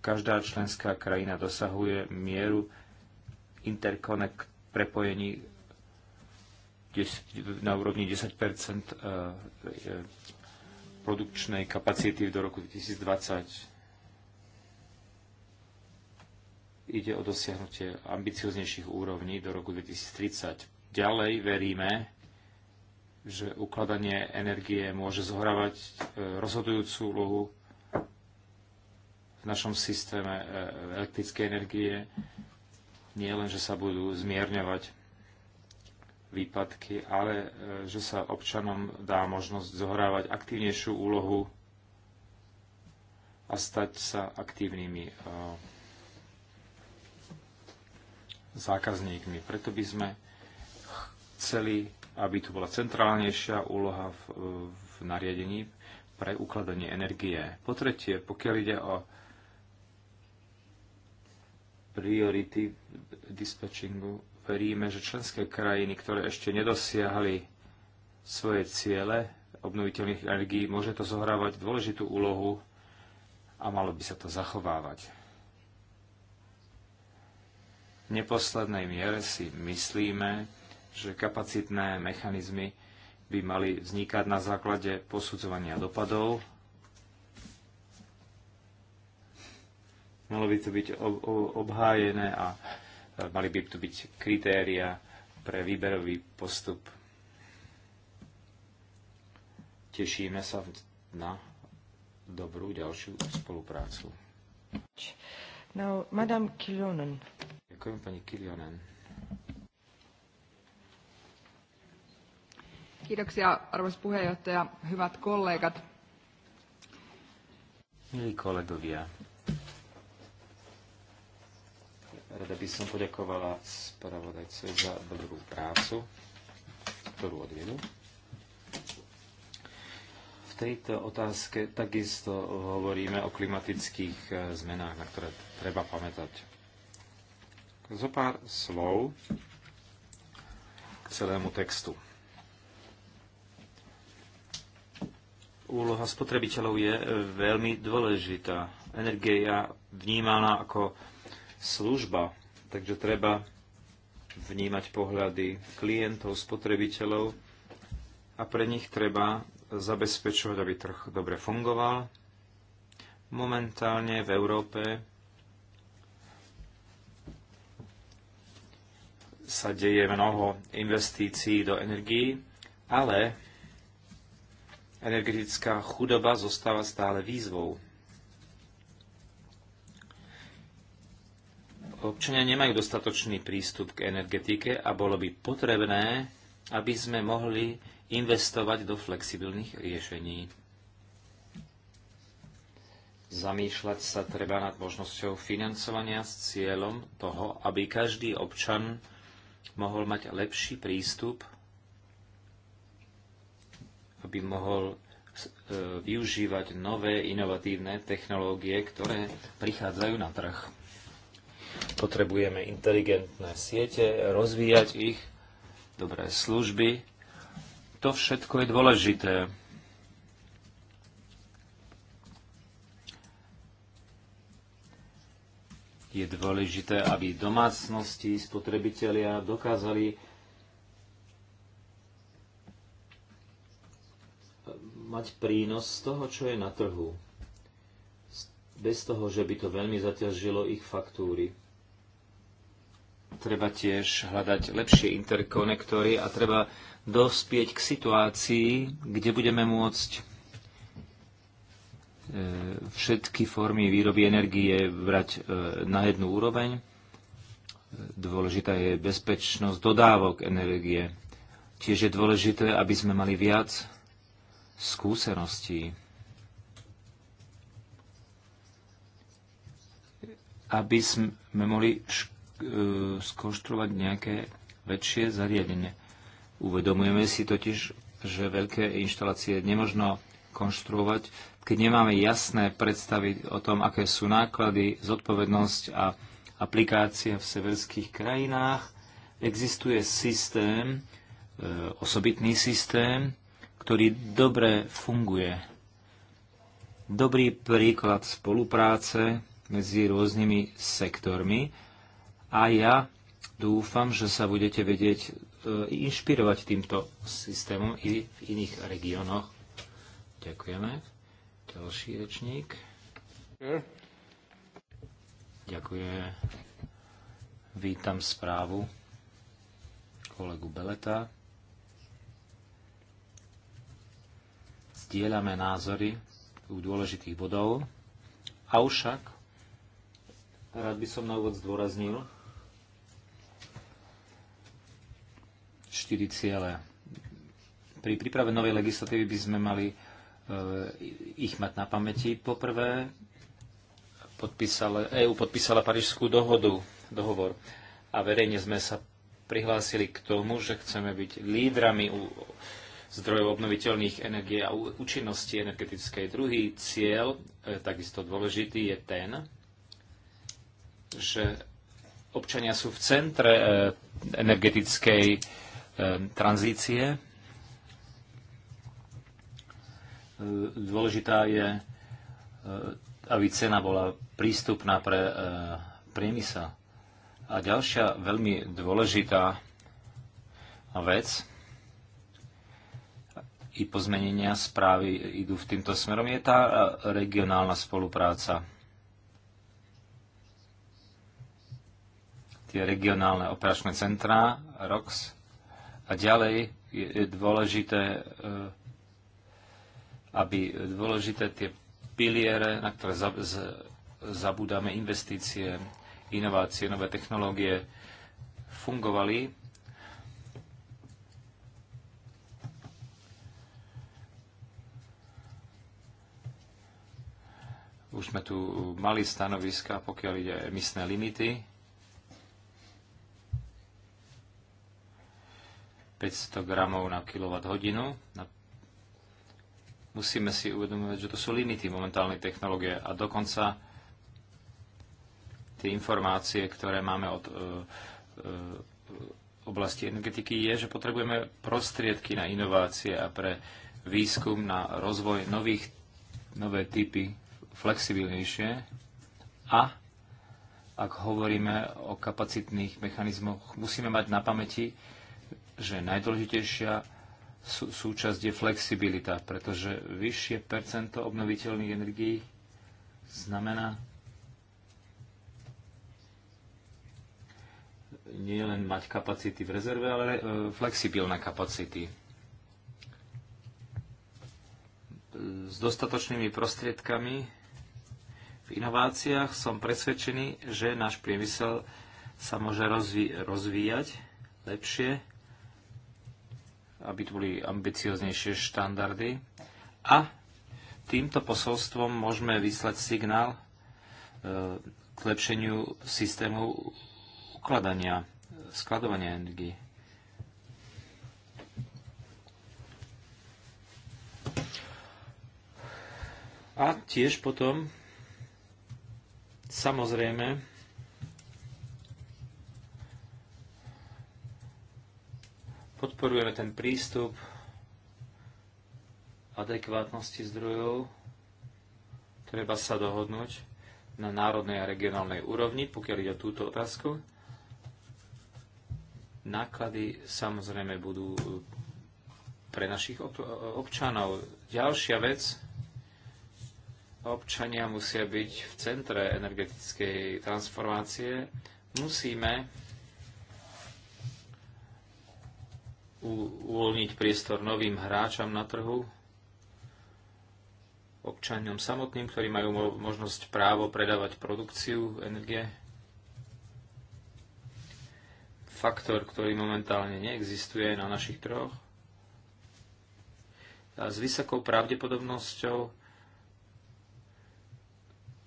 Speaker 3: každá členská krajina dosahuje mieru interkonek prepojení na úrovni 10 e, e, produkčnej kapacity do roku 2020. Ide o dosiahnutie ambicioznejších úrovní do roku 2030. Ďalej veríme, že ukladanie energie môže zohrávať e, rozhodujúcu úlohu v našom systéme e, elektrickej energie. Nie len, že sa budú zmierňovať výpadky, ale e, že sa občanom dá možnosť zohrávať aktívnejšiu úlohu a stať sa aktívnymi zákazníkmi. Preto by sme chceli, aby tu bola centrálnejšia úloha v, v nariadení pre ukladanie energie. Po tretie, pokiaľ ide o priority dispečingu, veríme, že členské krajiny, ktoré ešte nedosiahli svoje ciele obnoviteľných energií, môže to zohrávať dôležitú úlohu a malo by sa to zachovávať. V neposlednej miere si myslíme, že kapacitné mechanizmy by mali vznikať na základe posudzovania dopadov. Malo by to byť obhájené a e, mali by tu byť kritéria pre výberový postup. Tešíme sa na dobrú ďalšiu spoluprácu.
Speaker 2: Now, Madame Kilonen.
Speaker 3: Ďakujem pani Kilonen.
Speaker 2: Kiitoksia, arvoisa puheenjohtaja, hyvät kollegat.
Speaker 3: Milí kolegovia, rada by som poďakovala spravodajcovi za dobrú prácu, ktorú odvedol. V tejto otázke takisto hovoríme o klimatických e, zmenách, na ktoré treba pamätať zo pár slov k celému textu. úloha spotrebiteľov je eh, veľmi dôležitá. Energie je vnímaná ako služba, takže treba vnímať pohľady klientov, spotrebiteľov a pre nich treba zabezpečovať, aby trh dobre fungoval. Momentálne v Európe sa deje mnoho investícií do energií, ale Energetická chudoba zostáva stále výzvou. Občania nemajú dostatočný prístup k energetike a bolo by potrebné, aby sme mohli investovať do flexibilných riešení. Zamýšľať sa treba nad možnosťou financovania s cieľom toho, aby každý občan mohol mať lepší prístup aby mohol e, využívať nové inovatívne technológie, ktoré prichádzajú na trh. Potrebujeme inteligentné siete, rozvíjať ich, dobré služby. To všetko je dôležité. Je dôležité, aby domácnosti, spotrebitelia dokázali mať prínos z toho, čo je na trhu. Bez toho, že by to veľmi zaťažilo ich faktúry. Treba tiež hľadať lepšie interkonektory a treba dospieť k situácii, kde budeme môcť e, všetky formy výroby energie brať e, na jednu úroveň. E, dôležitá je bezpečnosť dodávok energie. Tiež je dôležité, aby sme mali viac skúseností, aby sme mohli e, skonštruovať nejaké väčšie zariadenie. Uvedomujeme si totiž, že veľké inštalácie nemožno konštruovať, keď nemáme jasné predstavy o tom, aké sú náklady, zodpovednosť a aplikácia v severských krajinách. Existuje systém, e, osobitný systém, ktorý dobre funguje. Dobrý príklad spolupráce medzi rôznymi sektormi a ja dúfam, že sa budete vedieť e, inšpirovať týmto systémom i v iných regiónoch. Ďakujeme. Ďalší rečník. Ďakujem. Vítam správu kolegu Beleta. zdieľame názory u dôležitých bodov. Avšak rád by som na úvod zdôraznil štyri ciele. Pri príprave novej legislatívy by sme mali e, ich mať na pamäti. Poprvé, podpísala, EU podpísala Parížskú dohodu, dohovor a verejne sme sa prihlásili k tomu, že chceme byť lídrami u zdrojov obnoviteľných energie a účinnosti energetickej. Druhý cieľ, e, takisto dôležitý, je ten, že občania sú v centre e, energetickej e, tranzície. Dôležitá je, aby cena bola prístupná pre priemysel. A ďalšia veľmi dôležitá vec, i pozmenenia správy idú v týmto smerom, je tá e, regionálna spolupráca. Tie regionálne operačné centrá, ROX. A ďalej je, je dôležité, e, aby dôležité tie piliere, na ktoré zabúdame investície, inovácie, nové technológie, fungovali Už sme tu mali stanoviska, pokiaľ ide emisné limity. 500 gramov na kWh. Musíme si uvedomovať, že to sú limity momentálnej technológie a dokonca tie informácie, ktoré máme od e, e, oblasti energetiky je, že potrebujeme prostriedky na inovácie a pre výskum, na rozvoj nových, nové typy flexibilnejšie a ak hovoríme o kapacitných mechanizmoch, musíme mať na pamäti, že najdôležitejšia sú, súčasť je flexibilita, pretože vyššie percento obnoviteľných energií znamená nie len mať kapacity v rezerve, ale e, flexibilné kapacity. S dostatočnými prostriedkami v inováciách som presvedčený, že náš priemysel sa môže rozví- rozvíjať lepšie, aby tu boli ambicioznejšie štandardy. A týmto posolstvom môžeme vyslať signál e, k lepšeniu systému ukladania, skladovania energii. A tiež potom Samozrejme, podporujeme ten prístup adekvátnosti zdrojov. Treba sa dohodnúť na národnej a regionálnej úrovni, pokiaľ ide o túto otázku. Náklady samozrejme budú pre našich občanov. Ďalšia vec, Občania musia byť v centre energetickej transformácie. Musíme uvoľniť priestor novým hráčom na trhu, občanom samotným, ktorí majú možnosť právo predávať produkciu energie. Faktor, ktorý momentálne neexistuje na našich trhoch. A s vysokou pravdepodobnosťou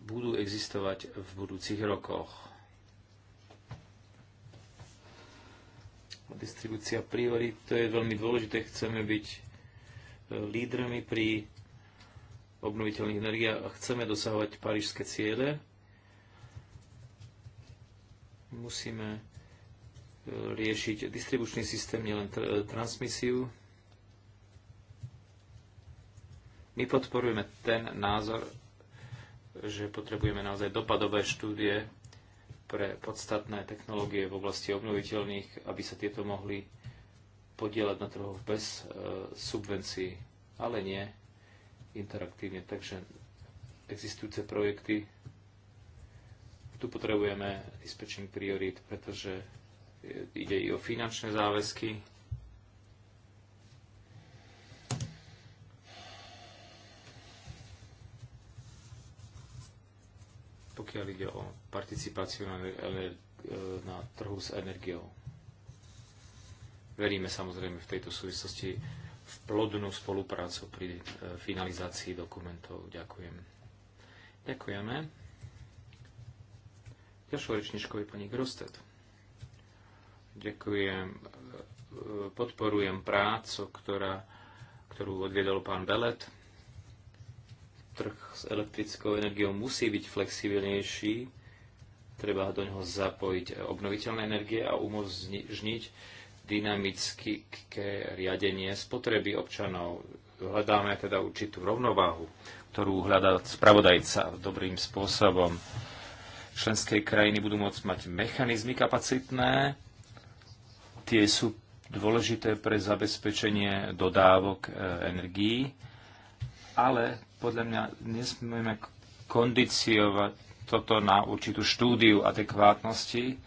Speaker 3: budú existovať v budúcich rokoch. Distribúcia priorit, to je veľmi dôležité. Chceme byť e, lídrami pri obnoviteľných energiách a chceme dosahovať parížské ciele. Musíme e, riešiť distribučný systém, nielen tr- e, transmisiu. My podporujeme ten názor, že potrebujeme naozaj dopadové štúdie pre podstatné technológie v oblasti obnoviteľných, aby sa tieto mohli podielať na trhu bez e, subvencií, ale nie interaktívne. Takže existujúce projekty, tu potrebujeme dispečing priorít, pretože e, ide i o finančné záväzky, pokiaľ ide o participáciu na, e, na trhu s energiou. Veríme samozrejme v tejto súvislosti v plodnú spoluprácu pri e, finalizácii dokumentov. Ďakujem. Ďakujeme. Ďalšou rečničkou je pani Grostet. Ďakujem. E, podporujem prácu, ktorá, ktorú odviedol pán Belet Trh s elektrickou energiou musí byť flexibilnejší, treba do neho zapojiť obnoviteľné energie a umožniť dynamické riadenie spotreby občanov. Hľadáme teda určitú rovnováhu, ktorú hľadá spravodajca dobrým spôsobom. Členské krajiny budú môcť mať mechanizmy kapacitné, tie sú dôležité pre zabezpečenie dodávok e, energií, ale podľa mňa nesmieme kondiciovať toto na určitú štúdiu adekvátnosti.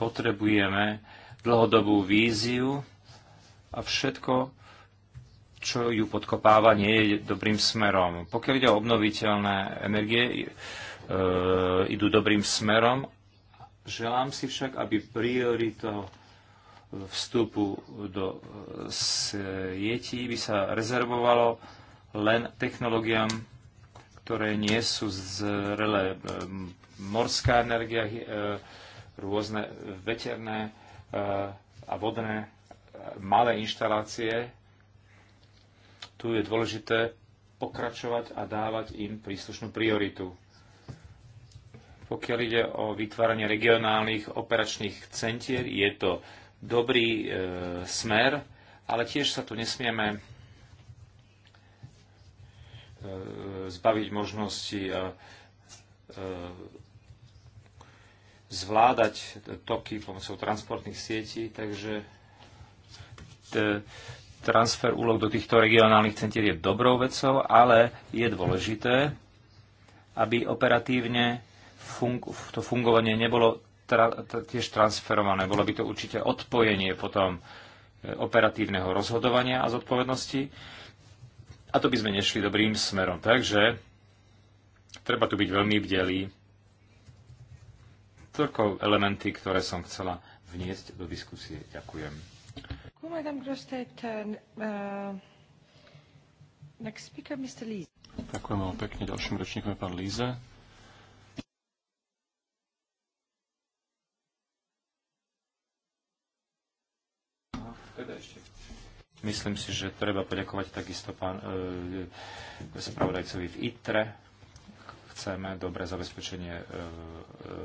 Speaker 3: Potrebujeme dlhodobú víziu a všetko, čo ju podkopáva, nie je dobrým smerom. Pokiaľ ide o obnoviteľné energie, e, idú dobrým smerom. Želám si však, aby priorito vstupu do e, sietí by sa rezervovalo len technológiám, ktoré nie sú zrelé. Ehm, morská energia, eh, rôzne veterné eh, a vodné eh, malé inštalácie. Tu je dôležité pokračovať a dávať im príslušnú prioritu. Pokiaľ ide o vytváranie regionálnych operačných centier, je to dobrý e, smer, ale tiež sa tu nesmieme E, zbaviť možnosti e, zvládať toky pomocou transportných sietí, takže e, transfer úloh do týchto regionálnych centier je dobrou vecou, ale je dôležité, aby operatívne to fungovanie nebolo tiež transferované. Bolo by to určite odpojenie potom operatívneho rozhodovania a zodpovednosti a to by sme nešli dobrým smerom. Takže treba tu byť veľmi bdelý. Toľko elementy, ktoré som chcela vniesť do diskusie. Ďakujem.
Speaker 1: Uh,
Speaker 2: Ďakujem vám pekne. Ďalším rečníkom je pán Líze. Teda ešte
Speaker 3: Myslím si, že treba poďakovať takisto pán e, spravodajcovi v ITRE. Chceme dobre zabezpečenie e, e,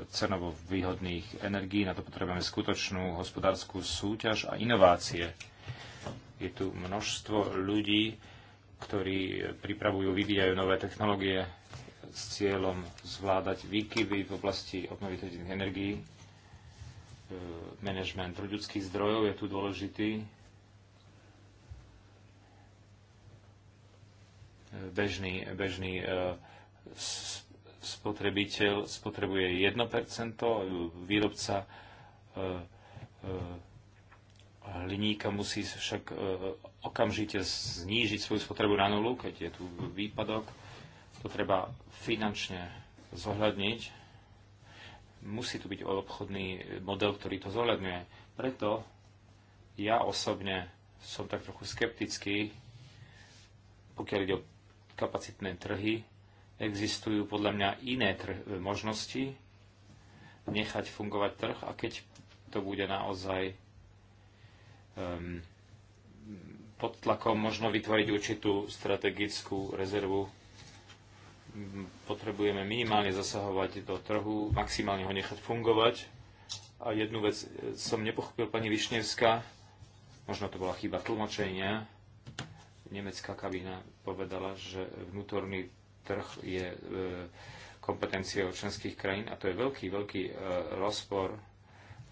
Speaker 3: cenovo výhodných energií. Na to potrebujeme skutočnú hospodárskú súťaž a inovácie. Je tu množstvo ľudí, ktorí pripravujú, vyvíjajú nové technológie s cieľom zvládať výkyvy v oblasti obnoviteľných energií. E, management ľudských zdrojov je tu dôležitý bežný, bežný e, spotrebiteľ spotrebuje 1%, výrobca e, e, hliníka musí však okamžite znížiť svoju spotrebu na nulu, keď je tu výpadok. To treba finančne zohľadniť. Musí tu byť obchodný model, ktorý to zohľadňuje. Preto ja osobne som tak trochu skeptický, pokiaľ ide o kapacitné trhy, existujú podľa mňa iné e, možnosti nechať fungovať trh a keď to bude naozaj um, pod tlakom, možno vytvoriť určitú strategickú rezervu. Potrebujeme minimálne zasahovať do trhu, maximálne ho nechať fungovať. A jednu vec e, som nepochopil pani Višnevská, možno to bola chyba tlmočenia, nemecká kabína povedala, že vnútorný trh je e, kompetenciou členských krajín a to je veľký, veľký e, rozpor.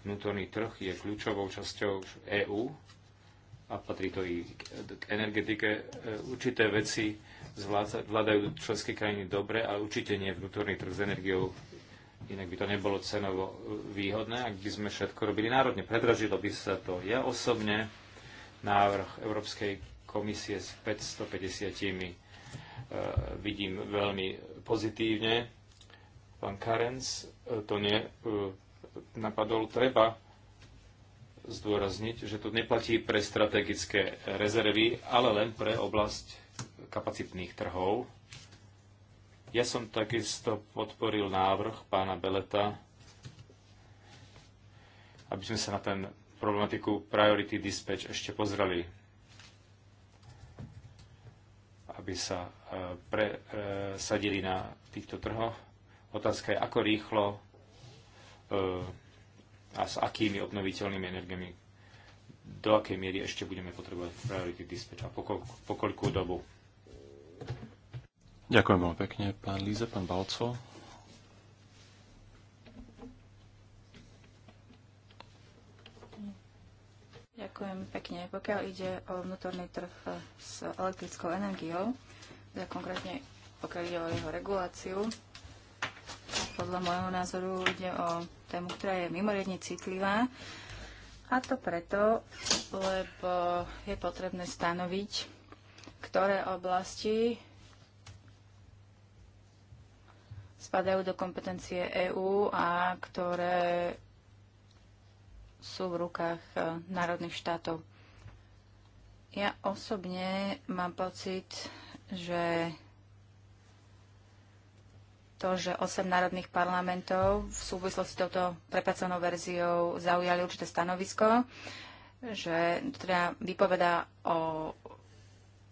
Speaker 3: Vnútorný trh je kľúčovou časťou EÚ a patrí to i k energetike. E, určité veci zvládajú členské krajiny dobre, ale určite nie vnútorný trh s energiou inak by to nebolo cenovo výhodné, ak by sme všetko robili národne. Predražilo by sa to. Ja osobne návrh Európskej komisie s 550 e, vidím veľmi pozitívne. Pán Karens e, to ne, e, napadol. Treba zdôrazniť, že to neplatí pre strategické rezervy, ale len pre oblasť kapacitných trhov. Ja som takisto podporil návrh pána Beleta, aby sme sa na ten problematiku Priority Dispatch ešte pozreli aby sa e, presadili e, na týchto trhoch. Otázka je, ako rýchlo e, a s akými obnoviteľnými energiami do akej miery ešte budeme potrebovať priority dispatch a pokoľ, pokoľkú dobu.
Speaker 2: Ďakujem veľmi pekne, pán Líze, pán Balco.
Speaker 1: Ďakujem pekne. Pokiaľ ide o vnútorný trh eh, s elektrickou energiou, teda konkrétne pokiaľ ide o jeho reguláciu, podľa môjho názoru ide o tému, ktorá je mimoriadne citlivá. A to preto, lebo je potrebné stanoviť, ktoré oblasti spadajú do kompetencie EÚ a ktoré sú v rukách e, národných štátov. Ja osobne mám pocit, že to, že 8 národných parlamentov v súvislosti s touto prepracovanou verziou zaujali určité stanovisko, že teda vypovedá o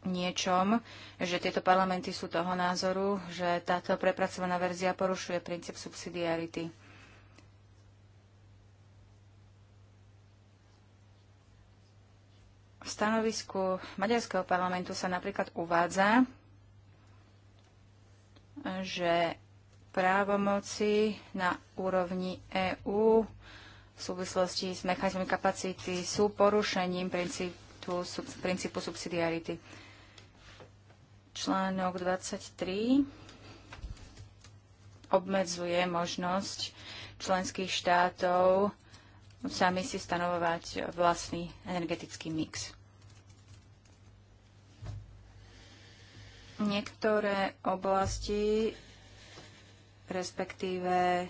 Speaker 1: niečom, že tieto parlamenty sú toho názoru, že táto prepracovaná verzia porušuje princíp subsidiarity. stanovisku Maďarského parlamentu sa napríklad uvádza, že právomoci na úrovni EÚ v súvislosti s mechanizmom kapacity sú porušením princípu, princípu subsidiarity. Článok 23 obmedzuje možnosť členských štátov sami si stanovovať vlastný energetický mix. Niektoré oblasti, respektíve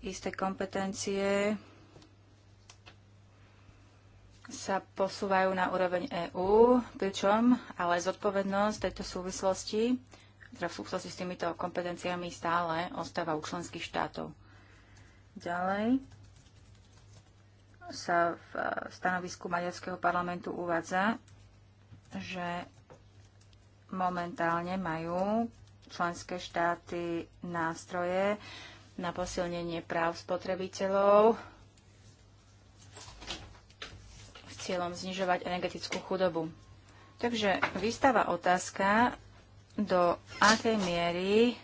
Speaker 1: isté kompetencie sa posúvajú na úroveň EÚ, pričom ale zodpovednosť tejto súvislosti, teda v súvislosti s týmito kompetenciami stále ostáva u členských štátov. Ďalej sa v stanovisku Maďarského parlamentu uvádza, že momentálne majú členské štáty nástroje na posilnenie práv spotrebiteľov s cieľom znižovať energetickú chudobu. Takže vystáva otázka, do akej miery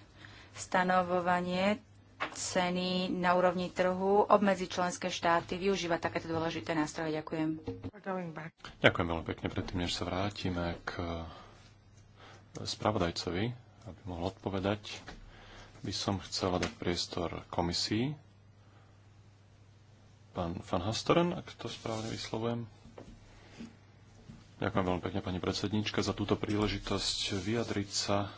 Speaker 1: stanovovanie ceny na úrovni trhu obmedzi členské štáty využíva takéto dôležité nástroje. Ďakujem.
Speaker 2: Ďakujem veľmi pekne. Predtým, než sa vrátime k spravodajcovi, aby mohol odpovedať, by som chcela dať priestor komisii. Pán Van Hastoren, ak to správne vyslovujem. Ďakujem veľmi pekne, pani predsednička, za túto príležitosť vyjadriť sa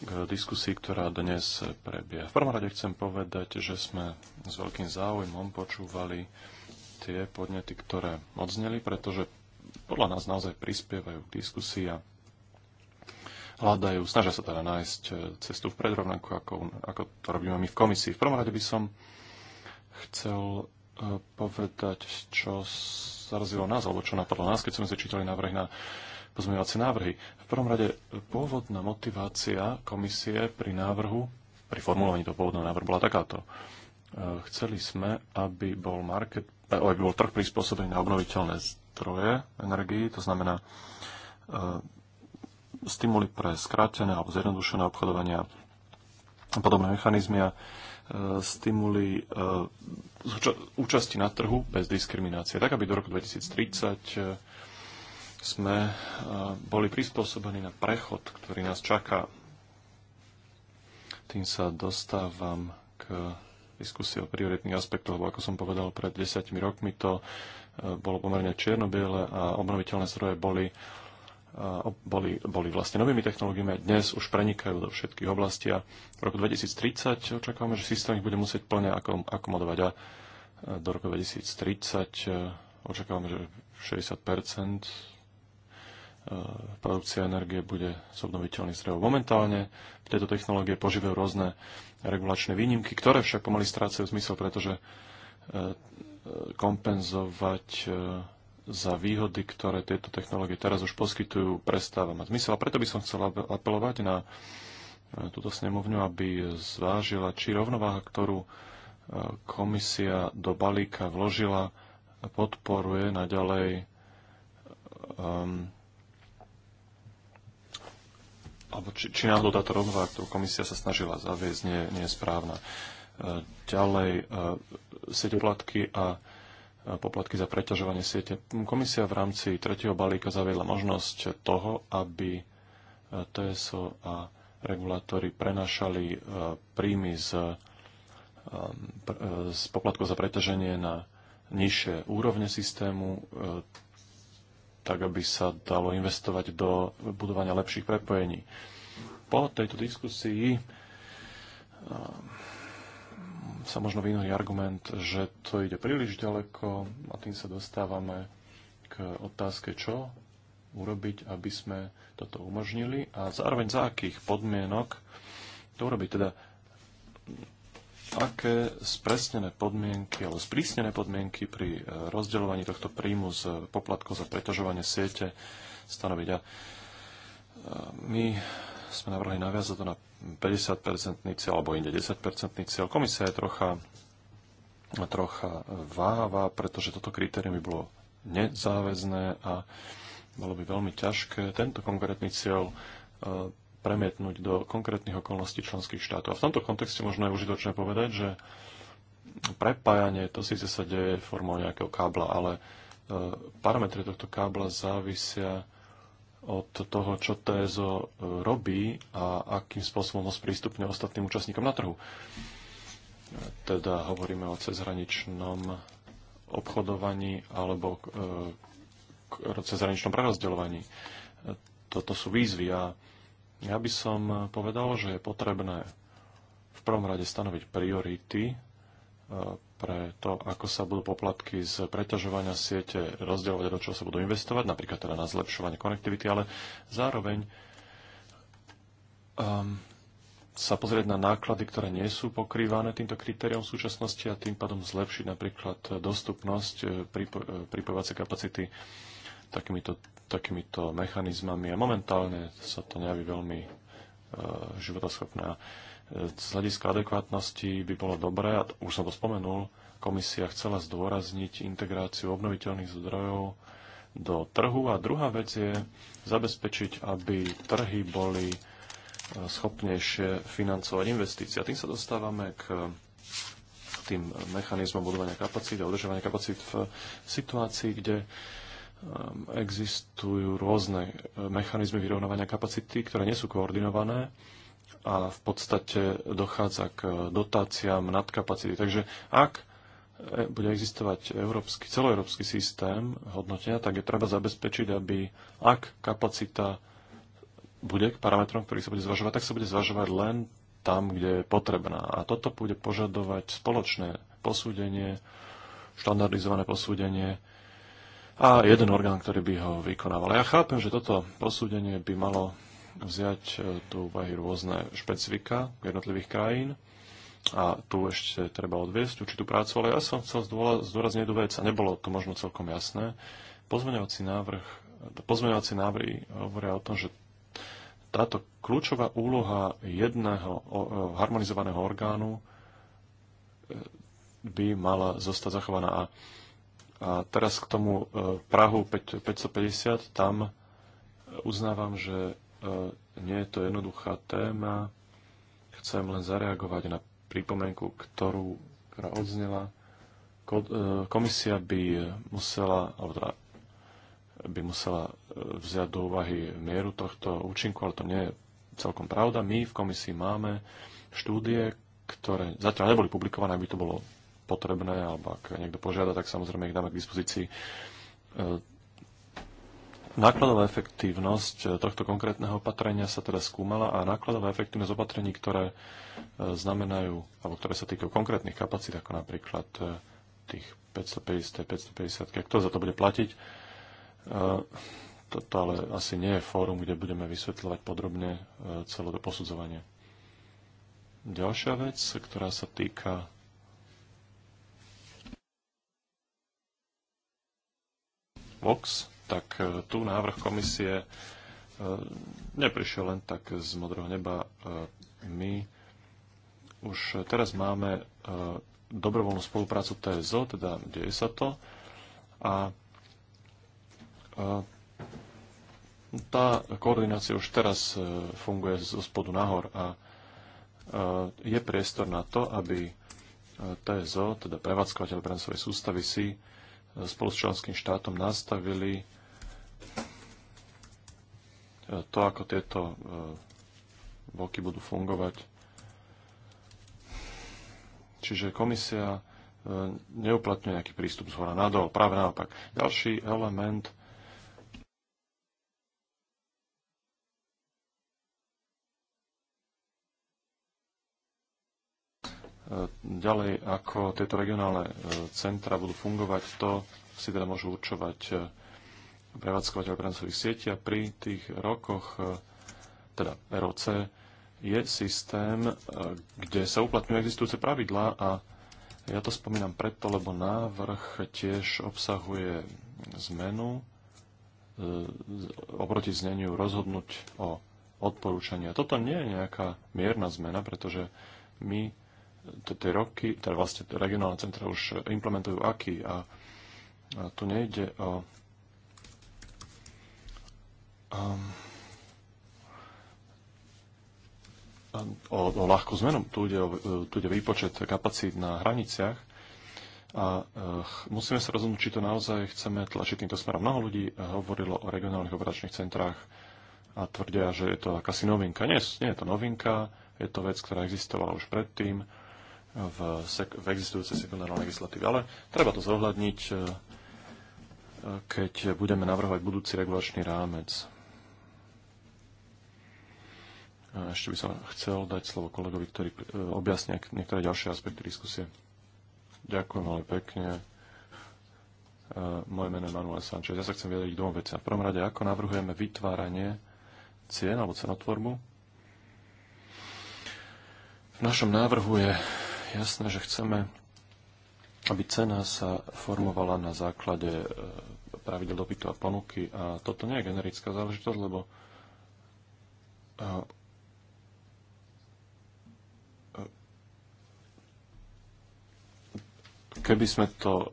Speaker 2: k diskusii, ktorá dnes prebieha. V prvom rade chcem povedať, že sme s veľkým záujmom počúvali tie podnety, ktoré odzneli, pretože podľa nás naozaj prispievajú k diskusii a hľadajú, snažia sa teda nájsť e, cestu vpred, rovnako ako, ako to robíme my v komisii. V prvom rade by som chcel e, povedať, čo zarazilo nás, alebo čo napadlo nás, keď sme si čítali návrhy na pozmeňovacie návrhy. V prvom rade pôvodná motivácia komisie pri návrhu, pri formulovaní toho pôvodného návrhu bola takáto. E, chceli sme, aby bol, market, aby bol trh prispôsobený na obnoviteľné zdroje energii, to znamená stimuly pre skrátené alebo zjednodušené obchodovania a podobné mechanizmy a e, stimuly e, účasti na trhu bez diskriminácie, tak aby do roku 2030 e, sme boli prispôsobení na prechod, ktorý nás čaká. Tým sa dostávam k diskusie o prioritných aspektoch, lebo ako som povedal, pred desiatimi rokmi to bolo pomerne čierno a obnoviteľné zdroje boli boli, boli vlastne novými technológiami a dnes už prenikajú do všetkých oblastí a v roku 2030 očakávame, že systém ich bude musieť plne akomodovať a do roku 2030 e, očakávame, že 60 e, produkcia energie bude z obnoviteľných zdrojov. Momentálne v tejto technológie požívajú rôzne regulačné výnimky, ktoré však pomaly strácajú zmysel, pretože e, kompenzovať za výhody, ktoré tieto technológie teraz už poskytujú, prestáva mať zmysel. A preto by som chcel apelovať na e, túto snemovňu, aby zvážila, či rovnováha, ktorú e, komisia do balíka vložila, podporuje naďalej um, alebo či, či náhodou táto rovnováha, ktorú komisia sa snažila zaviesť, nie, nie je správna. E, ďalej, sieť platky a poplatky za preťažovanie siete. Komisia v rámci tretieho balíka zaviedla možnosť toho, aby e, TSO a regulátori prenašali e, príjmy z, e, z poplatkov za preťaženie na nižšie úrovne systému, tak aby sa dalo investovať do budovania lepších prepojení. Po tejto diskusii sa možno vynorí argument, že to ide príliš ďaleko a tým sa dostávame k otázke, čo urobiť, aby sme toto umožnili a zároveň za akých podmienok to urobiť. Teda aké spresnené podmienky alebo sprísnené podmienky pri e, rozdeľovaní tohto príjmu z poplatkov za preťažovanie siete stanoviť. A e, my sme navrhli naviazať to na 50-percentný cieľ alebo inde 10-percentný cieľ. Komisia je trocha, trocha váhavá, pretože toto kritérium by bolo nezáväzné a bolo by veľmi ťažké tento konkrétny cieľ e, premietnúť do konkrétnych okolností členských štátov. A v tomto kontexte možno je užitočné povedať, že prepájanie, to síce sa deje formou nejakého kábla, ale e, parametre tohto kábla závisia od toho, čo TSO e, robí a akým spôsobom ho sprístupne ostatným účastníkom na trhu. E, teda hovoríme o cezhraničnom obchodovaní alebo e, o cezhraničnom prerozdeľovaní. Toto sú výzvy a ja by som povedal, že je potrebné v prvom rade stanoviť priority pre to, ako sa budú poplatky z preťažovania siete rozdielovať do čoho sa budú investovať, napríklad teda na zlepšovanie konektivity, ale zároveň um, sa pozrieť na náklady, ktoré nie sú pokrývané týmto kritériom v súčasnosti a tým pádom zlepšiť napríklad dostupnosť e, pripo- e, pripojovacej kapacity takýmito, takýmito mechanizmami. A momentálne sa to nejaví veľmi uh, e, životoschopné z hľadiska adekvátnosti by bolo dobré, a už som to spomenul, komisia chcela zdôrazniť integráciu obnoviteľných zdrojov do trhu a druhá vec je zabezpečiť, aby trhy boli e, schopnejšie financovať investície. A tým sa dostávame k tým mechanizmom budovania kapacít a udržovania kapacít v situácii, kde e, existujú rôzne e, mechanizmy vyrovnávania kapacity, ktoré nie sú koordinované a v podstate dochádza k dotáciám nadkapacity. Takže ak e, bude existovať európsky, celoeurópsky systém hodnotenia, tak je treba zabezpečiť, aby ak kapacita bude k parametrom, ktorý sa bude zvažovať, tak sa bude zvažovať len tam, kde je potrebná. A toto bude požadovať spoločné posúdenie, štandardizované posúdenie a jeden orgán, ktorý by ho vykonával. Ja chápem, že toto posúdenie by malo vziať tu e, úvahy rôzne špecifika jednotlivých krajín a tu ešte treba odviesť určitú prácu, ale ja som chcel zdôrazniť jednu vec a nebolo to možno celkom jasné. Pozmeňovací návrh, pozmeňovací návrhy hovoria o tom, že táto kľúčová úloha jedného e, harmonizovaného orgánu e, by mala zostať zachovaná. A, a teraz k tomu Prahu 5, 550, tam uznávam, že E, nie je to jednoduchá téma. Chcem len zareagovať na pripomenku, ktorú, ktorá odznela. E, komisia by musela, alebo teda by musela e, vziať do úvahy mieru tohto účinku, ale to nie je celkom pravda. My v komisii máme štúdie, ktoré zatiaľ neboli publikované, ak by to bolo potrebné, alebo ak niekto požiada, tak samozrejme ich dáme k dispozícii Nákladová efektívnosť e, tohto konkrétneho opatrenia sa teda skúmala a nákladová efektívnosť opatrení, ktoré e, znamenajú, alebo ktoré sa týkajú konkrétnych kapacít, ako napríklad e, tých 550, 550, kto za to bude platiť, toto ale asi nie je fórum, kde budeme vysvetľovať podrobne celé to posudzovanie. Ďalšia vec, ktorá sa týka Vox, tak e, tu návrh komisie e, neprišiel len tak z modrého neba. E, my už teraz máme dobrovoľnú spoluprácu TSO, teda deje sa to. A tá koordinácia už teraz funguje zo spodu nahor a je priestor na to, aby TSO, teda prevádzkovateľ prenosovej sústavy, si spolu s členským štátom nastavili E, to, ako tieto e, bloky budú fungovať. Čiže komisia e, neuplatňuje nejaký prístup z hora nadol, práve naopak. Ďalší element ďalej, ako tieto regionálne centra budú fungovať, to si teda môžu určovať prevádzkovateľ prenosových sietí a pri tých rokoch, e, teda ROC, je systém, e, kde sa uplatňujú existujúce pravidlá a ja to spomínam preto, lebo návrh tiež obsahuje zmenu e, oproti zneniu rozhodnúť o odporúčania. Toto nie je nejaká mierna zmena, pretože my tie roky, teda vlastne regionálne centra už implementujú aký a, a tu nejde o o, o ľahkú zmenu. Tu ide, o, e, tu ide výpočet kapacít na hraniciach a e, musíme sa rozhodnúť, či to naozaj chceme tlačiť týmto smerom. Mnoho ľudí hovorilo o regionálnych operačných centrách a tvrdia, že je to akási novinka. Nie, nie je to novinka, je to vec, ktorá existovala už predtým v, sek- v existujúcej sekundárnej legislatíve. Ale treba to zohľadniť, e, keď budeme navrhovať budúci regulačný rámec. Ešte by som chcel dať slovo kolegovi, ktorý e, objasnia niektoré ďalšie aspekty diskusie. Ďakujem veľmi pekne. E, moje meno je Manuel Sanchez. Ja sa chcem vyjadriť dvom veciam. V prvom rade, ako navrhujeme vytváranie cien alebo cenotvorbu. V našom návrhu je jasné, že chceme, aby cena sa formovala na základe e, pravidel dopytu a ponuky. A toto nie je generická záležitosť, lebo Keby sme to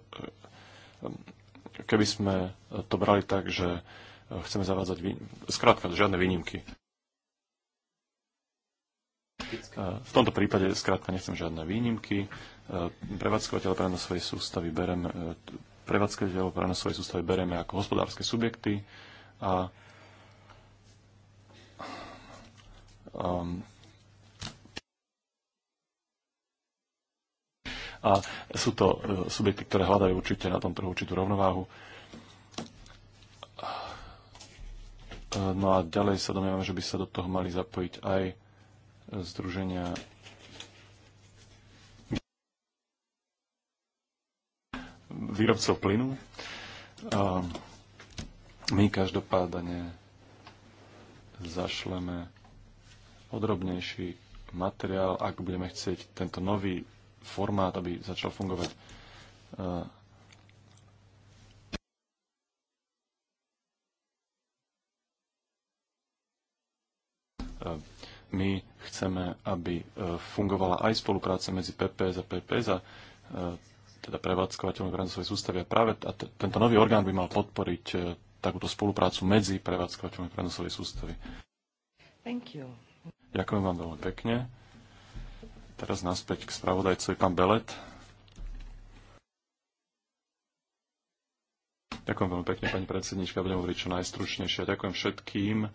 Speaker 2: keby sme to brali tak, že chceme zavádzať vý... skrátka žiadne výnimky. V tomto prípade skrátka nechcem žiadne výnimky. Prevádzkovateľa prenosovej sústavy bereme, prevádzkovateľov prenosovej sústavy bereme ako hospodárske subjekty a um, a sú to e, subjekty, ktoré hľadajú určite na tom trhu určitú rovnováhu. E, no a ďalej sa domnievam, že by sa do toho mali zapojiť aj združenia výrobcov plynu. My každopádne zašleme podrobnejší materiál, ak budeme chcieť tento nový formát, aby začal fungovať. E, my chceme, aby e, fungovala aj spolupráca medzi PPS a PPS a e, teda prevádzkovateľmi v rámcovej sústavy. A práve a tento nový orgán by mal podporiť takúto spoluprácu medzi prevádzkovateľmi v rámcovej sústavy. Ďakujem vám veľmi pekne. Teraz naspäť k spravodajcovi pán Belet. Ďakujem veľmi pekne, pani predsednička, budem hovoriť čo najstručnejšie. Ďakujem všetkým eh,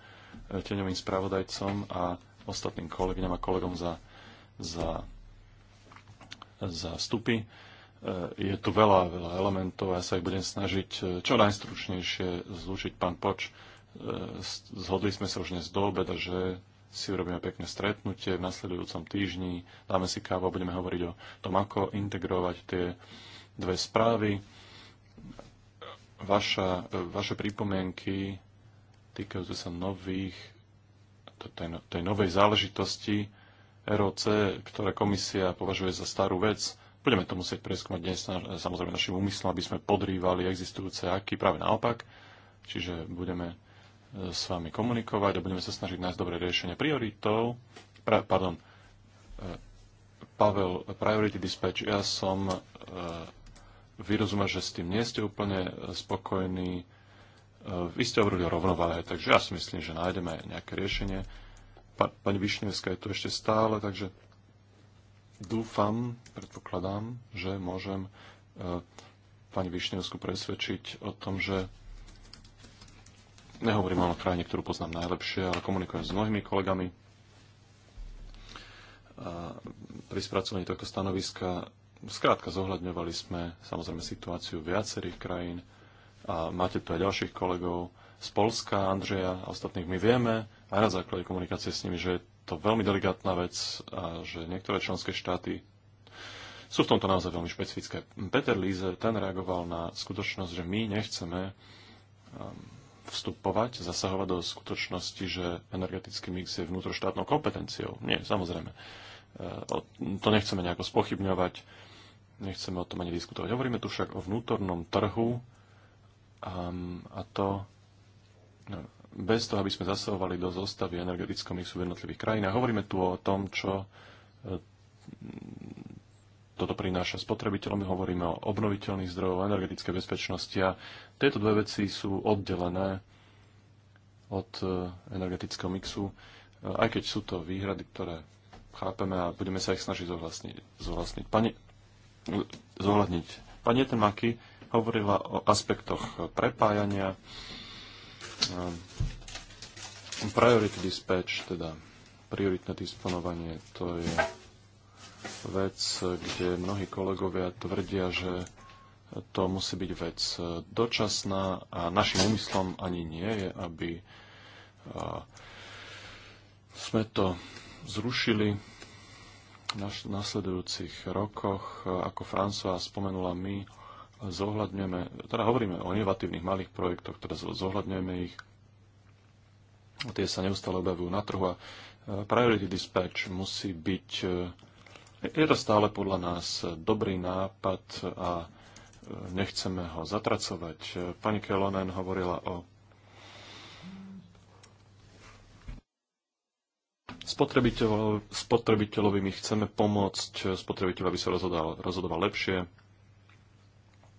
Speaker 2: teňovým spravodajcom a ostatným kolegyňam a kolegom za, za, za vstupy. Eh, je tu veľa, veľa elementov a ja sa ich budem snažiť eh, čo najstručnejšie zlúčiť. Pán Poč, zhodli sme sa už dnes do obeda, že si urobíme pekné stretnutie v nasledujúcom týždni, dáme si kávu a budeme hovoriť o tom, ako integrovať tie dve správy. Vaša, vaše pripomienky týkajúce sa nových, tej, tej novej záležitosti ROC, ktoré komisia považuje za starú vec, budeme to musieť preskúmať dnes samozrejme našim úmyslom, aby sme podrývali existujúce aký práve naopak. Čiže budeme E, s vami komunikovať a budeme sa snažiť nájsť dobré riešenie. Prioritou, pra, pardon, e, Pavel, Priority Dispatch, ja som e, vyrozumel, že s tým nie ste úplne spokojní. Vy ste hovorili o rovnováhe, takže ja si myslím, že nájdeme nejaké riešenie. Pani Višnevská je tu ešte stále, takže dúfam, predpokladám, že môžem pani Vyšňovsku presvedčiť o tom, že Nehovorím o krajine, ktorú poznám najlepšie, ale komunikujem s mnohými kolegami. A pri spracovaní tohto stanoviska skrátka zohľadňovali sme samozrejme situáciu viacerých krajín a máte tu aj ďalších kolegov z Polska, Andreja a ostatných. My vieme aj na základe komunikácie s nimi, že je to veľmi delikátna vec a že niektoré členské štáty sú v tomto naozaj veľmi špecifické. Peter Líze, ten reagoval na skutočnosť, že my nechceme um, vstupovať, zasahovať do skutočnosti, že energetický mix je vnútroštátnou kompetenciou. Nie, samozrejme. E, to nechceme nejako spochybňovať, nechceme o tom ani diskutovať. Hovoríme tu však o vnútornom trhu a to no, bez toho, aby sme zasahovali do zostavy energetického mixu v jednotlivých krajinách. Hovoríme tu o tom, čo e, toto prináša spotrebiteľom. My hovoríme o obnoviteľných zdrojoch, energetickej bezpečnosti a tieto dve veci sú oddelené od e, energetického mixu, e, aj keď sú to výhrady, ktoré chápeme a budeme sa ich snažiť zohlasniť. zohlasniť. Pani, zohľadniť. Pani Etemaki hovorila o aspektoch prepájania, e, priority dispatch, teda prioritné disponovanie, to je vec, kde mnohí kolegovia tvrdia, že to musí byť vec dočasná a našim úmyslom ani nie je, aby sme to zrušili v nasledujúcich rokoch. Ako François spomenula, my zohľadňujeme, teda hovoríme o inovatívnych malých projektoch, teda zohľadňujeme ich, tie sa neustále objavujú na trhu a Priority Dispatch musí byť je to stále podľa nás dobrý nápad a e, nechceme ho zatracovať. Pani Kelonen hovorila o Spotrebiteľo, spotrebiteľovi my chceme pomôcť spotrebiteľ, aby sa rozhodoval, rozhodoval lepšie.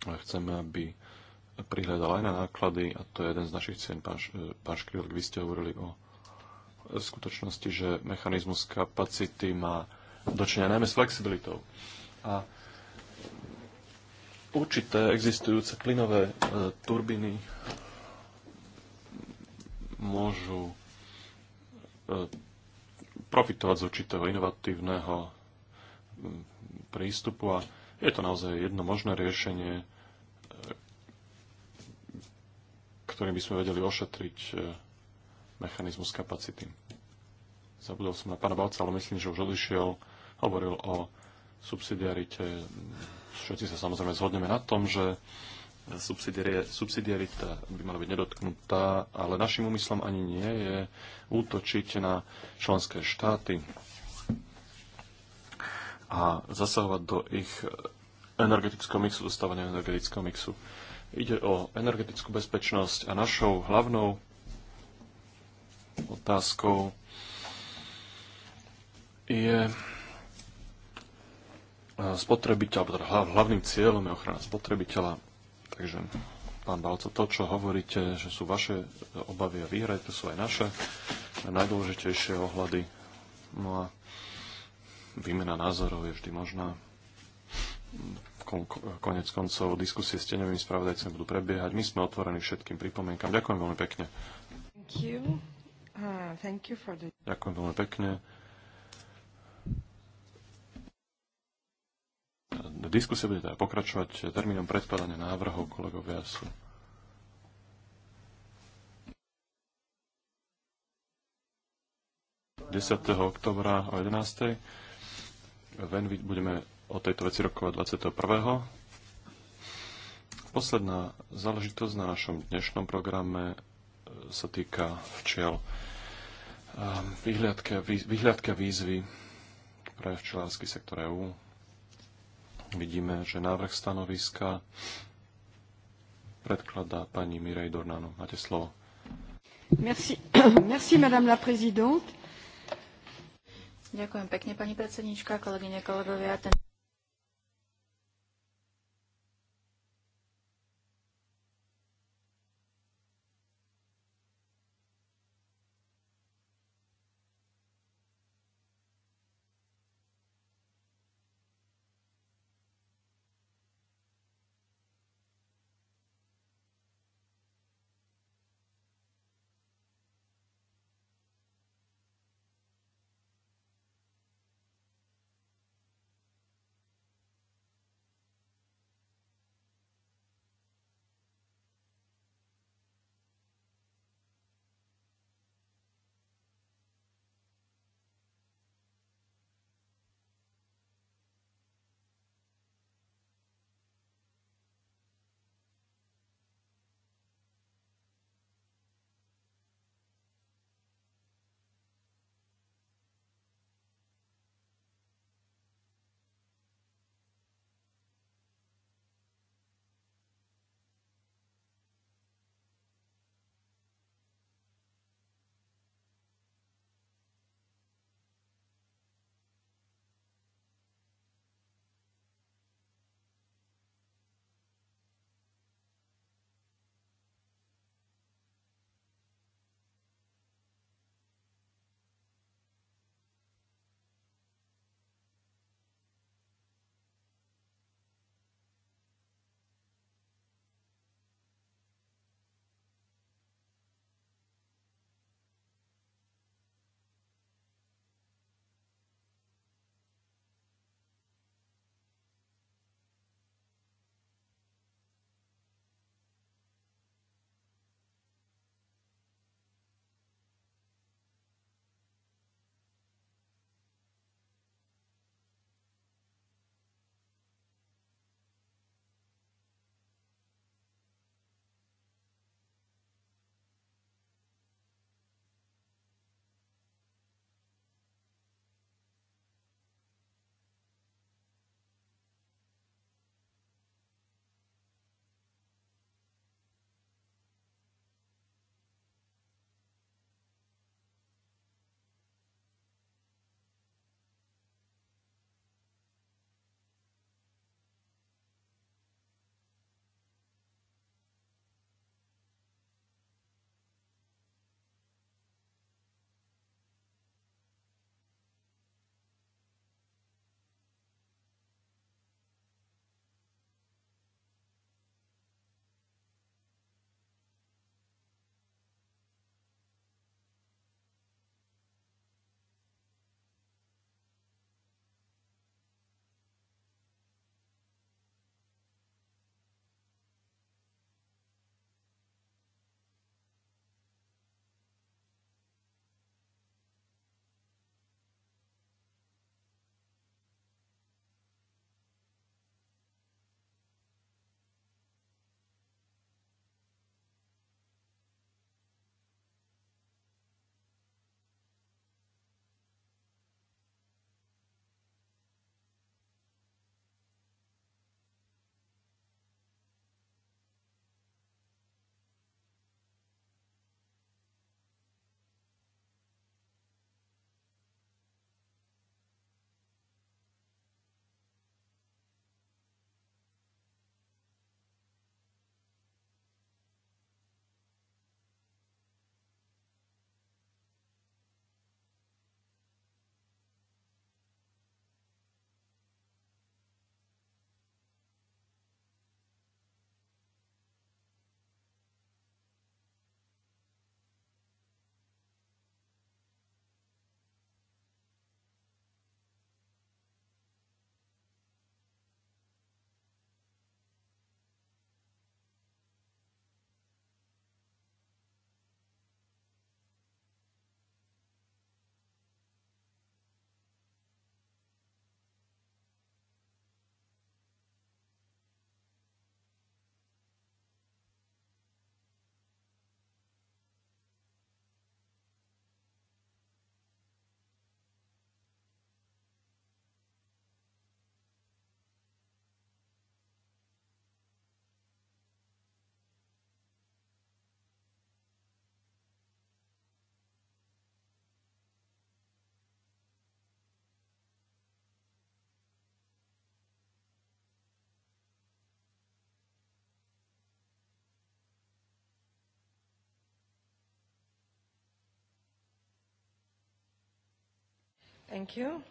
Speaker 2: Chceme, aby prihľadal aj na náklady a to je jeden z našich cien. Pán, pán Škrilek, vy ste hovorili o skutočnosti, že mechanizmus kapacity má dočenia, najmä s flexibilitou. A určité existujúce plynové e, turbíny môžu e, profitovať z určitého inovatívneho prístupu a je to naozaj jedno možné riešenie, e, ktorým by sme vedeli ošetriť mechanizmus kapacity. Zabudol som na pána Balca, ale myslím, že už odišiel hovoril o subsidiarite. Všetci sa samozrejme zhodneme na tom, že subsidiarita by mala byť nedotknutá, ale našim úmyslom ani nie je útočiť na členské štáty a zasahovať do ich energetického mixu, dostávania energetického mixu. Ide o energetickú bezpečnosť a našou hlavnou otázkou je E, spotrebiteľ, alebo teda hlavným cieľom je ochrana spotrebiteľa. Takže, pán Balco, to, čo hovoríte, že sú vaše e, obavy a výhrady, to sú aj naše najdôležitejšie ohľady. No a výmena názorov je vždy možná. Konec koncov diskusie s teňovými spravodajcami budú prebiehať. My sme otvorení všetkým pripomienkam. Ďakujem veľmi pekne. Thank you. Uh, thank you for the... Ďakujem veľmi pekne Diskusia bude teda pokračovať termínom predkladania návrhov kolegovia sú oktobra o 11. Ven budeme o tejto veci rokovať 21. Posledná záležitosť na našom dnešnom programe e, sa týka včiel. Ehm, a výzvy pre včelársky sektor EÚ Vidíme, že návrh stanoviska predkladá pani Mirej Dornano. Máte slovo.
Speaker 1: Merci, <coughs> Merci madame la présidente. Ďakujem pekne, pani predsednička, kolegyne, kolegovia. Ten... Thank you.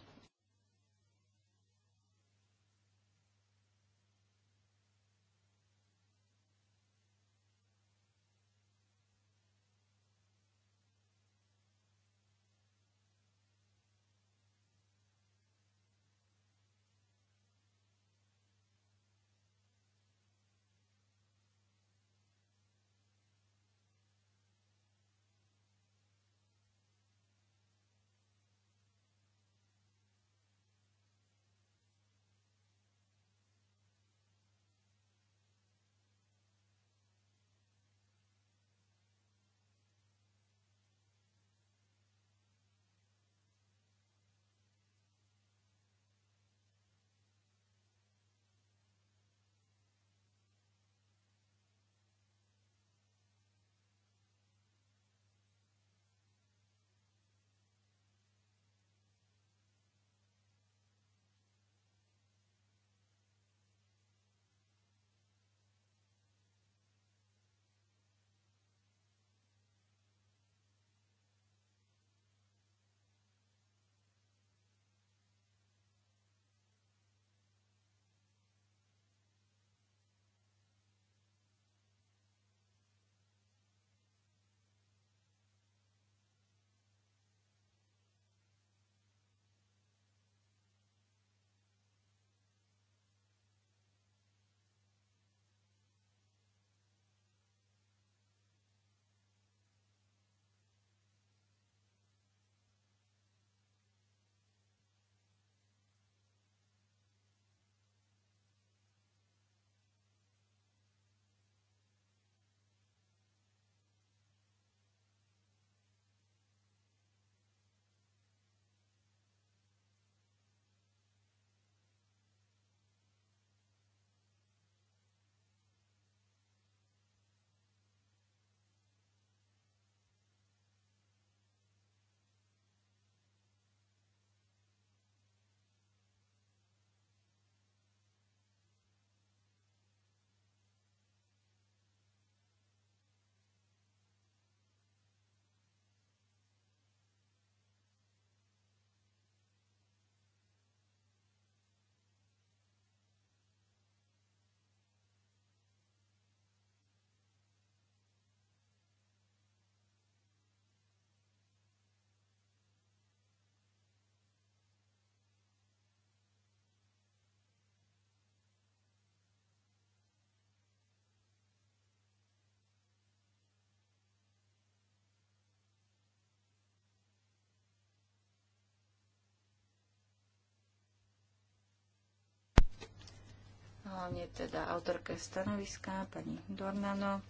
Speaker 1: hlavne teda autorke stanoviska, pani Dornano.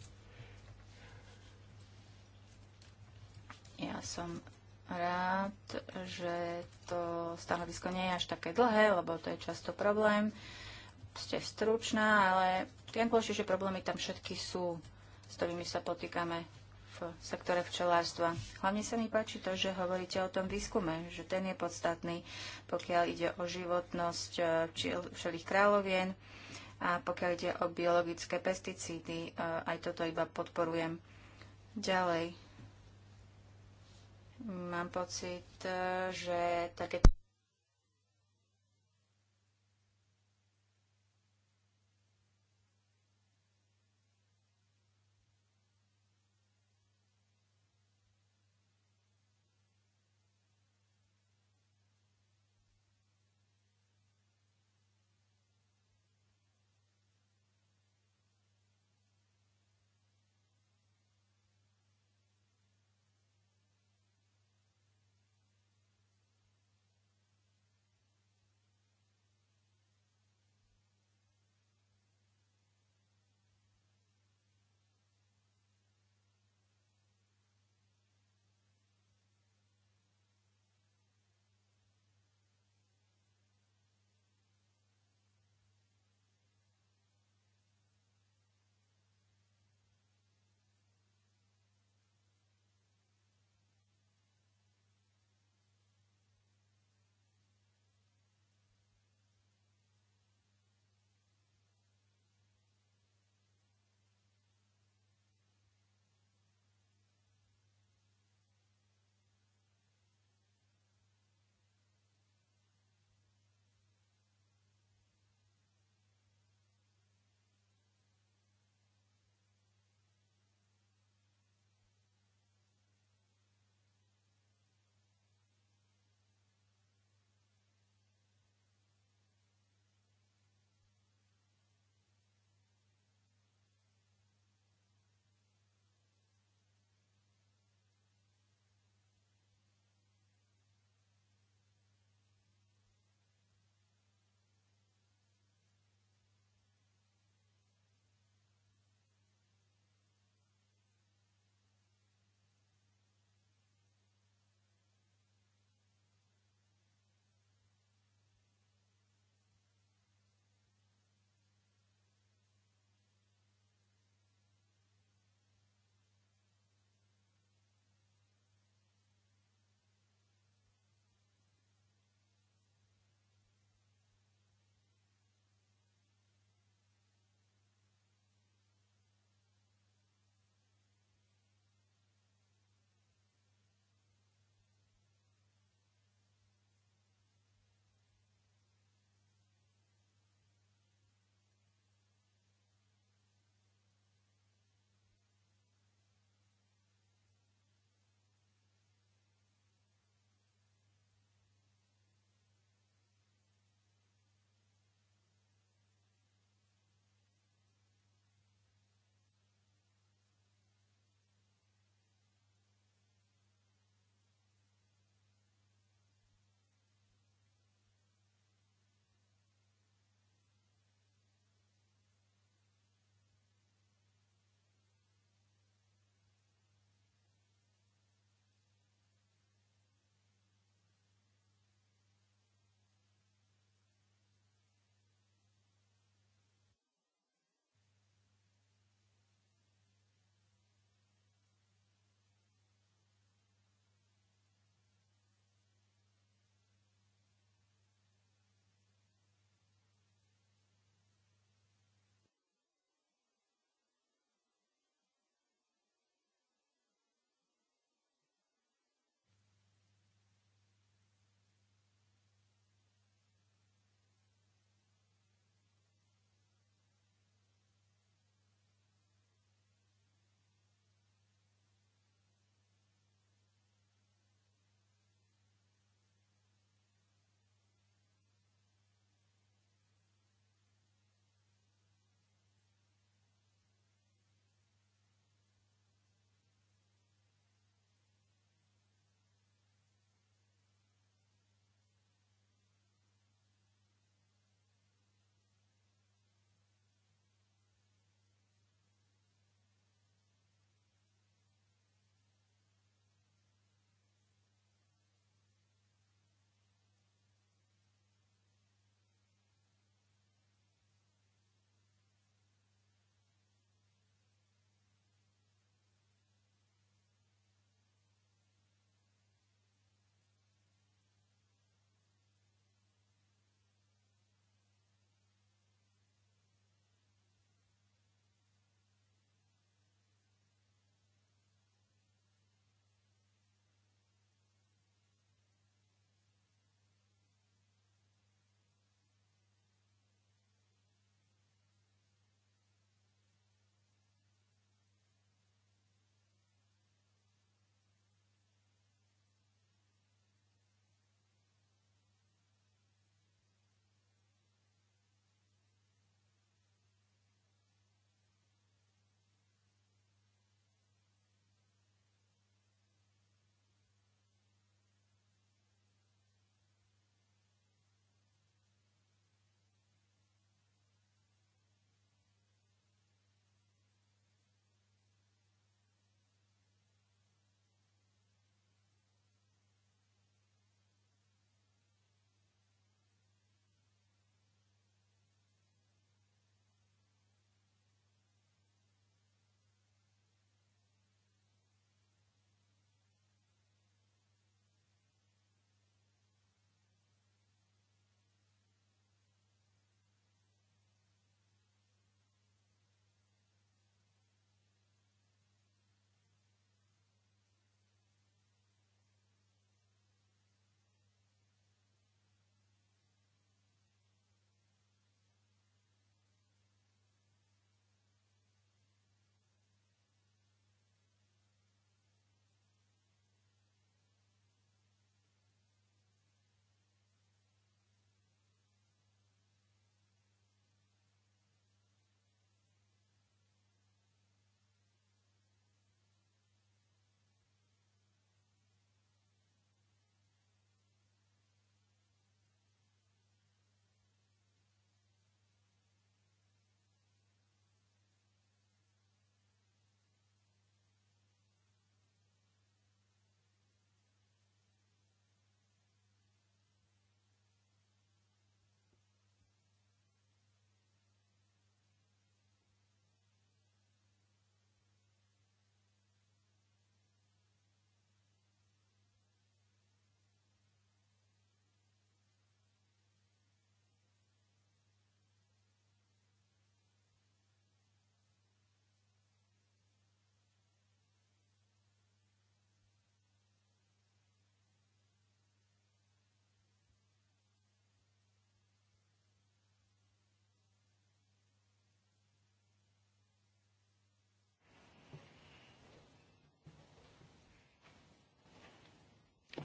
Speaker 1: Ja som rád, že to stanovisko nie je až také dlhé, lebo to je často problém. Ste stručná, ale tie najdôležitejšie problémy tam všetky sú, s ktorými sa potýkame v sektore včelárstva. Hlavne sa mi páči to, že hovoríte o tom výskume, že ten je podstatný, pokiaľ ide o životnosť eh, včelých kráľovien, a pokiaľ ide o biologické pesticídy, e, aj toto iba podporujem. Ďalej. Mám pocit, e, že také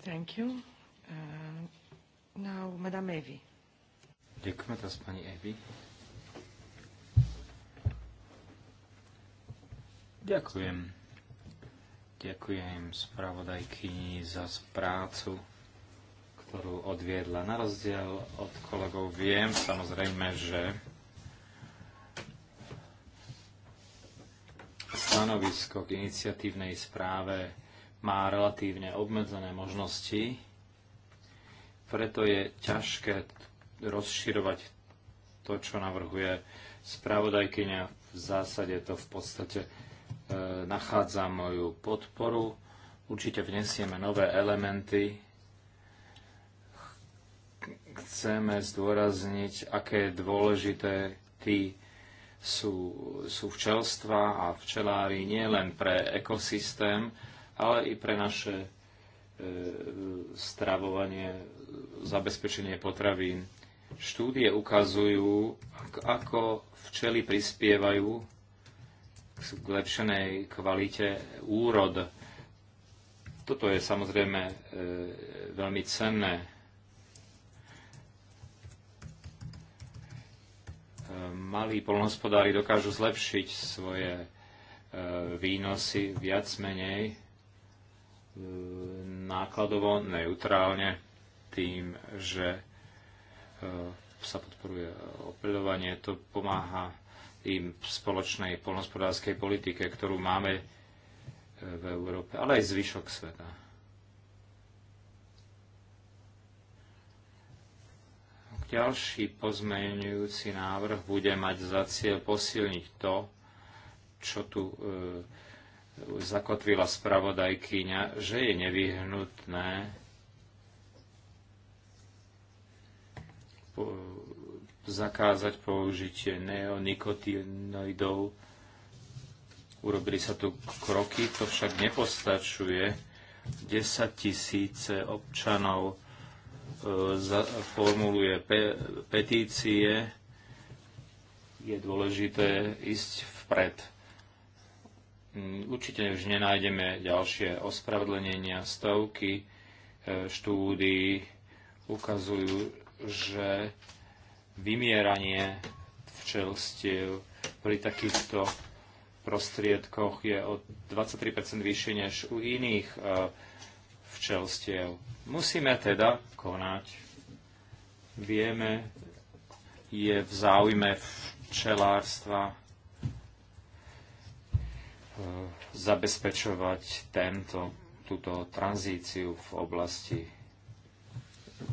Speaker 2: Thank you. Uh, now, Madame Evi.
Speaker 3: Ďakujeme teraz pani Evi. Ďakujem. Ďakujem spravodajkyni za prácu, ktorú odviedla. Na rozdiel od kolegov viem samozrejme, že stanovisko k iniciatívnej správe má relatívne obmedzené možnosti, preto je ťažké rozširovať to, čo navrhuje spravodajkyňa. V zásade to v podstate e, nachádza moju podporu. Určite vnesieme nové elementy. Chceme zdôrazniť, aké dôležité tí sú, sú včelstva a včelári nie len pre ekosystém, ale i pre naše e, stravovanie, zabezpečenie potravín. Štúdie ukazujú, ako včely prispievajú k lepšenej kvalite úrod. Toto je samozrejme e, veľmi cenné. E, malí polnohospodári dokážu zlepšiť svoje výnosy viac menej nákladovo neutrálne tým, že e, sa podporuje opeľovanie. To pomáha im v spoločnej polnospodárskej politike, ktorú máme e, v Európe, ale aj zvyšok sveta. Ďalší pozmeňujúci návrh bude mať za cieľ posilniť to, čo tu e, zakotvila spravodajkyňa, že je nevyhnutné zakázať použitie neonikotinoidov. Urobili sa tu kroky, to však nepostačuje. 10 tisíce občanov e, formuluje petície. Je dôležité ísť vpred Mm, určite už nenájdeme ďalšie ospravedlenenia. Stovky e, štúdií ukazujú, že vymieranie včelstiev pri takýchto prostriedkoch je o 23% vyššie než u iných e, včelstiev. Musíme teda konať. Vieme, je v záujme včelárstva Eh, zabezpečovať tento, túto tranzíciu v oblasti.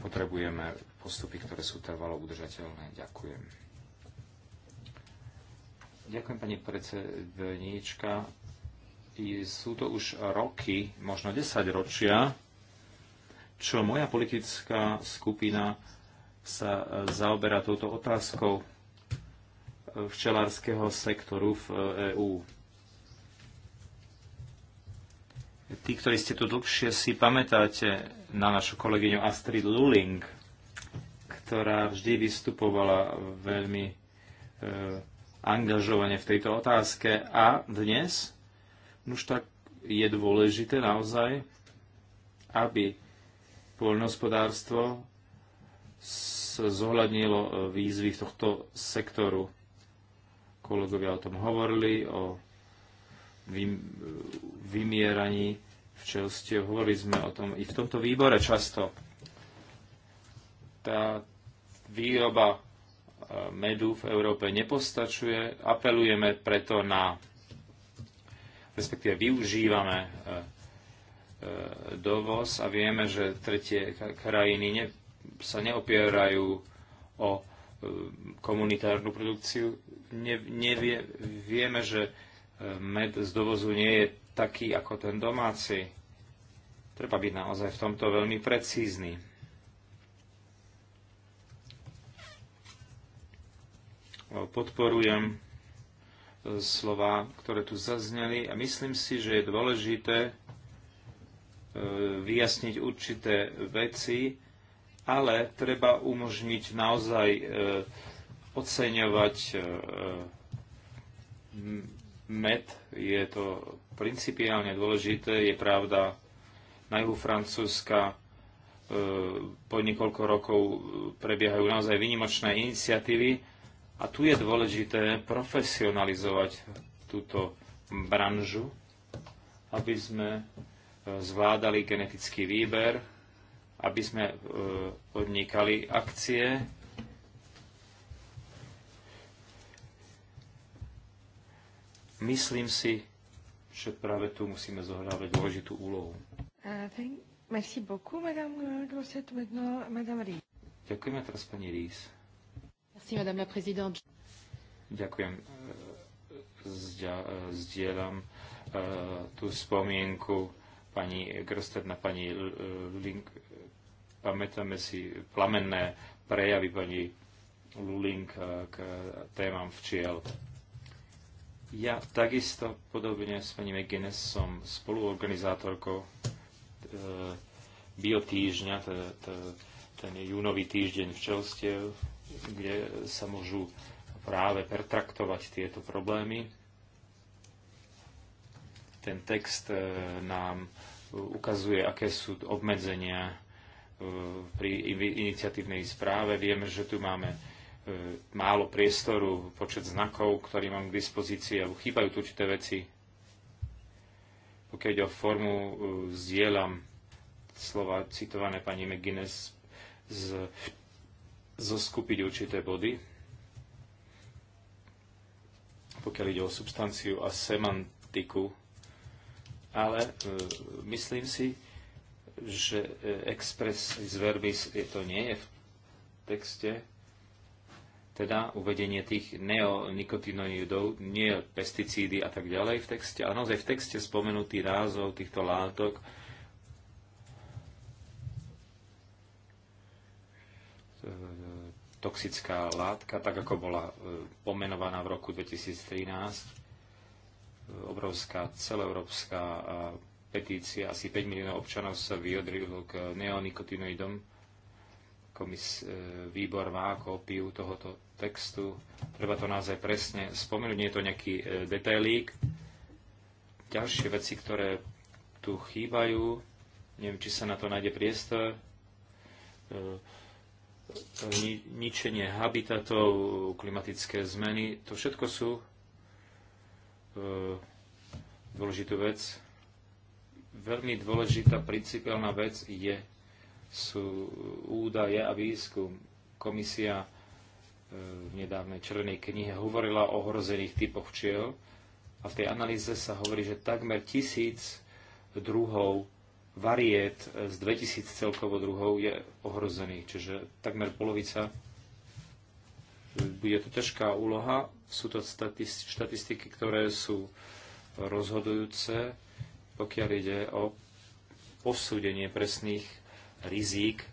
Speaker 3: Potrebujeme postupy, ktoré sú trvalo udržateľné. Ďakujem. Ďakujem, pani predsedníčka. Sú to už roky, možno 10 ročia, čo moja politická skupina sa zaoberá touto otázkou včelárskeho sektoru v EÚ Tí, ktorí ste tu dlhšie, si pamätáte na našu kolegyňu Astrid Luling, ktorá vždy vystupovala veľmi e, angažovane v tejto otázke. A dnes už tak je dôležité naozaj, aby poľnohospodárstvo zohľadnilo e, výzvy v tohto sektoru. Kolegovia o tom hovorili, o vymieraní čelstie. Hovorili sme o tom i v tomto výbore často. Tá výroba e, medu v Európe nepostačuje. Apelujeme preto na, respektíve využívame e, e, dovoz a vieme, že tretie krajiny ne, sa neopierajú o komunitárnu produkciu. Ne, nevie, vieme, že med z dovozu nie je taký ako ten domáci. Treba byť naozaj v tomto veľmi precízny. Podporujem slova, ktoré tu zazneli a myslím si, že je dôležité e, vyjasniť určité veci, ale treba umožniť naozaj e, oceňovať e, med, je to principiálne dôležité, je pravda, na juhu Francúzska e, po niekoľko rokov e, prebiehajú naozaj vynimočné iniciatívy a tu je dôležité profesionalizovať túto branžu, aby sme e, zvládali genetický výber, aby sme podnikali akcie, myslím si, že práve tu musíme zohrávať dôležitú úlohu. Eh, eh, Ďakujem teraz pani Rís. Ďakujem. Eh, zdieľam tú spomienku pani Grosted na pani Link. Pamätáme si plamenné prejavy pani Luling k témam včiel ja takisto podobne s pani McGuinness som spoluorganizátorkou e, biotýždňa, ten júnový týždeň v Čelstiev, kde sa môžu práve pertraktovať tieto problémy. Ten text e, nám ukazuje, aké sú obmedzenia e, pri iniciatívnej správe. Vieme, že tu máme E, málo priestoru, počet znakov, ktorý mám k dispozícii, alebo chýbajú tu určité veci. Pokiaľ ide o formu, e, zdieľam slova citované pani McGuinness z, zoskupiť určité body. Pokiaľ ide o substanciu a semantiku, ale e, myslím si, že e, expres z verbis je to nie je v texte, teda uvedenie tých neonikotinoidov, nie pesticídy a tak ďalej v texte. A naozaj v texte spomenutý názov týchto látok e, toxická látka, tak ako bola e, pomenovaná v roku 2013. E, obrovská celoeurópska petícia, asi 5 miliónov občanov sa vyjadrilo k neonikotinoidom komis, e, výbor má kópiu tohoto textu. Treba to naozaj presne spomenúť, nie je to nejaký e, detailík. Ďalšie veci, ktoré tu chýbajú, neviem, či sa na to nájde priestor, e, ničenie habitatov, klimatické zmeny, to všetko sú dôležitú vec. Veľmi dôležitá principiálna vec je sú údaje a výskum. Komisia e, v nedávnej červenej knihe hovorila o hrozených typoch včiel a v tej analýze sa hovorí, že takmer tisíc druhov variet z 2000 celkovo druhov je ohrozený. čiže takmer polovica. E, bude to ťažká úloha, sú to štatistiky, ktoré sú rozhodujúce, pokiaľ ide o posúdenie presných rizík.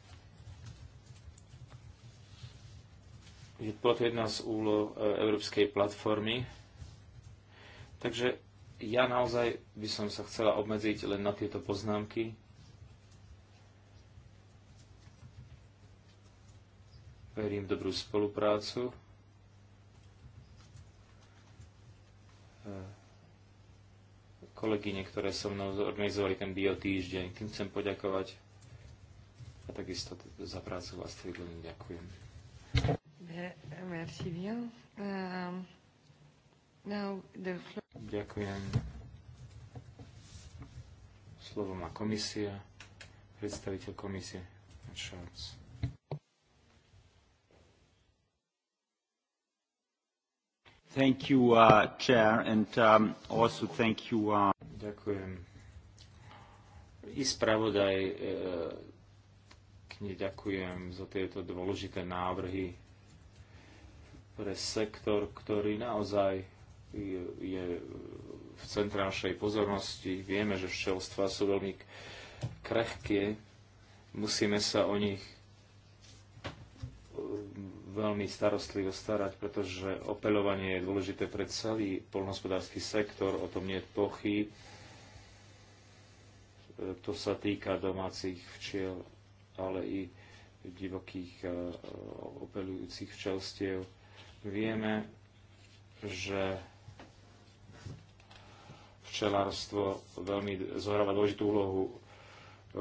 Speaker 3: Je to jedna z úloh e, Európskej platformy. Takže ja naozaj by som sa chcela obmedziť len na tieto poznámky. Verím dobrú spoluprácu. E, kolegyne, ktoré so mnou organizovali ten bio týždeň, tým chcem poďakovať a takisto za prácu vás Fridlin ďakujem.
Speaker 1: Merci bien. Um, now the floor...
Speaker 3: Ďakujem. Slovo má komisia, predstaviteľ komisie, Charles. Thank you, uh, Chair, and um, also thank you. Uh... Ďakujem. I spravodaj e, pekne ďakujem za tieto dôležité návrhy pre sektor, ktorý naozaj je, v centre našej pozornosti. Vieme, že včelstva sú veľmi krehké, musíme sa o nich um, veľmi starostlivo starať, pretože opeľovanie je dôležité pre celý polnohospodársky sektor, o tom nie je pochyb. E, to sa týka domácich včiel ale i divokých e, opelujúcich včelstiev. Vieme, že včelárstvo veľmi zohráva dôležitú úlohu e,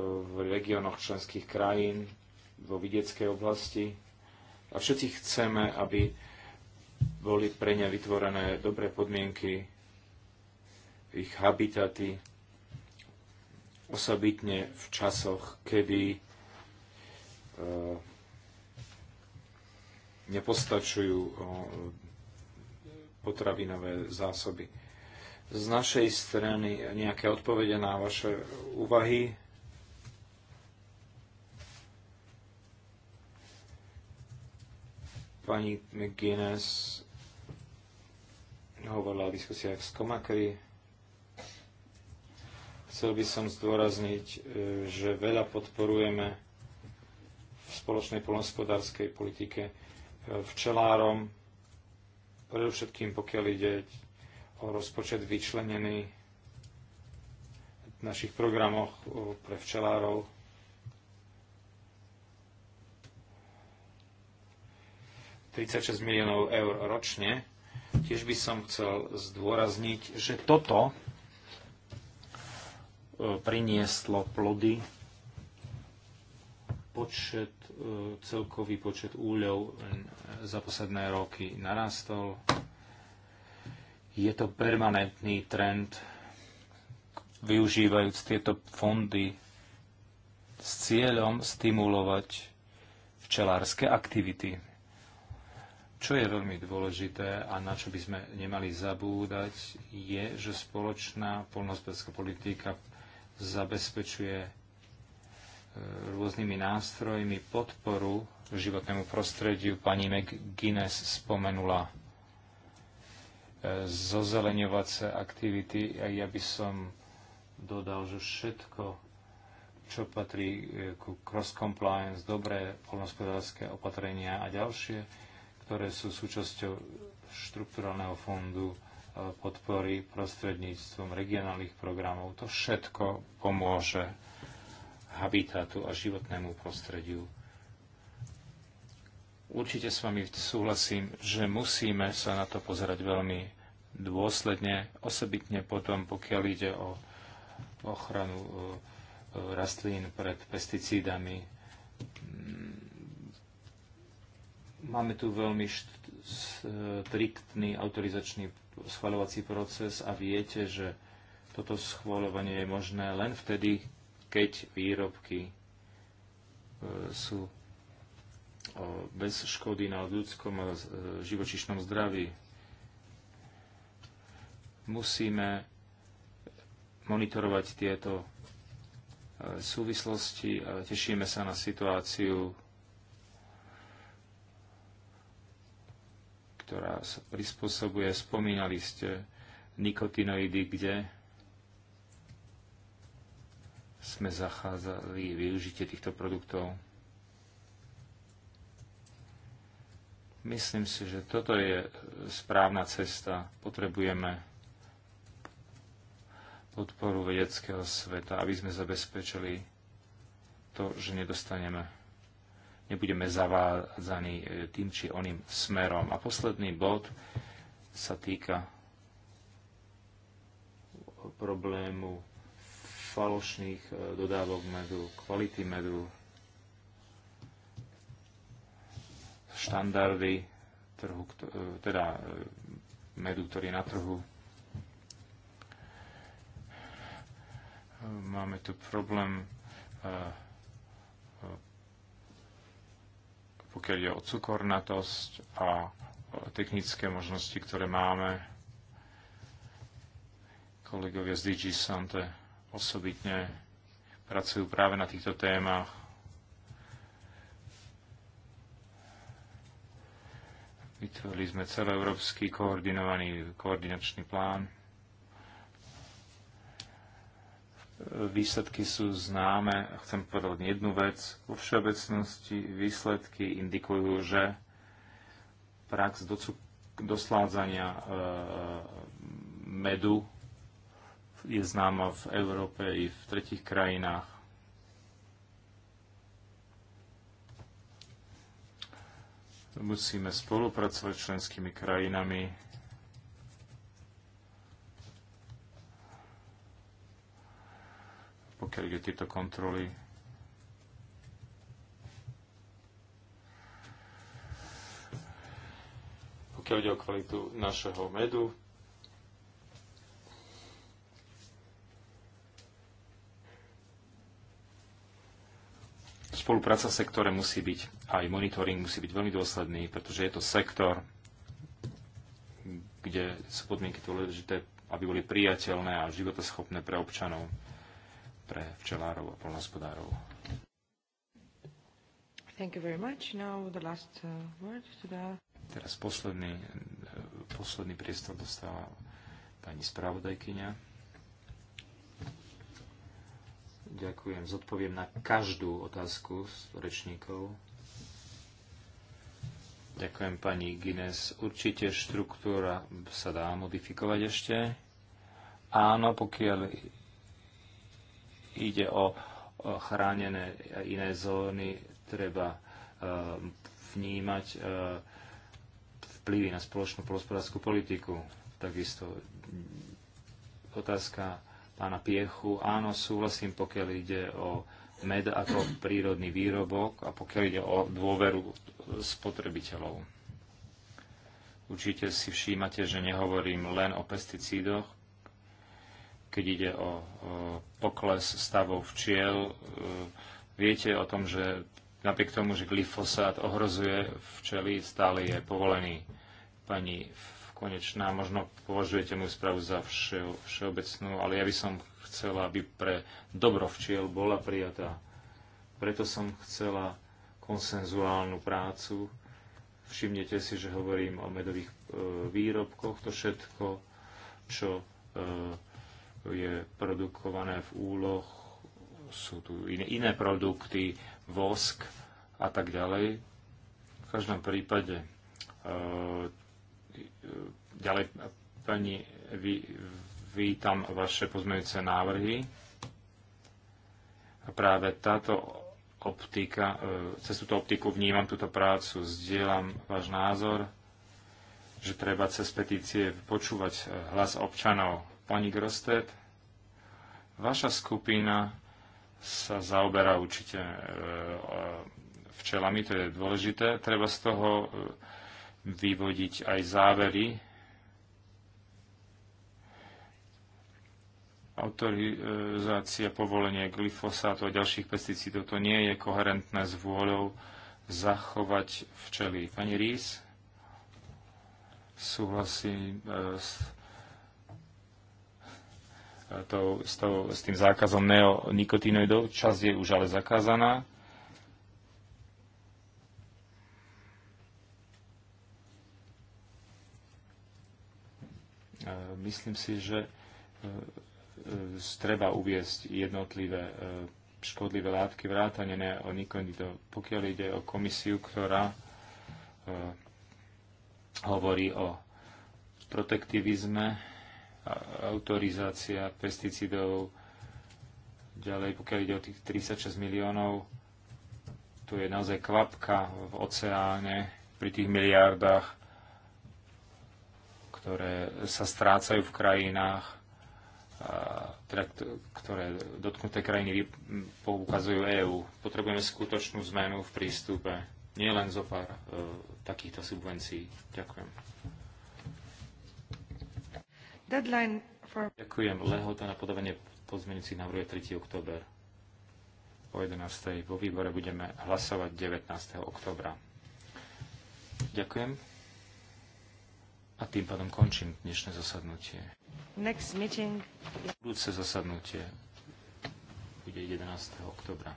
Speaker 3: v regiónoch členských krajín, vo vidieckej oblasti. A všetci chceme, aby boli pre ne vytvorené dobré podmienky, ich habitaty, osobitne v časoch, kedy E, nepostačujú e, potravinové zásoby. Z našej strany nejaké odpovede na vaše úvahy? Pani McGuinness hovorila o diskusiách s Komakry. Chcel by som zdôrazniť, e, že veľa podporujeme spoločnej poľnohospodárskej politike e, včelárom, predovšetkým pokiaľ ide o rozpočet vyčlenený v našich programoch e, pre včelárov. ...36 miliónov eur ročne. Tiež by som chcel zdôrazniť, že toto e, prinieslo plody počet, e, celkový počet úľov e, za posledné roky narastol. Je to permanentný trend, využívajúc tieto fondy s cieľom stimulovať včelárske aktivity. Čo je veľmi dôležité a na čo by sme nemali zabúdať, je, že spoločná polnospodárska politika zabezpečuje rôznymi nástrojmi podporu životnému prostrediu. Pani McGuinness spomenula e, zozeleňovacie aktivity a ja by som dodal, že všetko, čo patrí e, ku cross-compliance, dobré polnospodárske opatrenia a ďalšie, ktoré sú súčasťou štrukturálneho fondu e, podpory prostredníctvom regionálnych programov, to všetko pomôže habitátu a životnému prostrediu. Určite s vami súhlasím, že musíme sa na to pozerať veľmi dôsledne, osobitne potom, pokiaľ ide o ochranu e, e, rastlín pred pesticídami. Máme tu veľmi striktný autorizačný schvaľovací proces a viete, že toto schvaľovanie je možné len vtedy, keď výrobky e, sú e, bez škody na ľudskom a e, živočišnom zdraví. Musíme monitorovať tieto súvislosti a tešíme sa na situáciu, ktorá sa prispôsobuje. Spomínali ste nikotinoidy, kde sme zachádzali využitie týchto produktov. Myslím si, že toto je správna cesta. Potrebujeme podporu vedeckého sveta, aby sme zabezpečili to, že nedostaneme, nebudeme zavádzani e, tým či oným smerom. A posledný bod sa týka problému falošných e, dodávok medu, kvality medu, štandardy trhu, e, teda e, medu, ktorý je na trhu. Máme tu problém, pokiaľ je o cukornatosť a technické možnosti, ktoré máme kolegovia z DG Sante osobitne pracujú práve na týchto témach. Vytvorili sme celoeurópsky koordinovaný koordinačný plán. Výsledky sú známe. Chcem povedať jednu vec. Vo všeobecnosti výsledky indikujú, že prax dosládzania e, e, medu je známa v Európe i v tretich krajinách. Musíme spolupracovať s členskými krajinami. pokiaľ ide tieto kontroly. Pokiaľ ide o kvalitu našeho medu, spolupráca v sektore musí byť, aj monitoring musí byť veľmi dôsledný, pretože je to sektor, kde sú podmienky dôležité, aby boli priateľné a životoschopné pre občanov, pre včelárov a polnospodárov. Thank you very much. Now the last uh, word to the... Teraz posledný, uh, posledný priestor dostala pani spravodajkyňa. Ďakujem. Zodpoviem na každú otázku z rečníkov. Ďakujem pani Gines. Určite štruktúra sa dá modifikovať ešte. Áno, pokiaľ ide o chránené iné zóny, treba e, vnímať e, vplyvy na spoločnú polospodárskú politiku. Takisto otázka pána Piechu. Áno, súhlasím, pokiaľ ide o med ako prírodný výrobok a pokiaľ ide o dôveru spotrebiteľov. Určite si všímate, že nehovorím len o pesticídoch, keď ide o, pokles stavov včiel. E, viete o tom, že napriek tomu, že glyfosát ohrozuje včely, stále je povolený. Pani konečná. Možno považujete moju správu za vše, všeobecnú, ale ja by som chcela, aby pre dobro včiel bola prijatá. Preto som chcela konsenzuálnu prácu. Všimnete si, že hovorím o medových e, výrobkoch, to všetko, čo e, je produkované v úloh, sú tu iné, iné produkty, vosk a tak ďalej. V každom prípade e, Ďalej, pani, vy, vítam vaše pozmeňujúce návrhy. A práve táto optika, e, cez túto optiku vnímam túto prácu, zdieľam váš názor, že treba cez petície počúvať e, hlas občanov. Pani Grosted, vaša skupina sa zaoberá určite e, včelami, to je dôležité. Treba z toho vyvodiť aj závery. Autorizácia povolenia glyfosátu a ďalších pesticídov to nie je koherentné s vôľou zachovať včely. Pani Rís, súhlasím e, s, e, s, s tým zákazom neonikotinoidov. Časť je už ale zakázaná. Myslím si, že e, e, treba uviesť jednotlivé e, škodlivé látky vrátane ne o nikonito, Pokiaľ ide o komisiu, ktorá hovorí o protektivizme, autorizácia pesticidov, ďalej pokiaľ ide o tých 36 miliónov, tu je naozaj kvapka v oceáne pri tých miliardách ktoré sa strácajú v krajinách, teda, ktoré dotknuté krajiny poukazujú EÚ. Potrebujeme skutočnú zmenu v prístupe, nie len zo pár e, takýchto subvencií. Ďakujem. Deadline for... Ďakujem. Lehota na podávanie pozmeňujúcich návrhov je 3. október. O 11. vo výbore budeme hlasovať 19. oktobra. Ďakujem. A tým pádom končím dnešné zasadnutie.
Speaker 1: Next meeting.
Speaker 3: Budúce zasadnutie bude 11. oktobra.